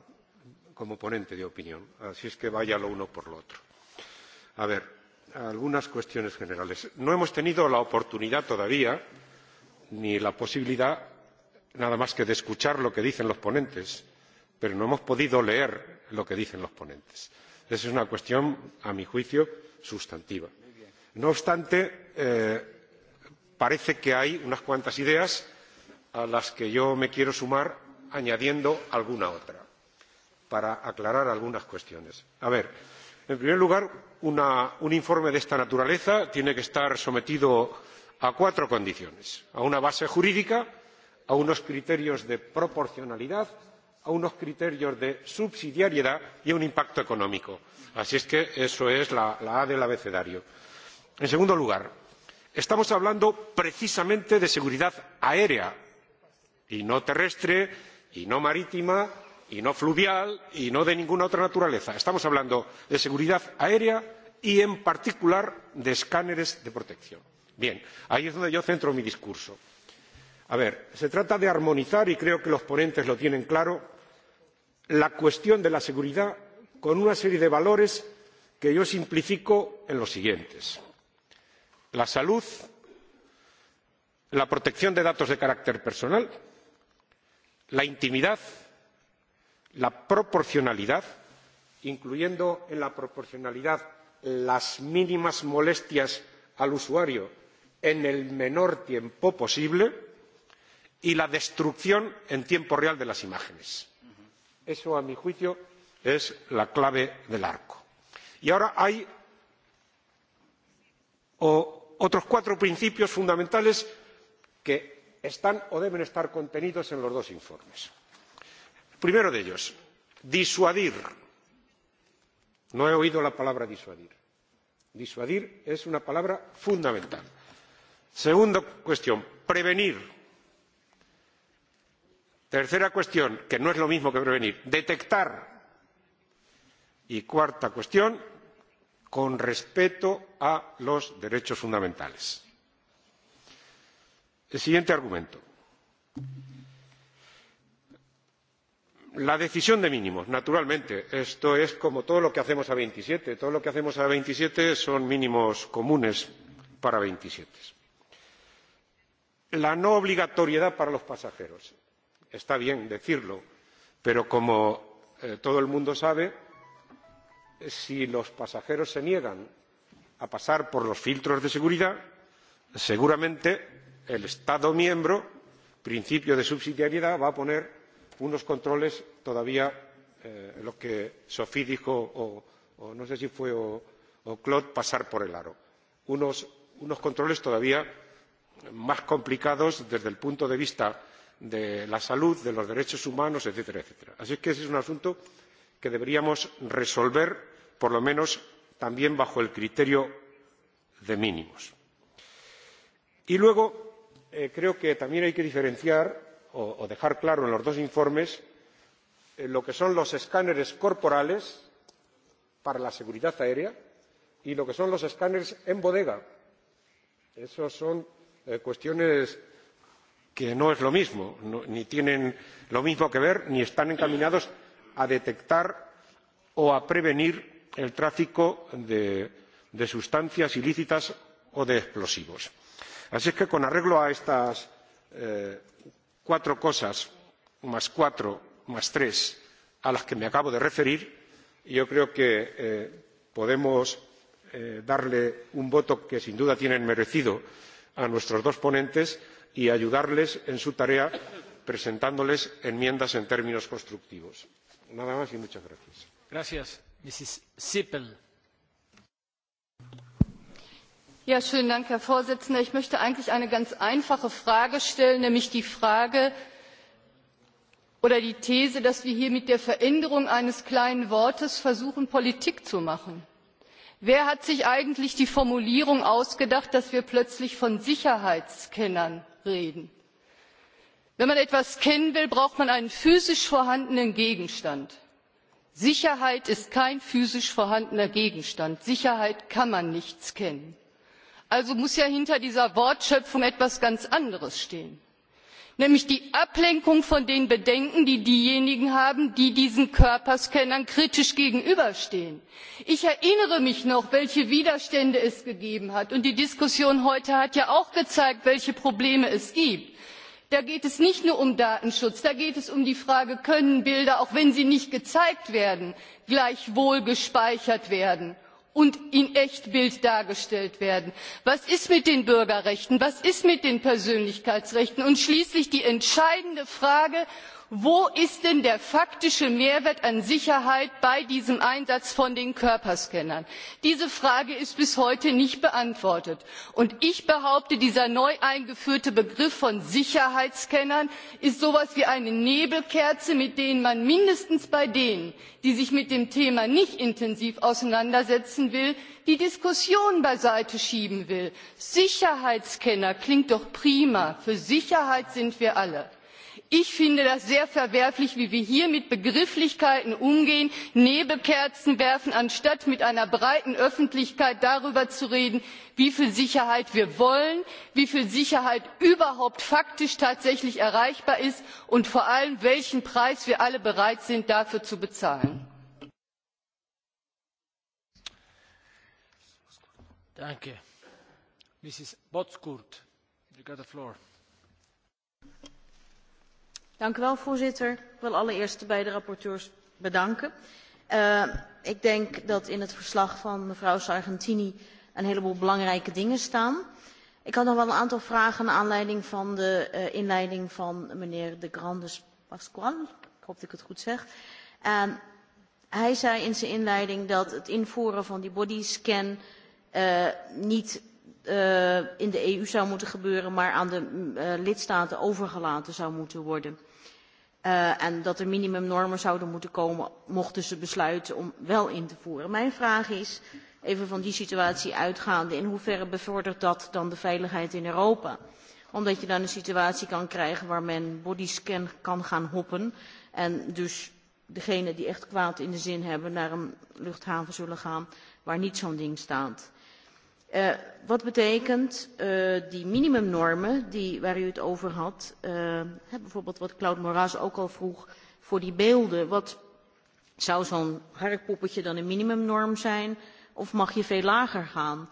como ponente de opinión. Así es que vaya lo uno por lo otro. A ver, algunas cuestiones generales. No hemos tenido la oportunidad todavía ni la posibilidad nada más que de escuchar lo que dicen los ponentes pero no hemos podido leer lo que dicen los ponentes. esa es una cuestión a mi juicio sustantiva. no obstante eh, parece que hay unas cuantas ideas a las que yo me quiero sumar añadiendo alguna otra para aclarar algunas cuestiones. en primer lugar un informe de esta naturaleza tiene que estar sometido a cuatro condiciones a una base jurídica a unos criterios de proporcionalidad a unos criterios de subsidiariedad y a un impacto económico. así es que eso es la, la a del abecedario. en segundo lugar estamos hablando precisamente de seguridad aérea y no terrestre y no marítima y no fluvial y no de ninguna otra naturaleza. estamos hablando de seguridad aérea y en particular de escáneres de protección. bien ahí es donde yo centro mi discurso a ver se trata de armonizar y creo que los ponentes lo tienen claro la cuestión de la seguridad con una serie de valores que yo simplifico en los siguientes la salud la protección de datos de carácter personal la intimidad la proporcionalidad incluyendo en la proporcionalidad las mínimas molestias al usuario en el menor tiempo posible y la destrucción en tiempo real de las imágenes. eso a mi juicio es la clave del arco. y ahora hay otros cuatro principios fundamentales que están o deben estar contenidos en los dos informes. el primero de ellos disuadir. no he oído la palabra disuadir. disuadir es una palabra fundamental. segunda cuestión prevenir Tercera cuestión, que no es lo mismo que prevenir, detectar. Y cuarta cuestión, con respeto a los derechos fundamentales. El siguiente argumento. La decisión de mínimos, naturalmente. Esto es como todo lo que hacemos a 27. Todo lo que hacemos a 27 son mínimos comunes para 27. La no obligatoriedad para los pasajeros está bien decirlo pero como eh, todo el mundo sabe si los pasajeros se niegan a pasar por los filtros de seguridad seguramente el estado miembro principio de subsidiariedad va a poner unos controles todavía eh, lo que sophie dijo o, o no sé si fue o, o claude pasar por el aro unos, unos controles todavía más complicados desde el punto de vista de la salud de los derechos humanos etcétera etcétera. así que ese es un asunto que deberíamos resolver por lo menos también bajo el criterio de mínimos. y luego eh, creo que también hay que diferenciar o, o dejar claro en los dos informes eh, lo que son los escáneres corporales para la seguridad aérea y lo que son los escáneres en bodega. esas son eh, cuestiones que no es lo mismo no, ni tienen lo mismo que ver ni están encaminados a detectar o a prevenir el tráfico de, de sustancias ilícitas o de explosivos. así es que con arreglo a estas eh, cuatro cosas más cuatro más tres a las que me acabo de referir yo creo que eh, podemos eh, darle un voto que sin duda tienen merecido a nuestros dos ponentes y ayudarles en su tarea presentándoles enmiendas en términos constructivos. nada más y muchas
gracias. gracias
ja, schön, Dank, herr präsident! ich möchte eigentlich eine ganz einfache frage stellen nämlich die frage oder die these dass wir hier mit der veränderung eines kleinen wortes versuchen politik zu machen. wer hat sich eigentlich die formulierung ausgedacht dass wir plötzlich von sicherheitsscannern reden. wenn man etwas kennen will braucht man einen physisch vorhandenen gegenstand. sicherheit ist kein physisch vorhandener gegenstand. sicherheit kann man nicht scannen. also muss ja hinter dieser wortschöpfung etwas ganz anderes stehen nämlich die ablenkung von den bedenken die diejenigen haben die diesen körperscannern kritisch gegenüberstehen. ich erinnere mich noch welche widerstände es gegeben hat und die diskussion heute hat ja auch gezeigt welche probleme es gibt. da geht es nicht nur um datenschutz da geht es um die frage können bilder auch wenn sie nicht gezeigt werden gleichwohl gespeichert werden? und in echtbild dargestellt werden. was ist mit den bürgerrechten was ist mit den persönlichkeitsrechten? und schließlich die entscheidende frage wo ist denn der faktische mehrwert an sicherheit bei diesem einsatz von körperscannern? diese frage ist bis heute nicht beantwortet und ich behaupte dieser neu eingeführte begriff von sicherheitsscannern ist so etwas wie eine nebelkerze mit der man mindestens bei denen die sich mit dem thema nicht intensiv auseinandersetzen wollen die diskussion beiseite schieben will. sicherheitsscanner klingt doch prima für sicherheit sind wir alle ich finde das sehr verwerflich wie wir hier mit begrifflichkeiten umgehen nebelkerzen werfen anstatt mit einer breiten öffentlichkeit darüber zu reden wie viel sicherheit wir wollen wie viel sicherheit überhaupt faktisch tatsächlich erreichbar ist und vor allem welchen preis wir alle bereit sind dafür zu bezahlen.
Danke. Mrs. Botskurt, you got the floor
voorzitter ik wil allereerst de beide rapporteurs bedanken. Eh, ik denk dat in het verslag van mevrouw sargentini een heleboel belangrijke dingen staan. ik had nog wel een aantal vragen naar aanleiding van de eh, inleiding van mijnheer de grandes pascual ik hoop dat ik het goed zeg. Ehm, hij zei in zijn inleiding dat het invoeren van die bodyscan eh, niet in de eu zou moeten gebeuren maar aan de mm, lidstaten overgelaten zou moeten worden. Uh, en dat er minimumnormen zouden moeten komen mochten ze besluiten om wel in te voeren. Mijn vraag is, even van die situatie uitgaande, in hoeverre bevordert dat dan de veiligheid in Europa? Omdat je dan een situatie kan krijgen waar men bodyscan kan gaan hoppen en dus degenen die echt kwaad in de zin hebben naar een luchthaven zullen gaan waar niet zo'n ding staat. Uh, wat betekent uh, die minimumnormen die, waar u het over had, uh, hè, bijvoorbeeld wat Claude Moras ook al vroeg, voor die beelden, wat zou zo'n harkpoppetje dan een minimumnorm zijn of mag je veel lager gaan?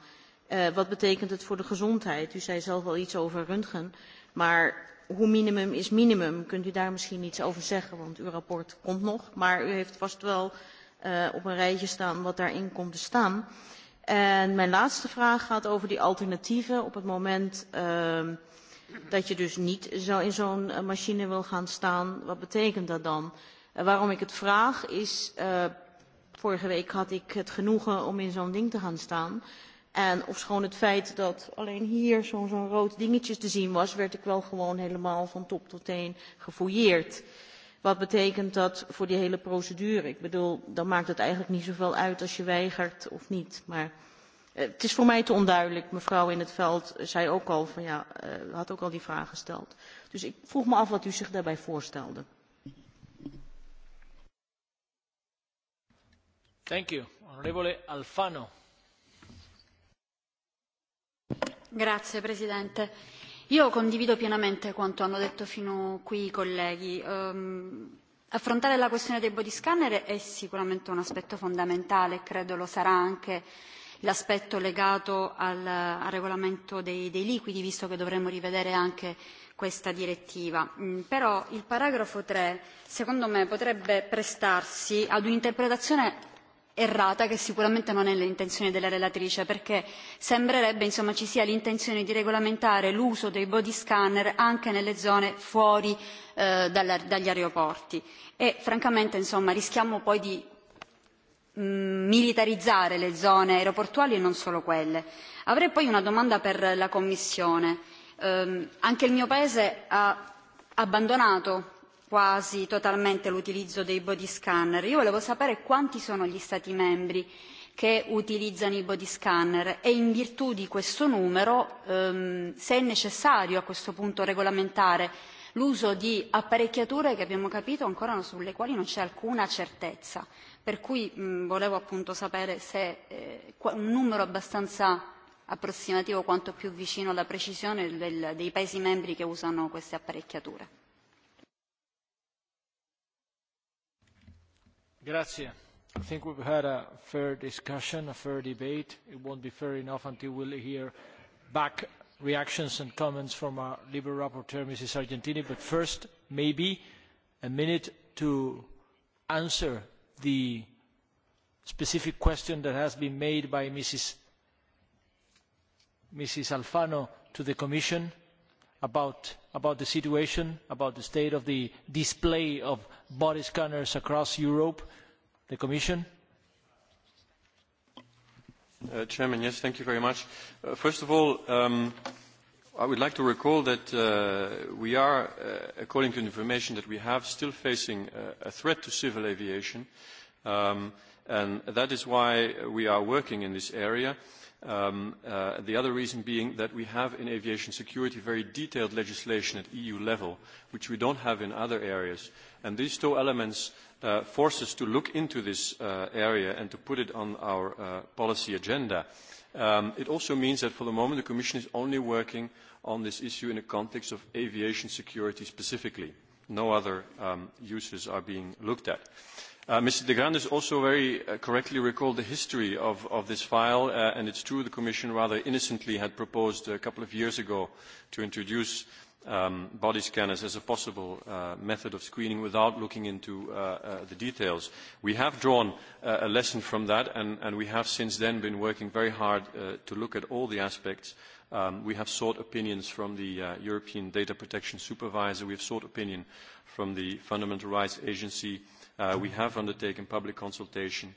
Uh, wat betekent het voor de gezondheid? U zei zelf al iets over röntgen, maar hoe minimum is minimum? Kunt u daar misschien iets over zeggen? Want uw rapport komt nog, maar u heeft vast wel uh, op een rijtje staan wat daarin komt te staan. Uh, En mijn laatste vraag gaat over die alternatieven op het moment uh, dat je dus niet zo in zo'n eh, machine wil gaan staan. Wat betekent dat dan? Uh, waarom ik het vraag is, uh, vorige week had ik het genoegen om in zo'n ding te gaan staan. En ofschoon het feit dat alleen hier zo'n zo, n, zo n rood dingetje te zien was, werd ik wel gewoon helemaal van top tot teen gefouilleerd. Uh, Wat betekent dat voor die hele procedure? Ik bedoel, dan maakt het eigenlijk niet zoveel uit als je weigert of niet. Maar eh, het is voor mij te onduidelijk. Mevrouw in het veld eh, zei ook al van ja, eh, had ook al die vraag gesteld. Dus ik vroeg me af wat u zich daarbij voorstelde.
Thank you. Onorevole Alfano.
Grazie, presidente Io condivido pienamente quanto hanno detto fino qui i colleghi. Um, affrontare la questione dei body scanner è sicuramente un aspetto fondamentale e credo lo sarà anche l'aspetto legato al, al regolamento dei, dei liquidi, visto che dovremmo rivedere anche questa direttiva. Mm, però il paragrafo 3, secondo me, potrebbe prestarsi ad un'interpretazione errata che sicuramente non è l'intenzione della relatrice perché sembrerebbe insomma ci sia l'intenzione di regolamentare l'uso dei body scanner anche nelle zone fuori eh, dalla, dagli aeroporti e francamente insomma rischiamo poi di mh, mm, militarizzare le zone aeroportuali e non solo quelle. Avrei poi una domanda per la Commissione. Eh, anche il mio Paese ha abbandonato quasi totalmente l'utilizzo dei body scanner. Io volevo sapere quanti sono gli Stati membri che utilizzano i body scanner e in virtù di questo numero ehm, se è necessario a questo punto regolamentare l'uso di apparecchiature che abbiamo capito ancora sulle quali non c'è alcuna certezza. Per cui mh, volevo appunto sapere se eh, un numero abbastanza approssimativo quanto più vicino alla precisione del, dei Paesi membri che usano queste apparecchiature.
Grazie. I think we've had a fair discussion, a fair debate. It won't be fair enough until we'll hear back reactions and comments from our Liberal Rapporteur, Mrs. Argentini. But first, maybe a minute to answer the specific question that has been made by Mrs. Mrs. Alfano to the Commission about, about the situation, about the state of the display of body scanners across Europe? The Commission?
Uh, Chairman, yes, thank you very much. Uh, first of all, um, I would like to recall that uh, we are, uh, according to information that we have, still facing uh, a threat to civil aviation, um, and that is why we are working in this area. Uh, Um, uh, the other reason being that we have in aviation security very detailed legislation at EU level, which we don't have in other areas. And these two elements uh, force us to look into this uh, area and to put it on our uh, policy agenda. Um, it also means that for the moment the Commission is only working on this issue in the context of aviation security specifically. No other um, uses are being looked at. Uh, Uh, Mr. De Grand has also very uh, correctly recalled the history of, of this file, uh, and it's true the Commission rather innocently had proposed a couple of years ago to introduce um, body scanners as a possible uh, method of screening without looking into uh, uh, the details. We have drawn uh, a lesson from that, and, and we have since then been working very hard uh, to look at all the aspects Um, we have sought opinions from the uh, European Data Protection Supervisor. We have sought opinion from the Fundamental Rights Agency, uh, Uh, we have undertaken public consultation.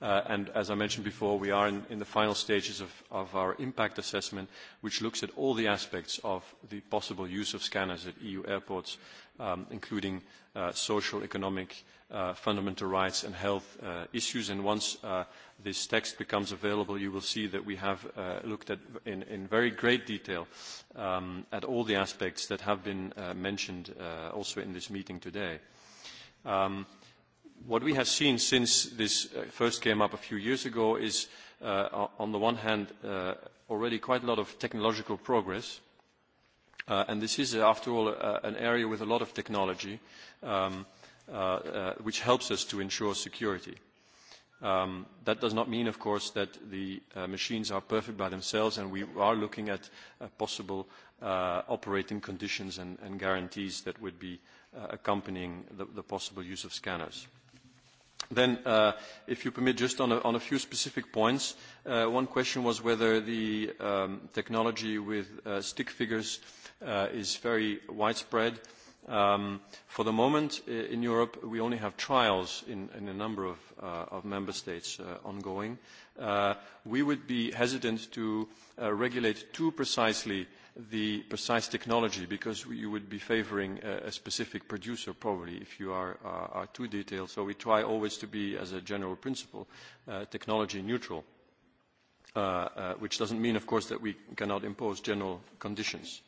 Uh, and as I mentioned before, we are in, in the final stages of, of our impact assessment, which looks at all the aspects of the possible use of scanners at EU airports, um, including uh, social, economic, uh, fundamental rights and health uh, issues. And once uh, this text becomes available, you will see that we have uh, looked at in, in very great detail um, at all the aspects that have been uh, mentioned uh, also in this meeting today. Um, uh, what we have seen since this uh, first came up a few years ago is, uh, on the one hand, uh, already quite a lot of technological progress. Uh, and this is, uh, after all, uh, an area with a lot of technology, um, uh, uh, which helps us to ensure security. Um, that does not mean, of course, that the uh, machines are perfect by themselves, and we are looking at uh, possible uh, operating conditions and, and guarantees that would be uh, accompanying the, the possible use of scanners. Uh, Then, uh, if you permit, just on a, on a few specific points, uh, one question was whether the um, technology with uh, stick figures uh, is very widespread. Um, for the moment, in Europe, we only have trials in, in a number of, uh, of member states uh, ongoing. Uh, we would be hesitant to uh, regulate too precisely uh, the precise technology because you would be favoring a, a specific producer probably if you are, are, are too detailed. So we try always to be, as a general principle, uh, technology neutral, uh, uh, which doesn't mean, of course, that we cannot impose general conditions.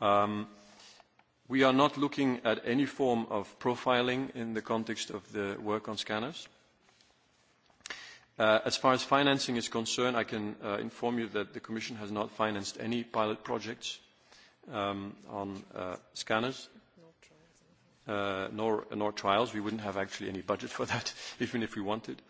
Um, we are not looking at any form of profiling in the context of the work on scanners. Uh, as far as financing is concerned, I can uh, inform you that the Commission has not financed any pilot projects um, on uh, scanners, uh, nor, nor trials. We wouldn't have actually any budget for that, even if we wanted.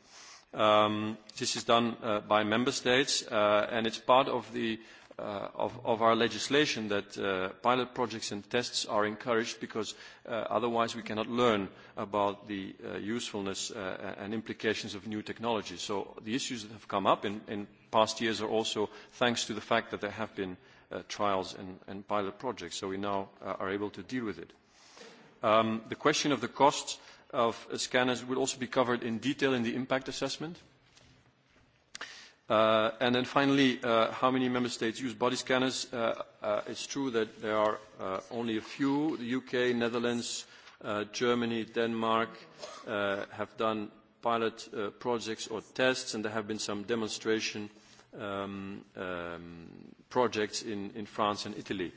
Um, this is done uh, by member states, uh, and it's part of the uh, uh, of, of our legislation that uh, pilot projects and tests are encouraged because uh, otherwise we cannot learn about the uh, usefulness uh, and implications of new technology. So the issues that have come up in, in past years are also thanks to the fact that there have been uh, trials and, and pilot projects, so we now uh, are able to deal with it. Um, the question of the costs of uh, scanners will also be covered in detail in the impact assessment. Uh, Uh, and then finally, uh, how many member states use body scanners? Uh, uh, it's true that there are uh, only a few. The UK, Netherlands, uh, Germany, Denmark uh, have done pilot uh, projects or tests, and there have been some demonstration um, um, projects in, in France and Italy.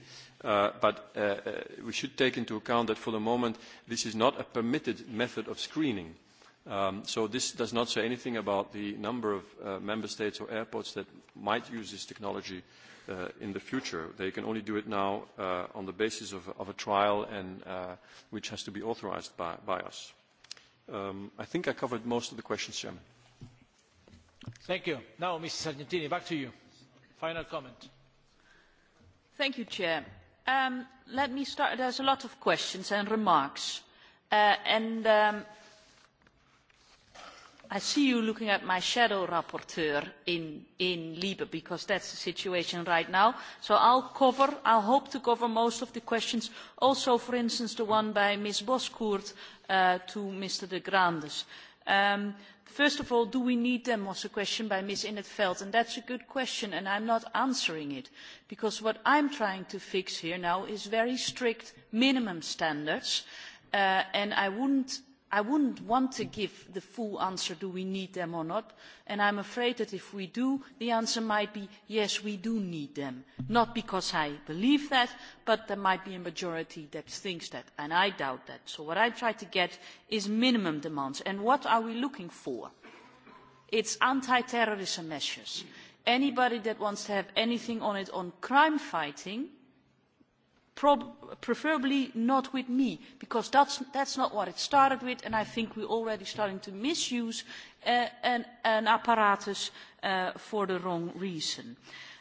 Uh, but uh, uh, we should take into account that for the moment, this is not a permitted method of screening. Uh, Um, so this does not say anything about the number of uh, member states or airports that might use this technology uh, in the future. They can only do it now uh, on the basis of, of a trial and uh, which has to be authorized by, by us. Um, I think I covered most of the questions, Chairman.
Thank you. Now, Mrs. Sargentini, back to you. Final comment.
Thank you, Chair. Um, let me start. There's a lot of questions and remarks. Uh, and um, I see you looking at my shadow rapporteur in, in Liebe, because that's the situation right now. So I'll cover, I'll hope to cover most of the questions, also, for instance, the one by Ms. Boskoert uh, to Mr. de Grandes. Um, first of all, do we need them was a question by Ms. Innetveld, and that's a good question, and I'm not answering it, because what I'm trying to fix here now is very strict minimum standards, uh, and I wouldn't I wouldn't want to give the full answer, do we need them or not? And I'm afraid that if we do, the answer might be, yes, we do need them. Not because I believe that, but there might be a majority that thinks that, and I doubt that. So what I try to get is minimum demands. And what are we looking for? It's anti-terrorism measures. Anybody that wants to have anything on it on crime fighting – preferably not with me, because that's, that's not what it started with, and I think we're already starting to misuse uh, an, an apparatus uh, for the wrong reason.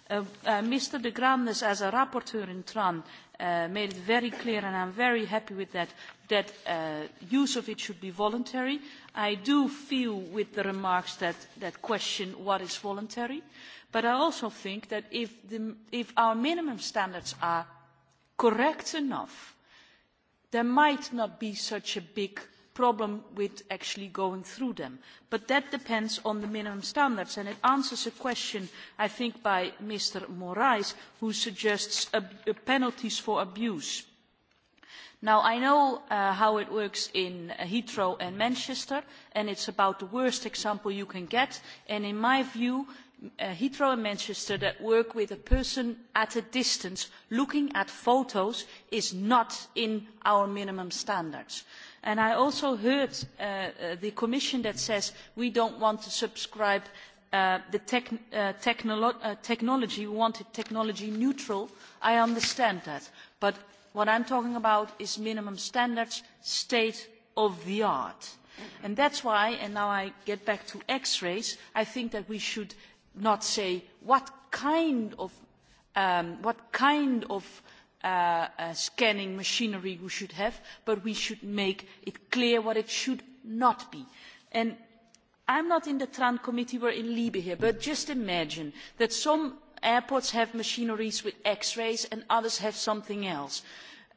Uh, uh, Mr. de Grandes, as a rapporteur in Tran, uh, made it very clear, and I'm very happy with that, that uh, use of it should be voluntary. I do feel with the remarks that, that question what is voluntary, but I also think that if, the, if our minimum standards are correct enough, there might not be such a big problem with actually going through them. But that depends on the minimum standards, and it answers a question, I think, by Mr. Moraes, who suggests ab uh, penalties for abuse. Now, I know uh, how it works in Heathrow and Manchester, and it's about the worst example you can get, and in my view, uh, Heathrow and Manchester that work with a person at a distance looking at photos is not in our minimum standards. And I also heard uh, uh, the Commission that says we don't want to subscribe uh, the tech, uh, technolo uh, technology, we want it technology neutral. I understand that. But what I'm talking about is minimum standards, state of the art. And that's why, and now I get back to x-rays, I think that we should not say what kind of, um, what kind of uh, uh, scanning machinery we should have, but we should make it clear what it should not be. And I'm not in the Tran committee, we're in Liebe here, but just imagine that some airports have machineries with X-rays and others have something else.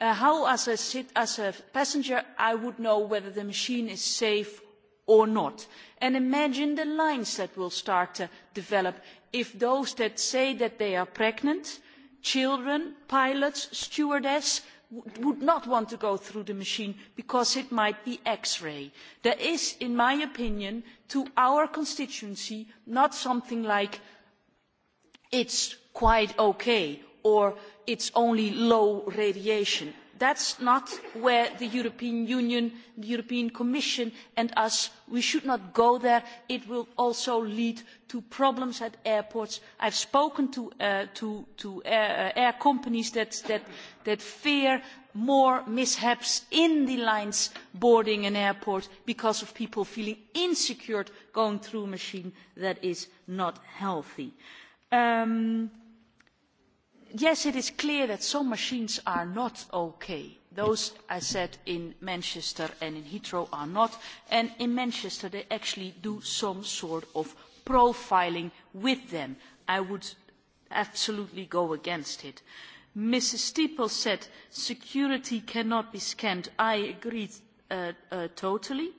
Uh, how, as a, sit, as a passenger, I would know whether the machine is safe or not. And imagine the lines that will start to develop if those that say that they are pregnant, children, pilots, stewardess, would not want to go through the machine because it might be x-ray. There is, in my opinion, to our constituency, not something like it's quite okay or it's only low radiation that is not where the european union the european commission and us we should not go there it will also lead to problems at airports. i have spoken to, uh, to, to air, uh, uh, air companies that, that, that fear more mishaps in the lines boarding an airport because of people feeling insecure going through a machine that is not healthy. Um, yes, it is clear that some machines are not okay. Those, I said, in Manchester and in Heathrow are not. And in Manchester, they actually do some sort of profiling with them. I would absolutely go against it. Mrs. Steeple said security cannot be scanned. I agreed uh, uh, totally.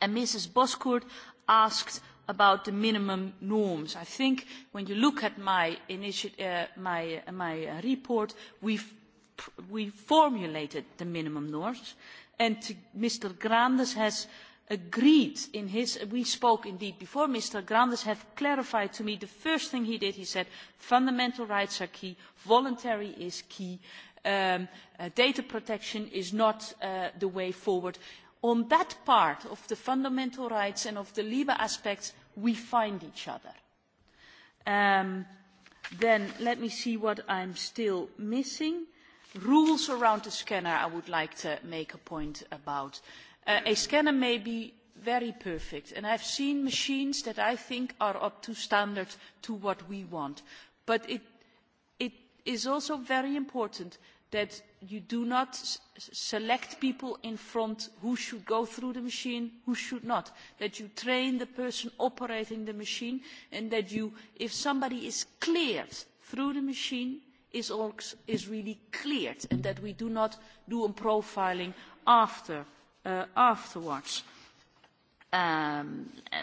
And Mrs. Boscourt asked about the minimum norms. I think when you look at my, uh, my, uh, my uh, report, we've, we formulated the minimum norms, and to, Mr. Grandes has agreed in his, we spoke indeed before, Mr. Grandes had clarified to me the first thing he did, he said fundamental rights are key, voluntary is key, um, uh, data protection is not uh, the way forward on that part of the fundamental rights and of the libe aspects we find each other. Um, then let me see what I'm still missing. Rules around the scanner, I would like to make a point about. Uh, a scanner may be very perfect, and I've seen machines that I think are up to standard to what we want. But it, it is also very important that you do not s select people in front who should go through the machine, who should not. That you train the person operating the machine and that you, if somebody is cleared through the machine, is, also, is really cleared and that we do not do a profiling after, uh, afterwards. Um, uh,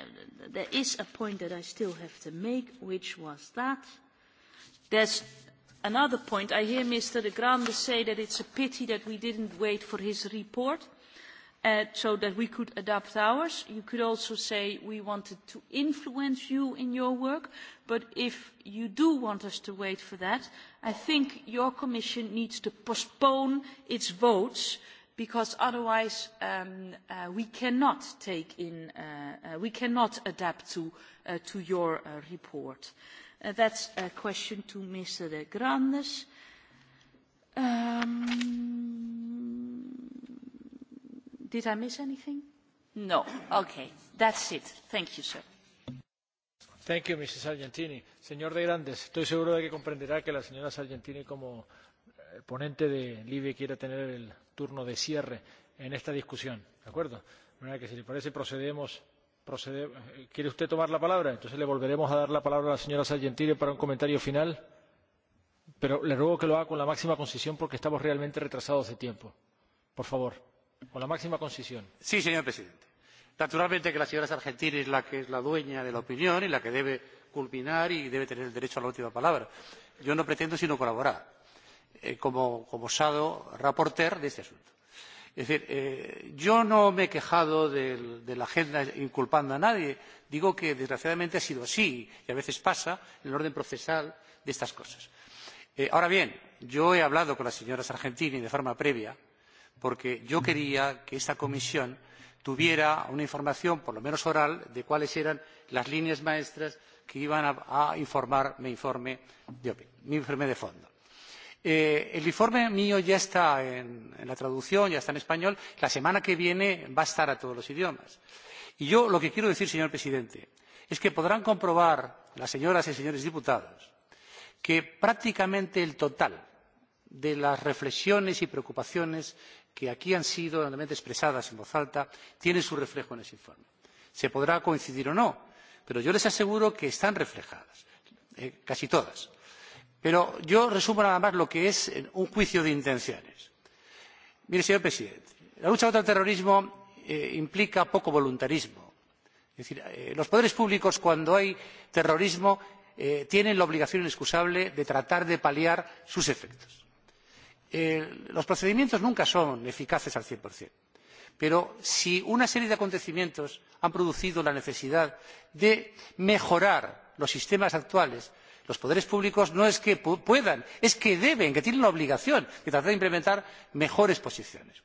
there is a point that I still have to make, which was that there's another point i hear mr de grande say that it is a pity that we did not wait for his report uh, so that we could adapt ours. you could also say we wanted to influence you in your work but if you do want us to wait for that i think your commission needs to postpone its votes because otherwise um, uh, we cannot take in uh, uh, we cannot adapt to uh, to your uh, report. Uh, Uh, that's a question to Mr. De Grandes. Um, did I miss anything? No. Okay. That's it. Thank you, sir.
Thank you, Mrs. Sargentini. Señor De Grandes, estoy seguro de que comprenderá que la señora Sargentini, como eh, ponente de Libia, quiera tener el turno de cierre en esta discusión. ¿De acuerdo? De manera que, si le parece, procedemos Procede. ¿Quiere usted tomar la palabra? Entonces le volveremos a dar la palabra a la señora Sargentini para un comentario final. Pero le ruego que lo haga con la máxima concisión porque estamos realmente retrasados de tiempo. Por favor, con la máxima concisión.
Sí, señor presidente. Naturalmente que la señora Sargentini es la que es la dueña de la opinión y la que debe culminar y debe tener el derecho a la última palabra. Yo no pretendo sino colaborar eh, como, como shadow rapporteur de este asunto Es decir, eh, yo no me he quejado de, de la agenda inculpando a nadie. Digo que desgraciadamente ha sido así y a veces pasa en el orden procesal de estas cosas. Eh, ahora bien, yo he hablado con la señora Sargentini de forma previa porque yo quería que esta comisión tuviera una información, por lo menos oral, de cuáles eran las líneas maestras que iban a, a informar mi informe de, mi informe de fondo Eh, el informe mío ya está en, en la traducción, ya está en español. La semana que viene va a estar a todos los idiomas. Y yo lo que quiero decir, señor presidente, es que podrán comprobar las señoras y señores diputados que prácticamente el total de las reflexiones y preocupaciones que aquí han sido realmente expresadas en voz alta tienen su reflejo en ese informe. Se podrá coincidir o no, pero yo les aseguro que están reflejadas, eh, casi todas pero yo resumo nada más lo que es eh, un juicio de intenciones. mire señor presidente la lucha contra el terrorismo eh, implica poco voluntarismo. es decir eh, los poderes públicos cuando hay terrorismo eh, tienen la obligación inexcusable de tratar de paliar sus efectos. Eh, los procedimientos nunca son eficaces al cien por cien pero si una serie de acontecimientos han producido la necesidad de mejorar los sistemas actuales los poderes públicos no es que puedan es que deben que tienen la obligación de tratar de implementar mejores posiciones.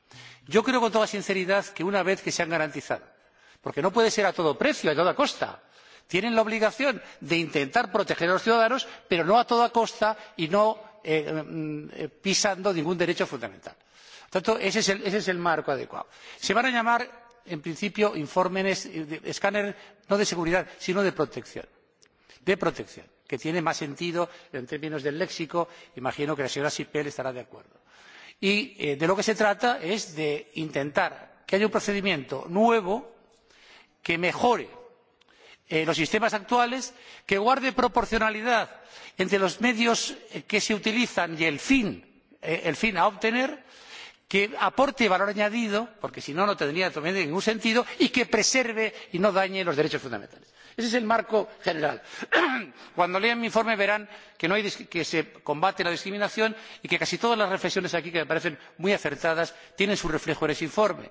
yo creo con toda sinceridad que una vez que se han garantizado porque no puede ser a todo precio a toda costa tienen la obligación de intentar proteger a los ciudadanos pero no a toda costa y no eh, mm, eh pisando ningún derecho fundamental. por tanto ese es, el, ese es el marco adecuado. se van a llamar en principio informes escáneres no de seguridad sino de protección de protección que tiene más sentido en términos del léxico imagino que la señora sippel estará de acuerdo. y eh, de lo que se trata es de intentar que haya un procedimiento nuevo que mejore eh, los sistemas actuales que guarde proporcionalidad entre los medios eh, que se utilizan y el fin, eh, el fin a obtener que aporte valor añadido porque si no no tendría ningún sentido y que preserve y no dañe los derechos fundamentales ese es el marco general. cuando lean mi informe verán que, no hay, que se combate la discriminación y que casi todas las reflexiones aquí que me parecen muy acertadas tienen su reflejo en ese informe.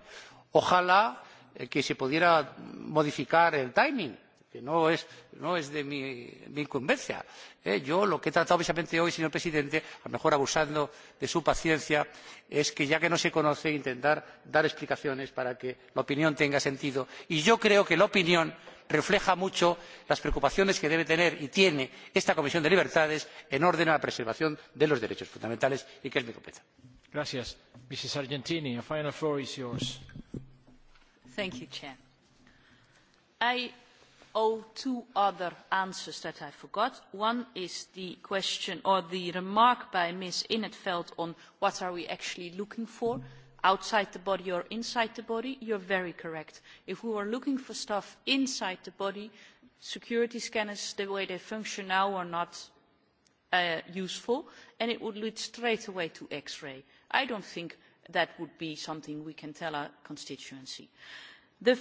ojalá eh, que se pudiera modificar el timing que no es, no es de mi, mi incumbencia. ¿eh? Yo lo que he tratado precisamente hoy, señor presidente, a lo mejor abusando de su paciencia, es que ya que no se conoce, intentar dar explicaciones para que la opinión tenga sentido. Y yo creo que la opinión refleja mucho las preocupaciones que debe tener y tiene esta comisión de libertades en orden a la preservación de los derechos fundamentales
y que es mi competencia.
i owe two other answers that i forgot. one is the question or the remark by ms in 't veld on what are we actually looking for outside the body or inside the body, you're very correct. If we were looking for stuff inside the body, security scanners, the way they function now, are not uh, useful, and it would lead straight away to X-ray. I don't think that would be something we can tell our constituency. The,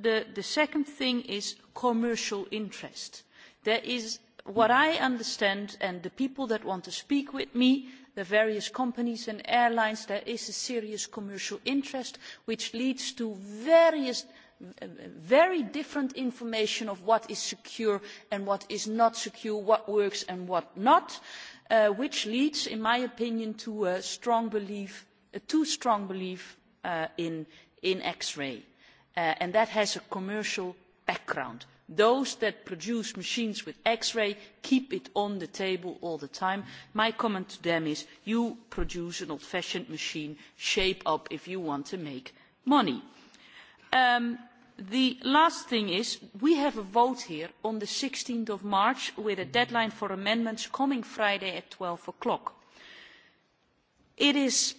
the, the second thing is commercial interest. There is, what I understand, and the people that want to speak with me, the various companies and airlines there is a serious commercial interest which leads to various very different information of what is secure and what is not secure what works and what does not uh, which leads in my opinion to a strong belief a too strong belief uh, in, in x ray uh, and that has a commercial background those that produce machines with x ray keep it on the table all the time. my comment to them is you produce an old fashioned machine shape up if you want to make money. Um, the last thing is we have a vote here on sixteen march with a deadline for amendments coming friday at twelve o'clock. it is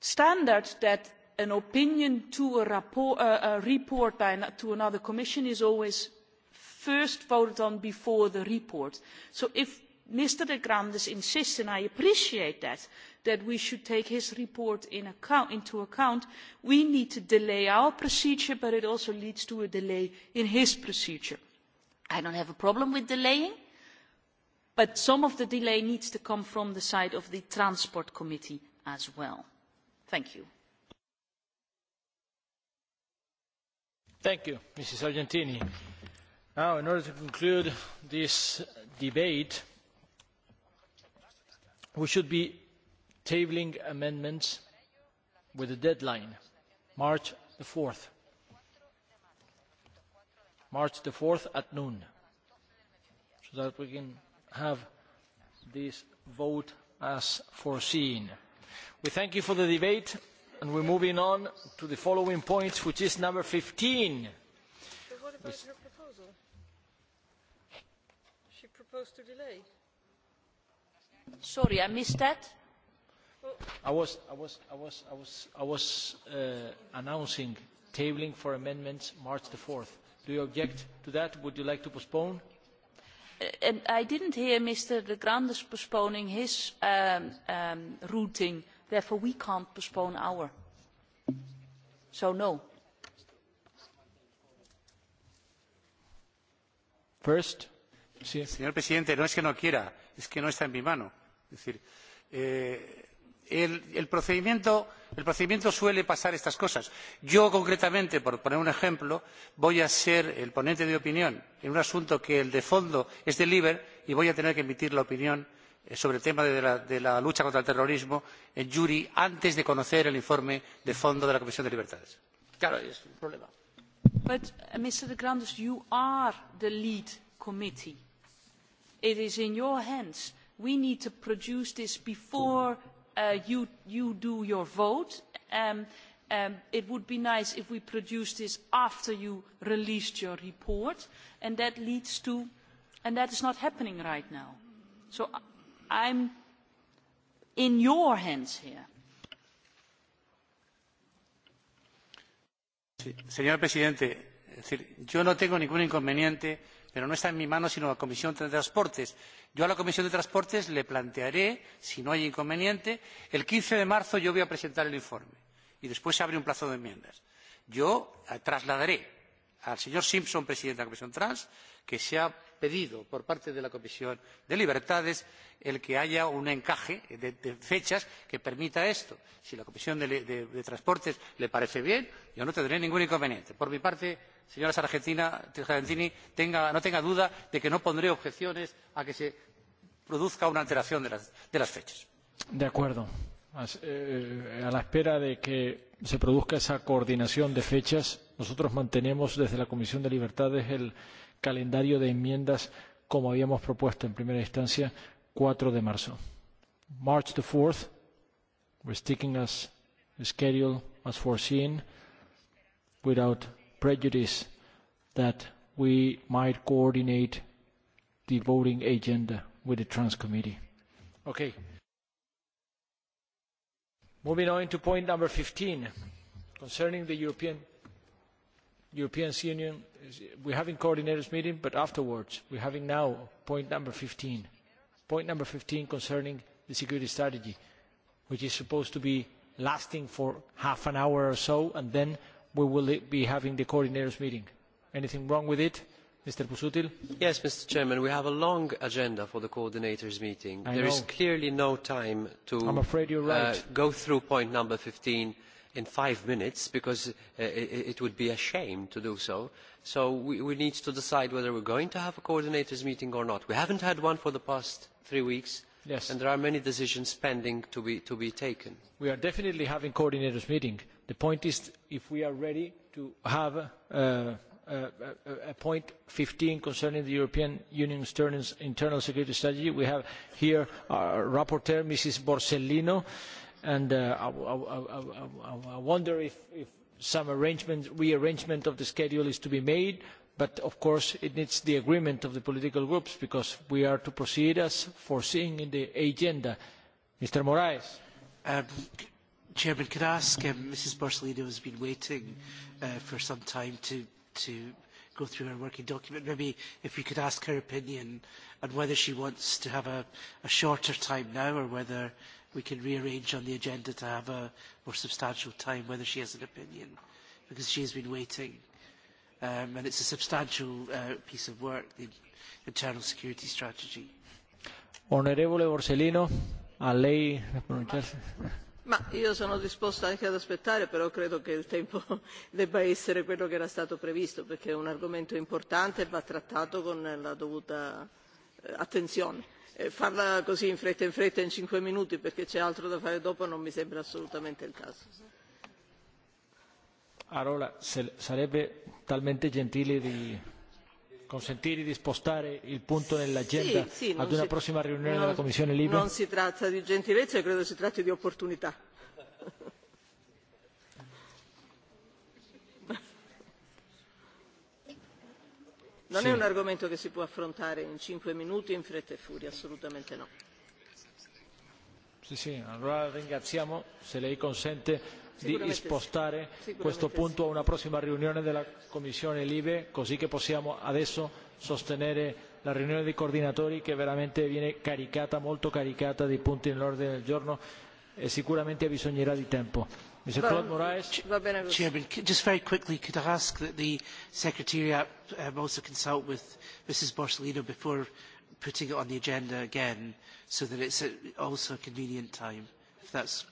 standard that an opinion to a, rapport, uh, a report by to another commission is always first voted on before the report. so if mr de grandes insists and i appreciate that that we should take his report in account, into account we need to delay our procedure but it also leads to a delay in his procedure. i do not have a problem with delaying but some of the delay needs to come from the side of the transport committee as well. thank you.
thank you mrs argentini Now, in order to conclude this debate, we should be tabling amendments with a deadline, March the 4th. March the 4th at noon, so that we can have this vote as foreseen. We thank you for the debate, and we're moving on to the following point, which is number 15.
Which
supposed to delay?
Sorry, I missed that. I was, I was, I was, I was, I was uh, announcing tabling for amendments March the 4th. Do you object to that? Would you like to postpone?
Uh, and I didn't hear Mr. de Grandes postponing his um, um, routing. Therefore, we can't postpone our. So, no.
First,
Sí. Señor presidente, no es que no quiera, es que no está en mi mano. Es decir, eh, el, el, procedimiento, el procedimiento suele pasar estas cosas. Yo concretamente, por poner un ejemplo, voy a ser el ponente de opinión en un asunto que el de fondo es del IBER y voy a tener que emitir la opinión eh, sobre el tema de la, de la lucha contra el terrorismo en juri antes de conocer el informe de fondo de la comisión de libertades civiles. claro es un problema.
but uh, mr de grandes you are the lead committee it is in your hands. we need to produce this before uh, you, you do your vote. Um, um, it would be nice if we produced this after you released your report and that leads to and that is not happening right now. so uh, i am in your hands here.
Sí,
señor presidente, es decir, yo no tengo ningún inconveniente pero no está en mi mano sino en la comisión de transportes. yo a la comisión de transportes le plantearé si no hay inconveniente el quince de marzo yo voy a presentar el informe y después se abre un plazo de enmiendas. yo eh, trasladaré al señor simpson presidente de la comisión trans que se ha pedido por parte de la comisión de libertades el que haya un encaje de, de fechas que permita esto. si a la comisión de, de, de transportes le parece bien yo no tendré ningún inconveniente. por mi parte señora sargentini tenga, no tenga duda de que no pondré objeciones a que se produzca una alteración de las, de las fechas.
de acuerdo. As, eh, a la espera de que se produzca esa coordinación de fechas nosotros mantenemos desde la comisión de libertades civiles calendario de enmiendas como habíamos propuesto en primera instancia, 4 de marzo. March the 4th, we're sticking as schedule as foreseen, without prejudice that we might coordinate the voting agenda with the Trans Committee. Okay. Moving on to point number 15, concerning the European European Union, we're having coordinators meeting, but afterwards, we're having now point number 15. Point number 15 concerning the security strategy, which is supposed to be lasting for half an hour or so, and then we will be having the coordinators meeting. Anything wrong with it? Mr. Busutil?
Yes, Mr. Chairman, we have a long agenda for the coordinators meeting. I there know. is clearly no time to I'm afraid you're uh, right. uh, go through point number 15 in five minutes because uh, it would be a shame to do so. So we, we need to decide whether we're going to have a coordinators meeting or not. We haven't had one for the past three weeks. Yes. And there are many decisions pending to be, to be taken.
We are definitely having coordinators meeting. The point is if we are ready to have uh, uh, uh, point 15 concerning the European Union's internal security strategy. We have here our rapporteur, Mrs. Borsellino. Uh, and uh, I, I, I, I wonder if, if some arrangement, rearrangement of the schedule is to be made, but of course it needs the agreement of the political groups because we are to proceed as foreseen in the agenda. Mr. Moraes.
Um, Chairman, can I ask, um, Mrs. Borsellino has been waiting uh, for some time to, to go through her working document. Maybe if we could ask her opinion on whether she wants to have a, a shorter time now or whether uh, we can rearrange on the agenda to have a more substantial time whether she has an opinion, because she has been waiting. Um, and it's a substantial uh, piece of work, the internal security strategy.
Onorevole Borsellino, a lei la pronunciarsi.
Ma io sono disposta anche ad aspettare, però credo che il tempo debba essere quello che era stato previsto, perché è un argomento importante e va trattato con la dovuta eh, attenzione eh, farla così in fretta in fretta in cinque minuti perché c'è altro da fare dopo non mi sembra assolutamente il caso.
Allora se, sarebbe talmente gentile di consentire di spostare il punto nell'agenda sì, sì, ad una si, prossima riunione non, della Commissione Libe? Non si
tratta di gentilezza, e credo si tratti di opportunità non sì. è un argomento che si può affrontare in cinque minuti in fretta e furia assolutamente no.
Sì, sì, allora ringraziamo se lei consente di spostare sì. questo punto sì. a una prossima riunione della Commissione Libe così che possiamo adesso sostenere la riunione dei coordinatori che veramente viene caricata, molto caricata di punti nell'ordine del giorno e sicuramente bisognerà di tempo Mr. Claude
Moraes. Chairman, just very quickly, could I ask that the Secretariat um, also consult with Mrs. Borsellino before putting it on the agenda again, so that it's a, also a convenient time, if that's...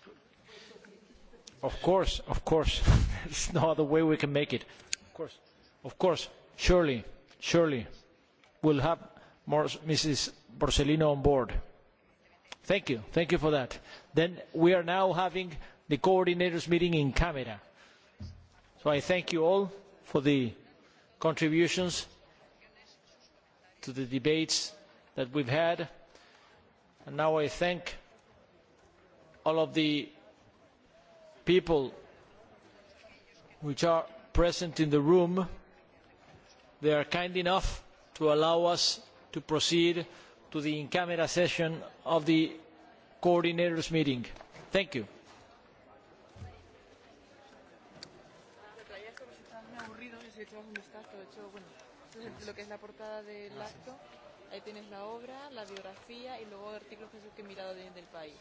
Of course, of course. There's no other way we can make it. Of course. Of course. Surely, surely. We'll have more Mrs. Borsellino on board. Thank you. Thank you for that. Then we are now having the coordinators' meeting in camera. So I thank you all for the contributions to the debates that we've had. And now I thank all of the people which are present in the room. They are kind enough to allow us to proceed to the in-camera session of the coordinators' meeting. Thank you.
hecho, bueno, lo que es
la portada del acto,
ahí tienes la obra, la biografía y luego artículos que he mirado de, del país.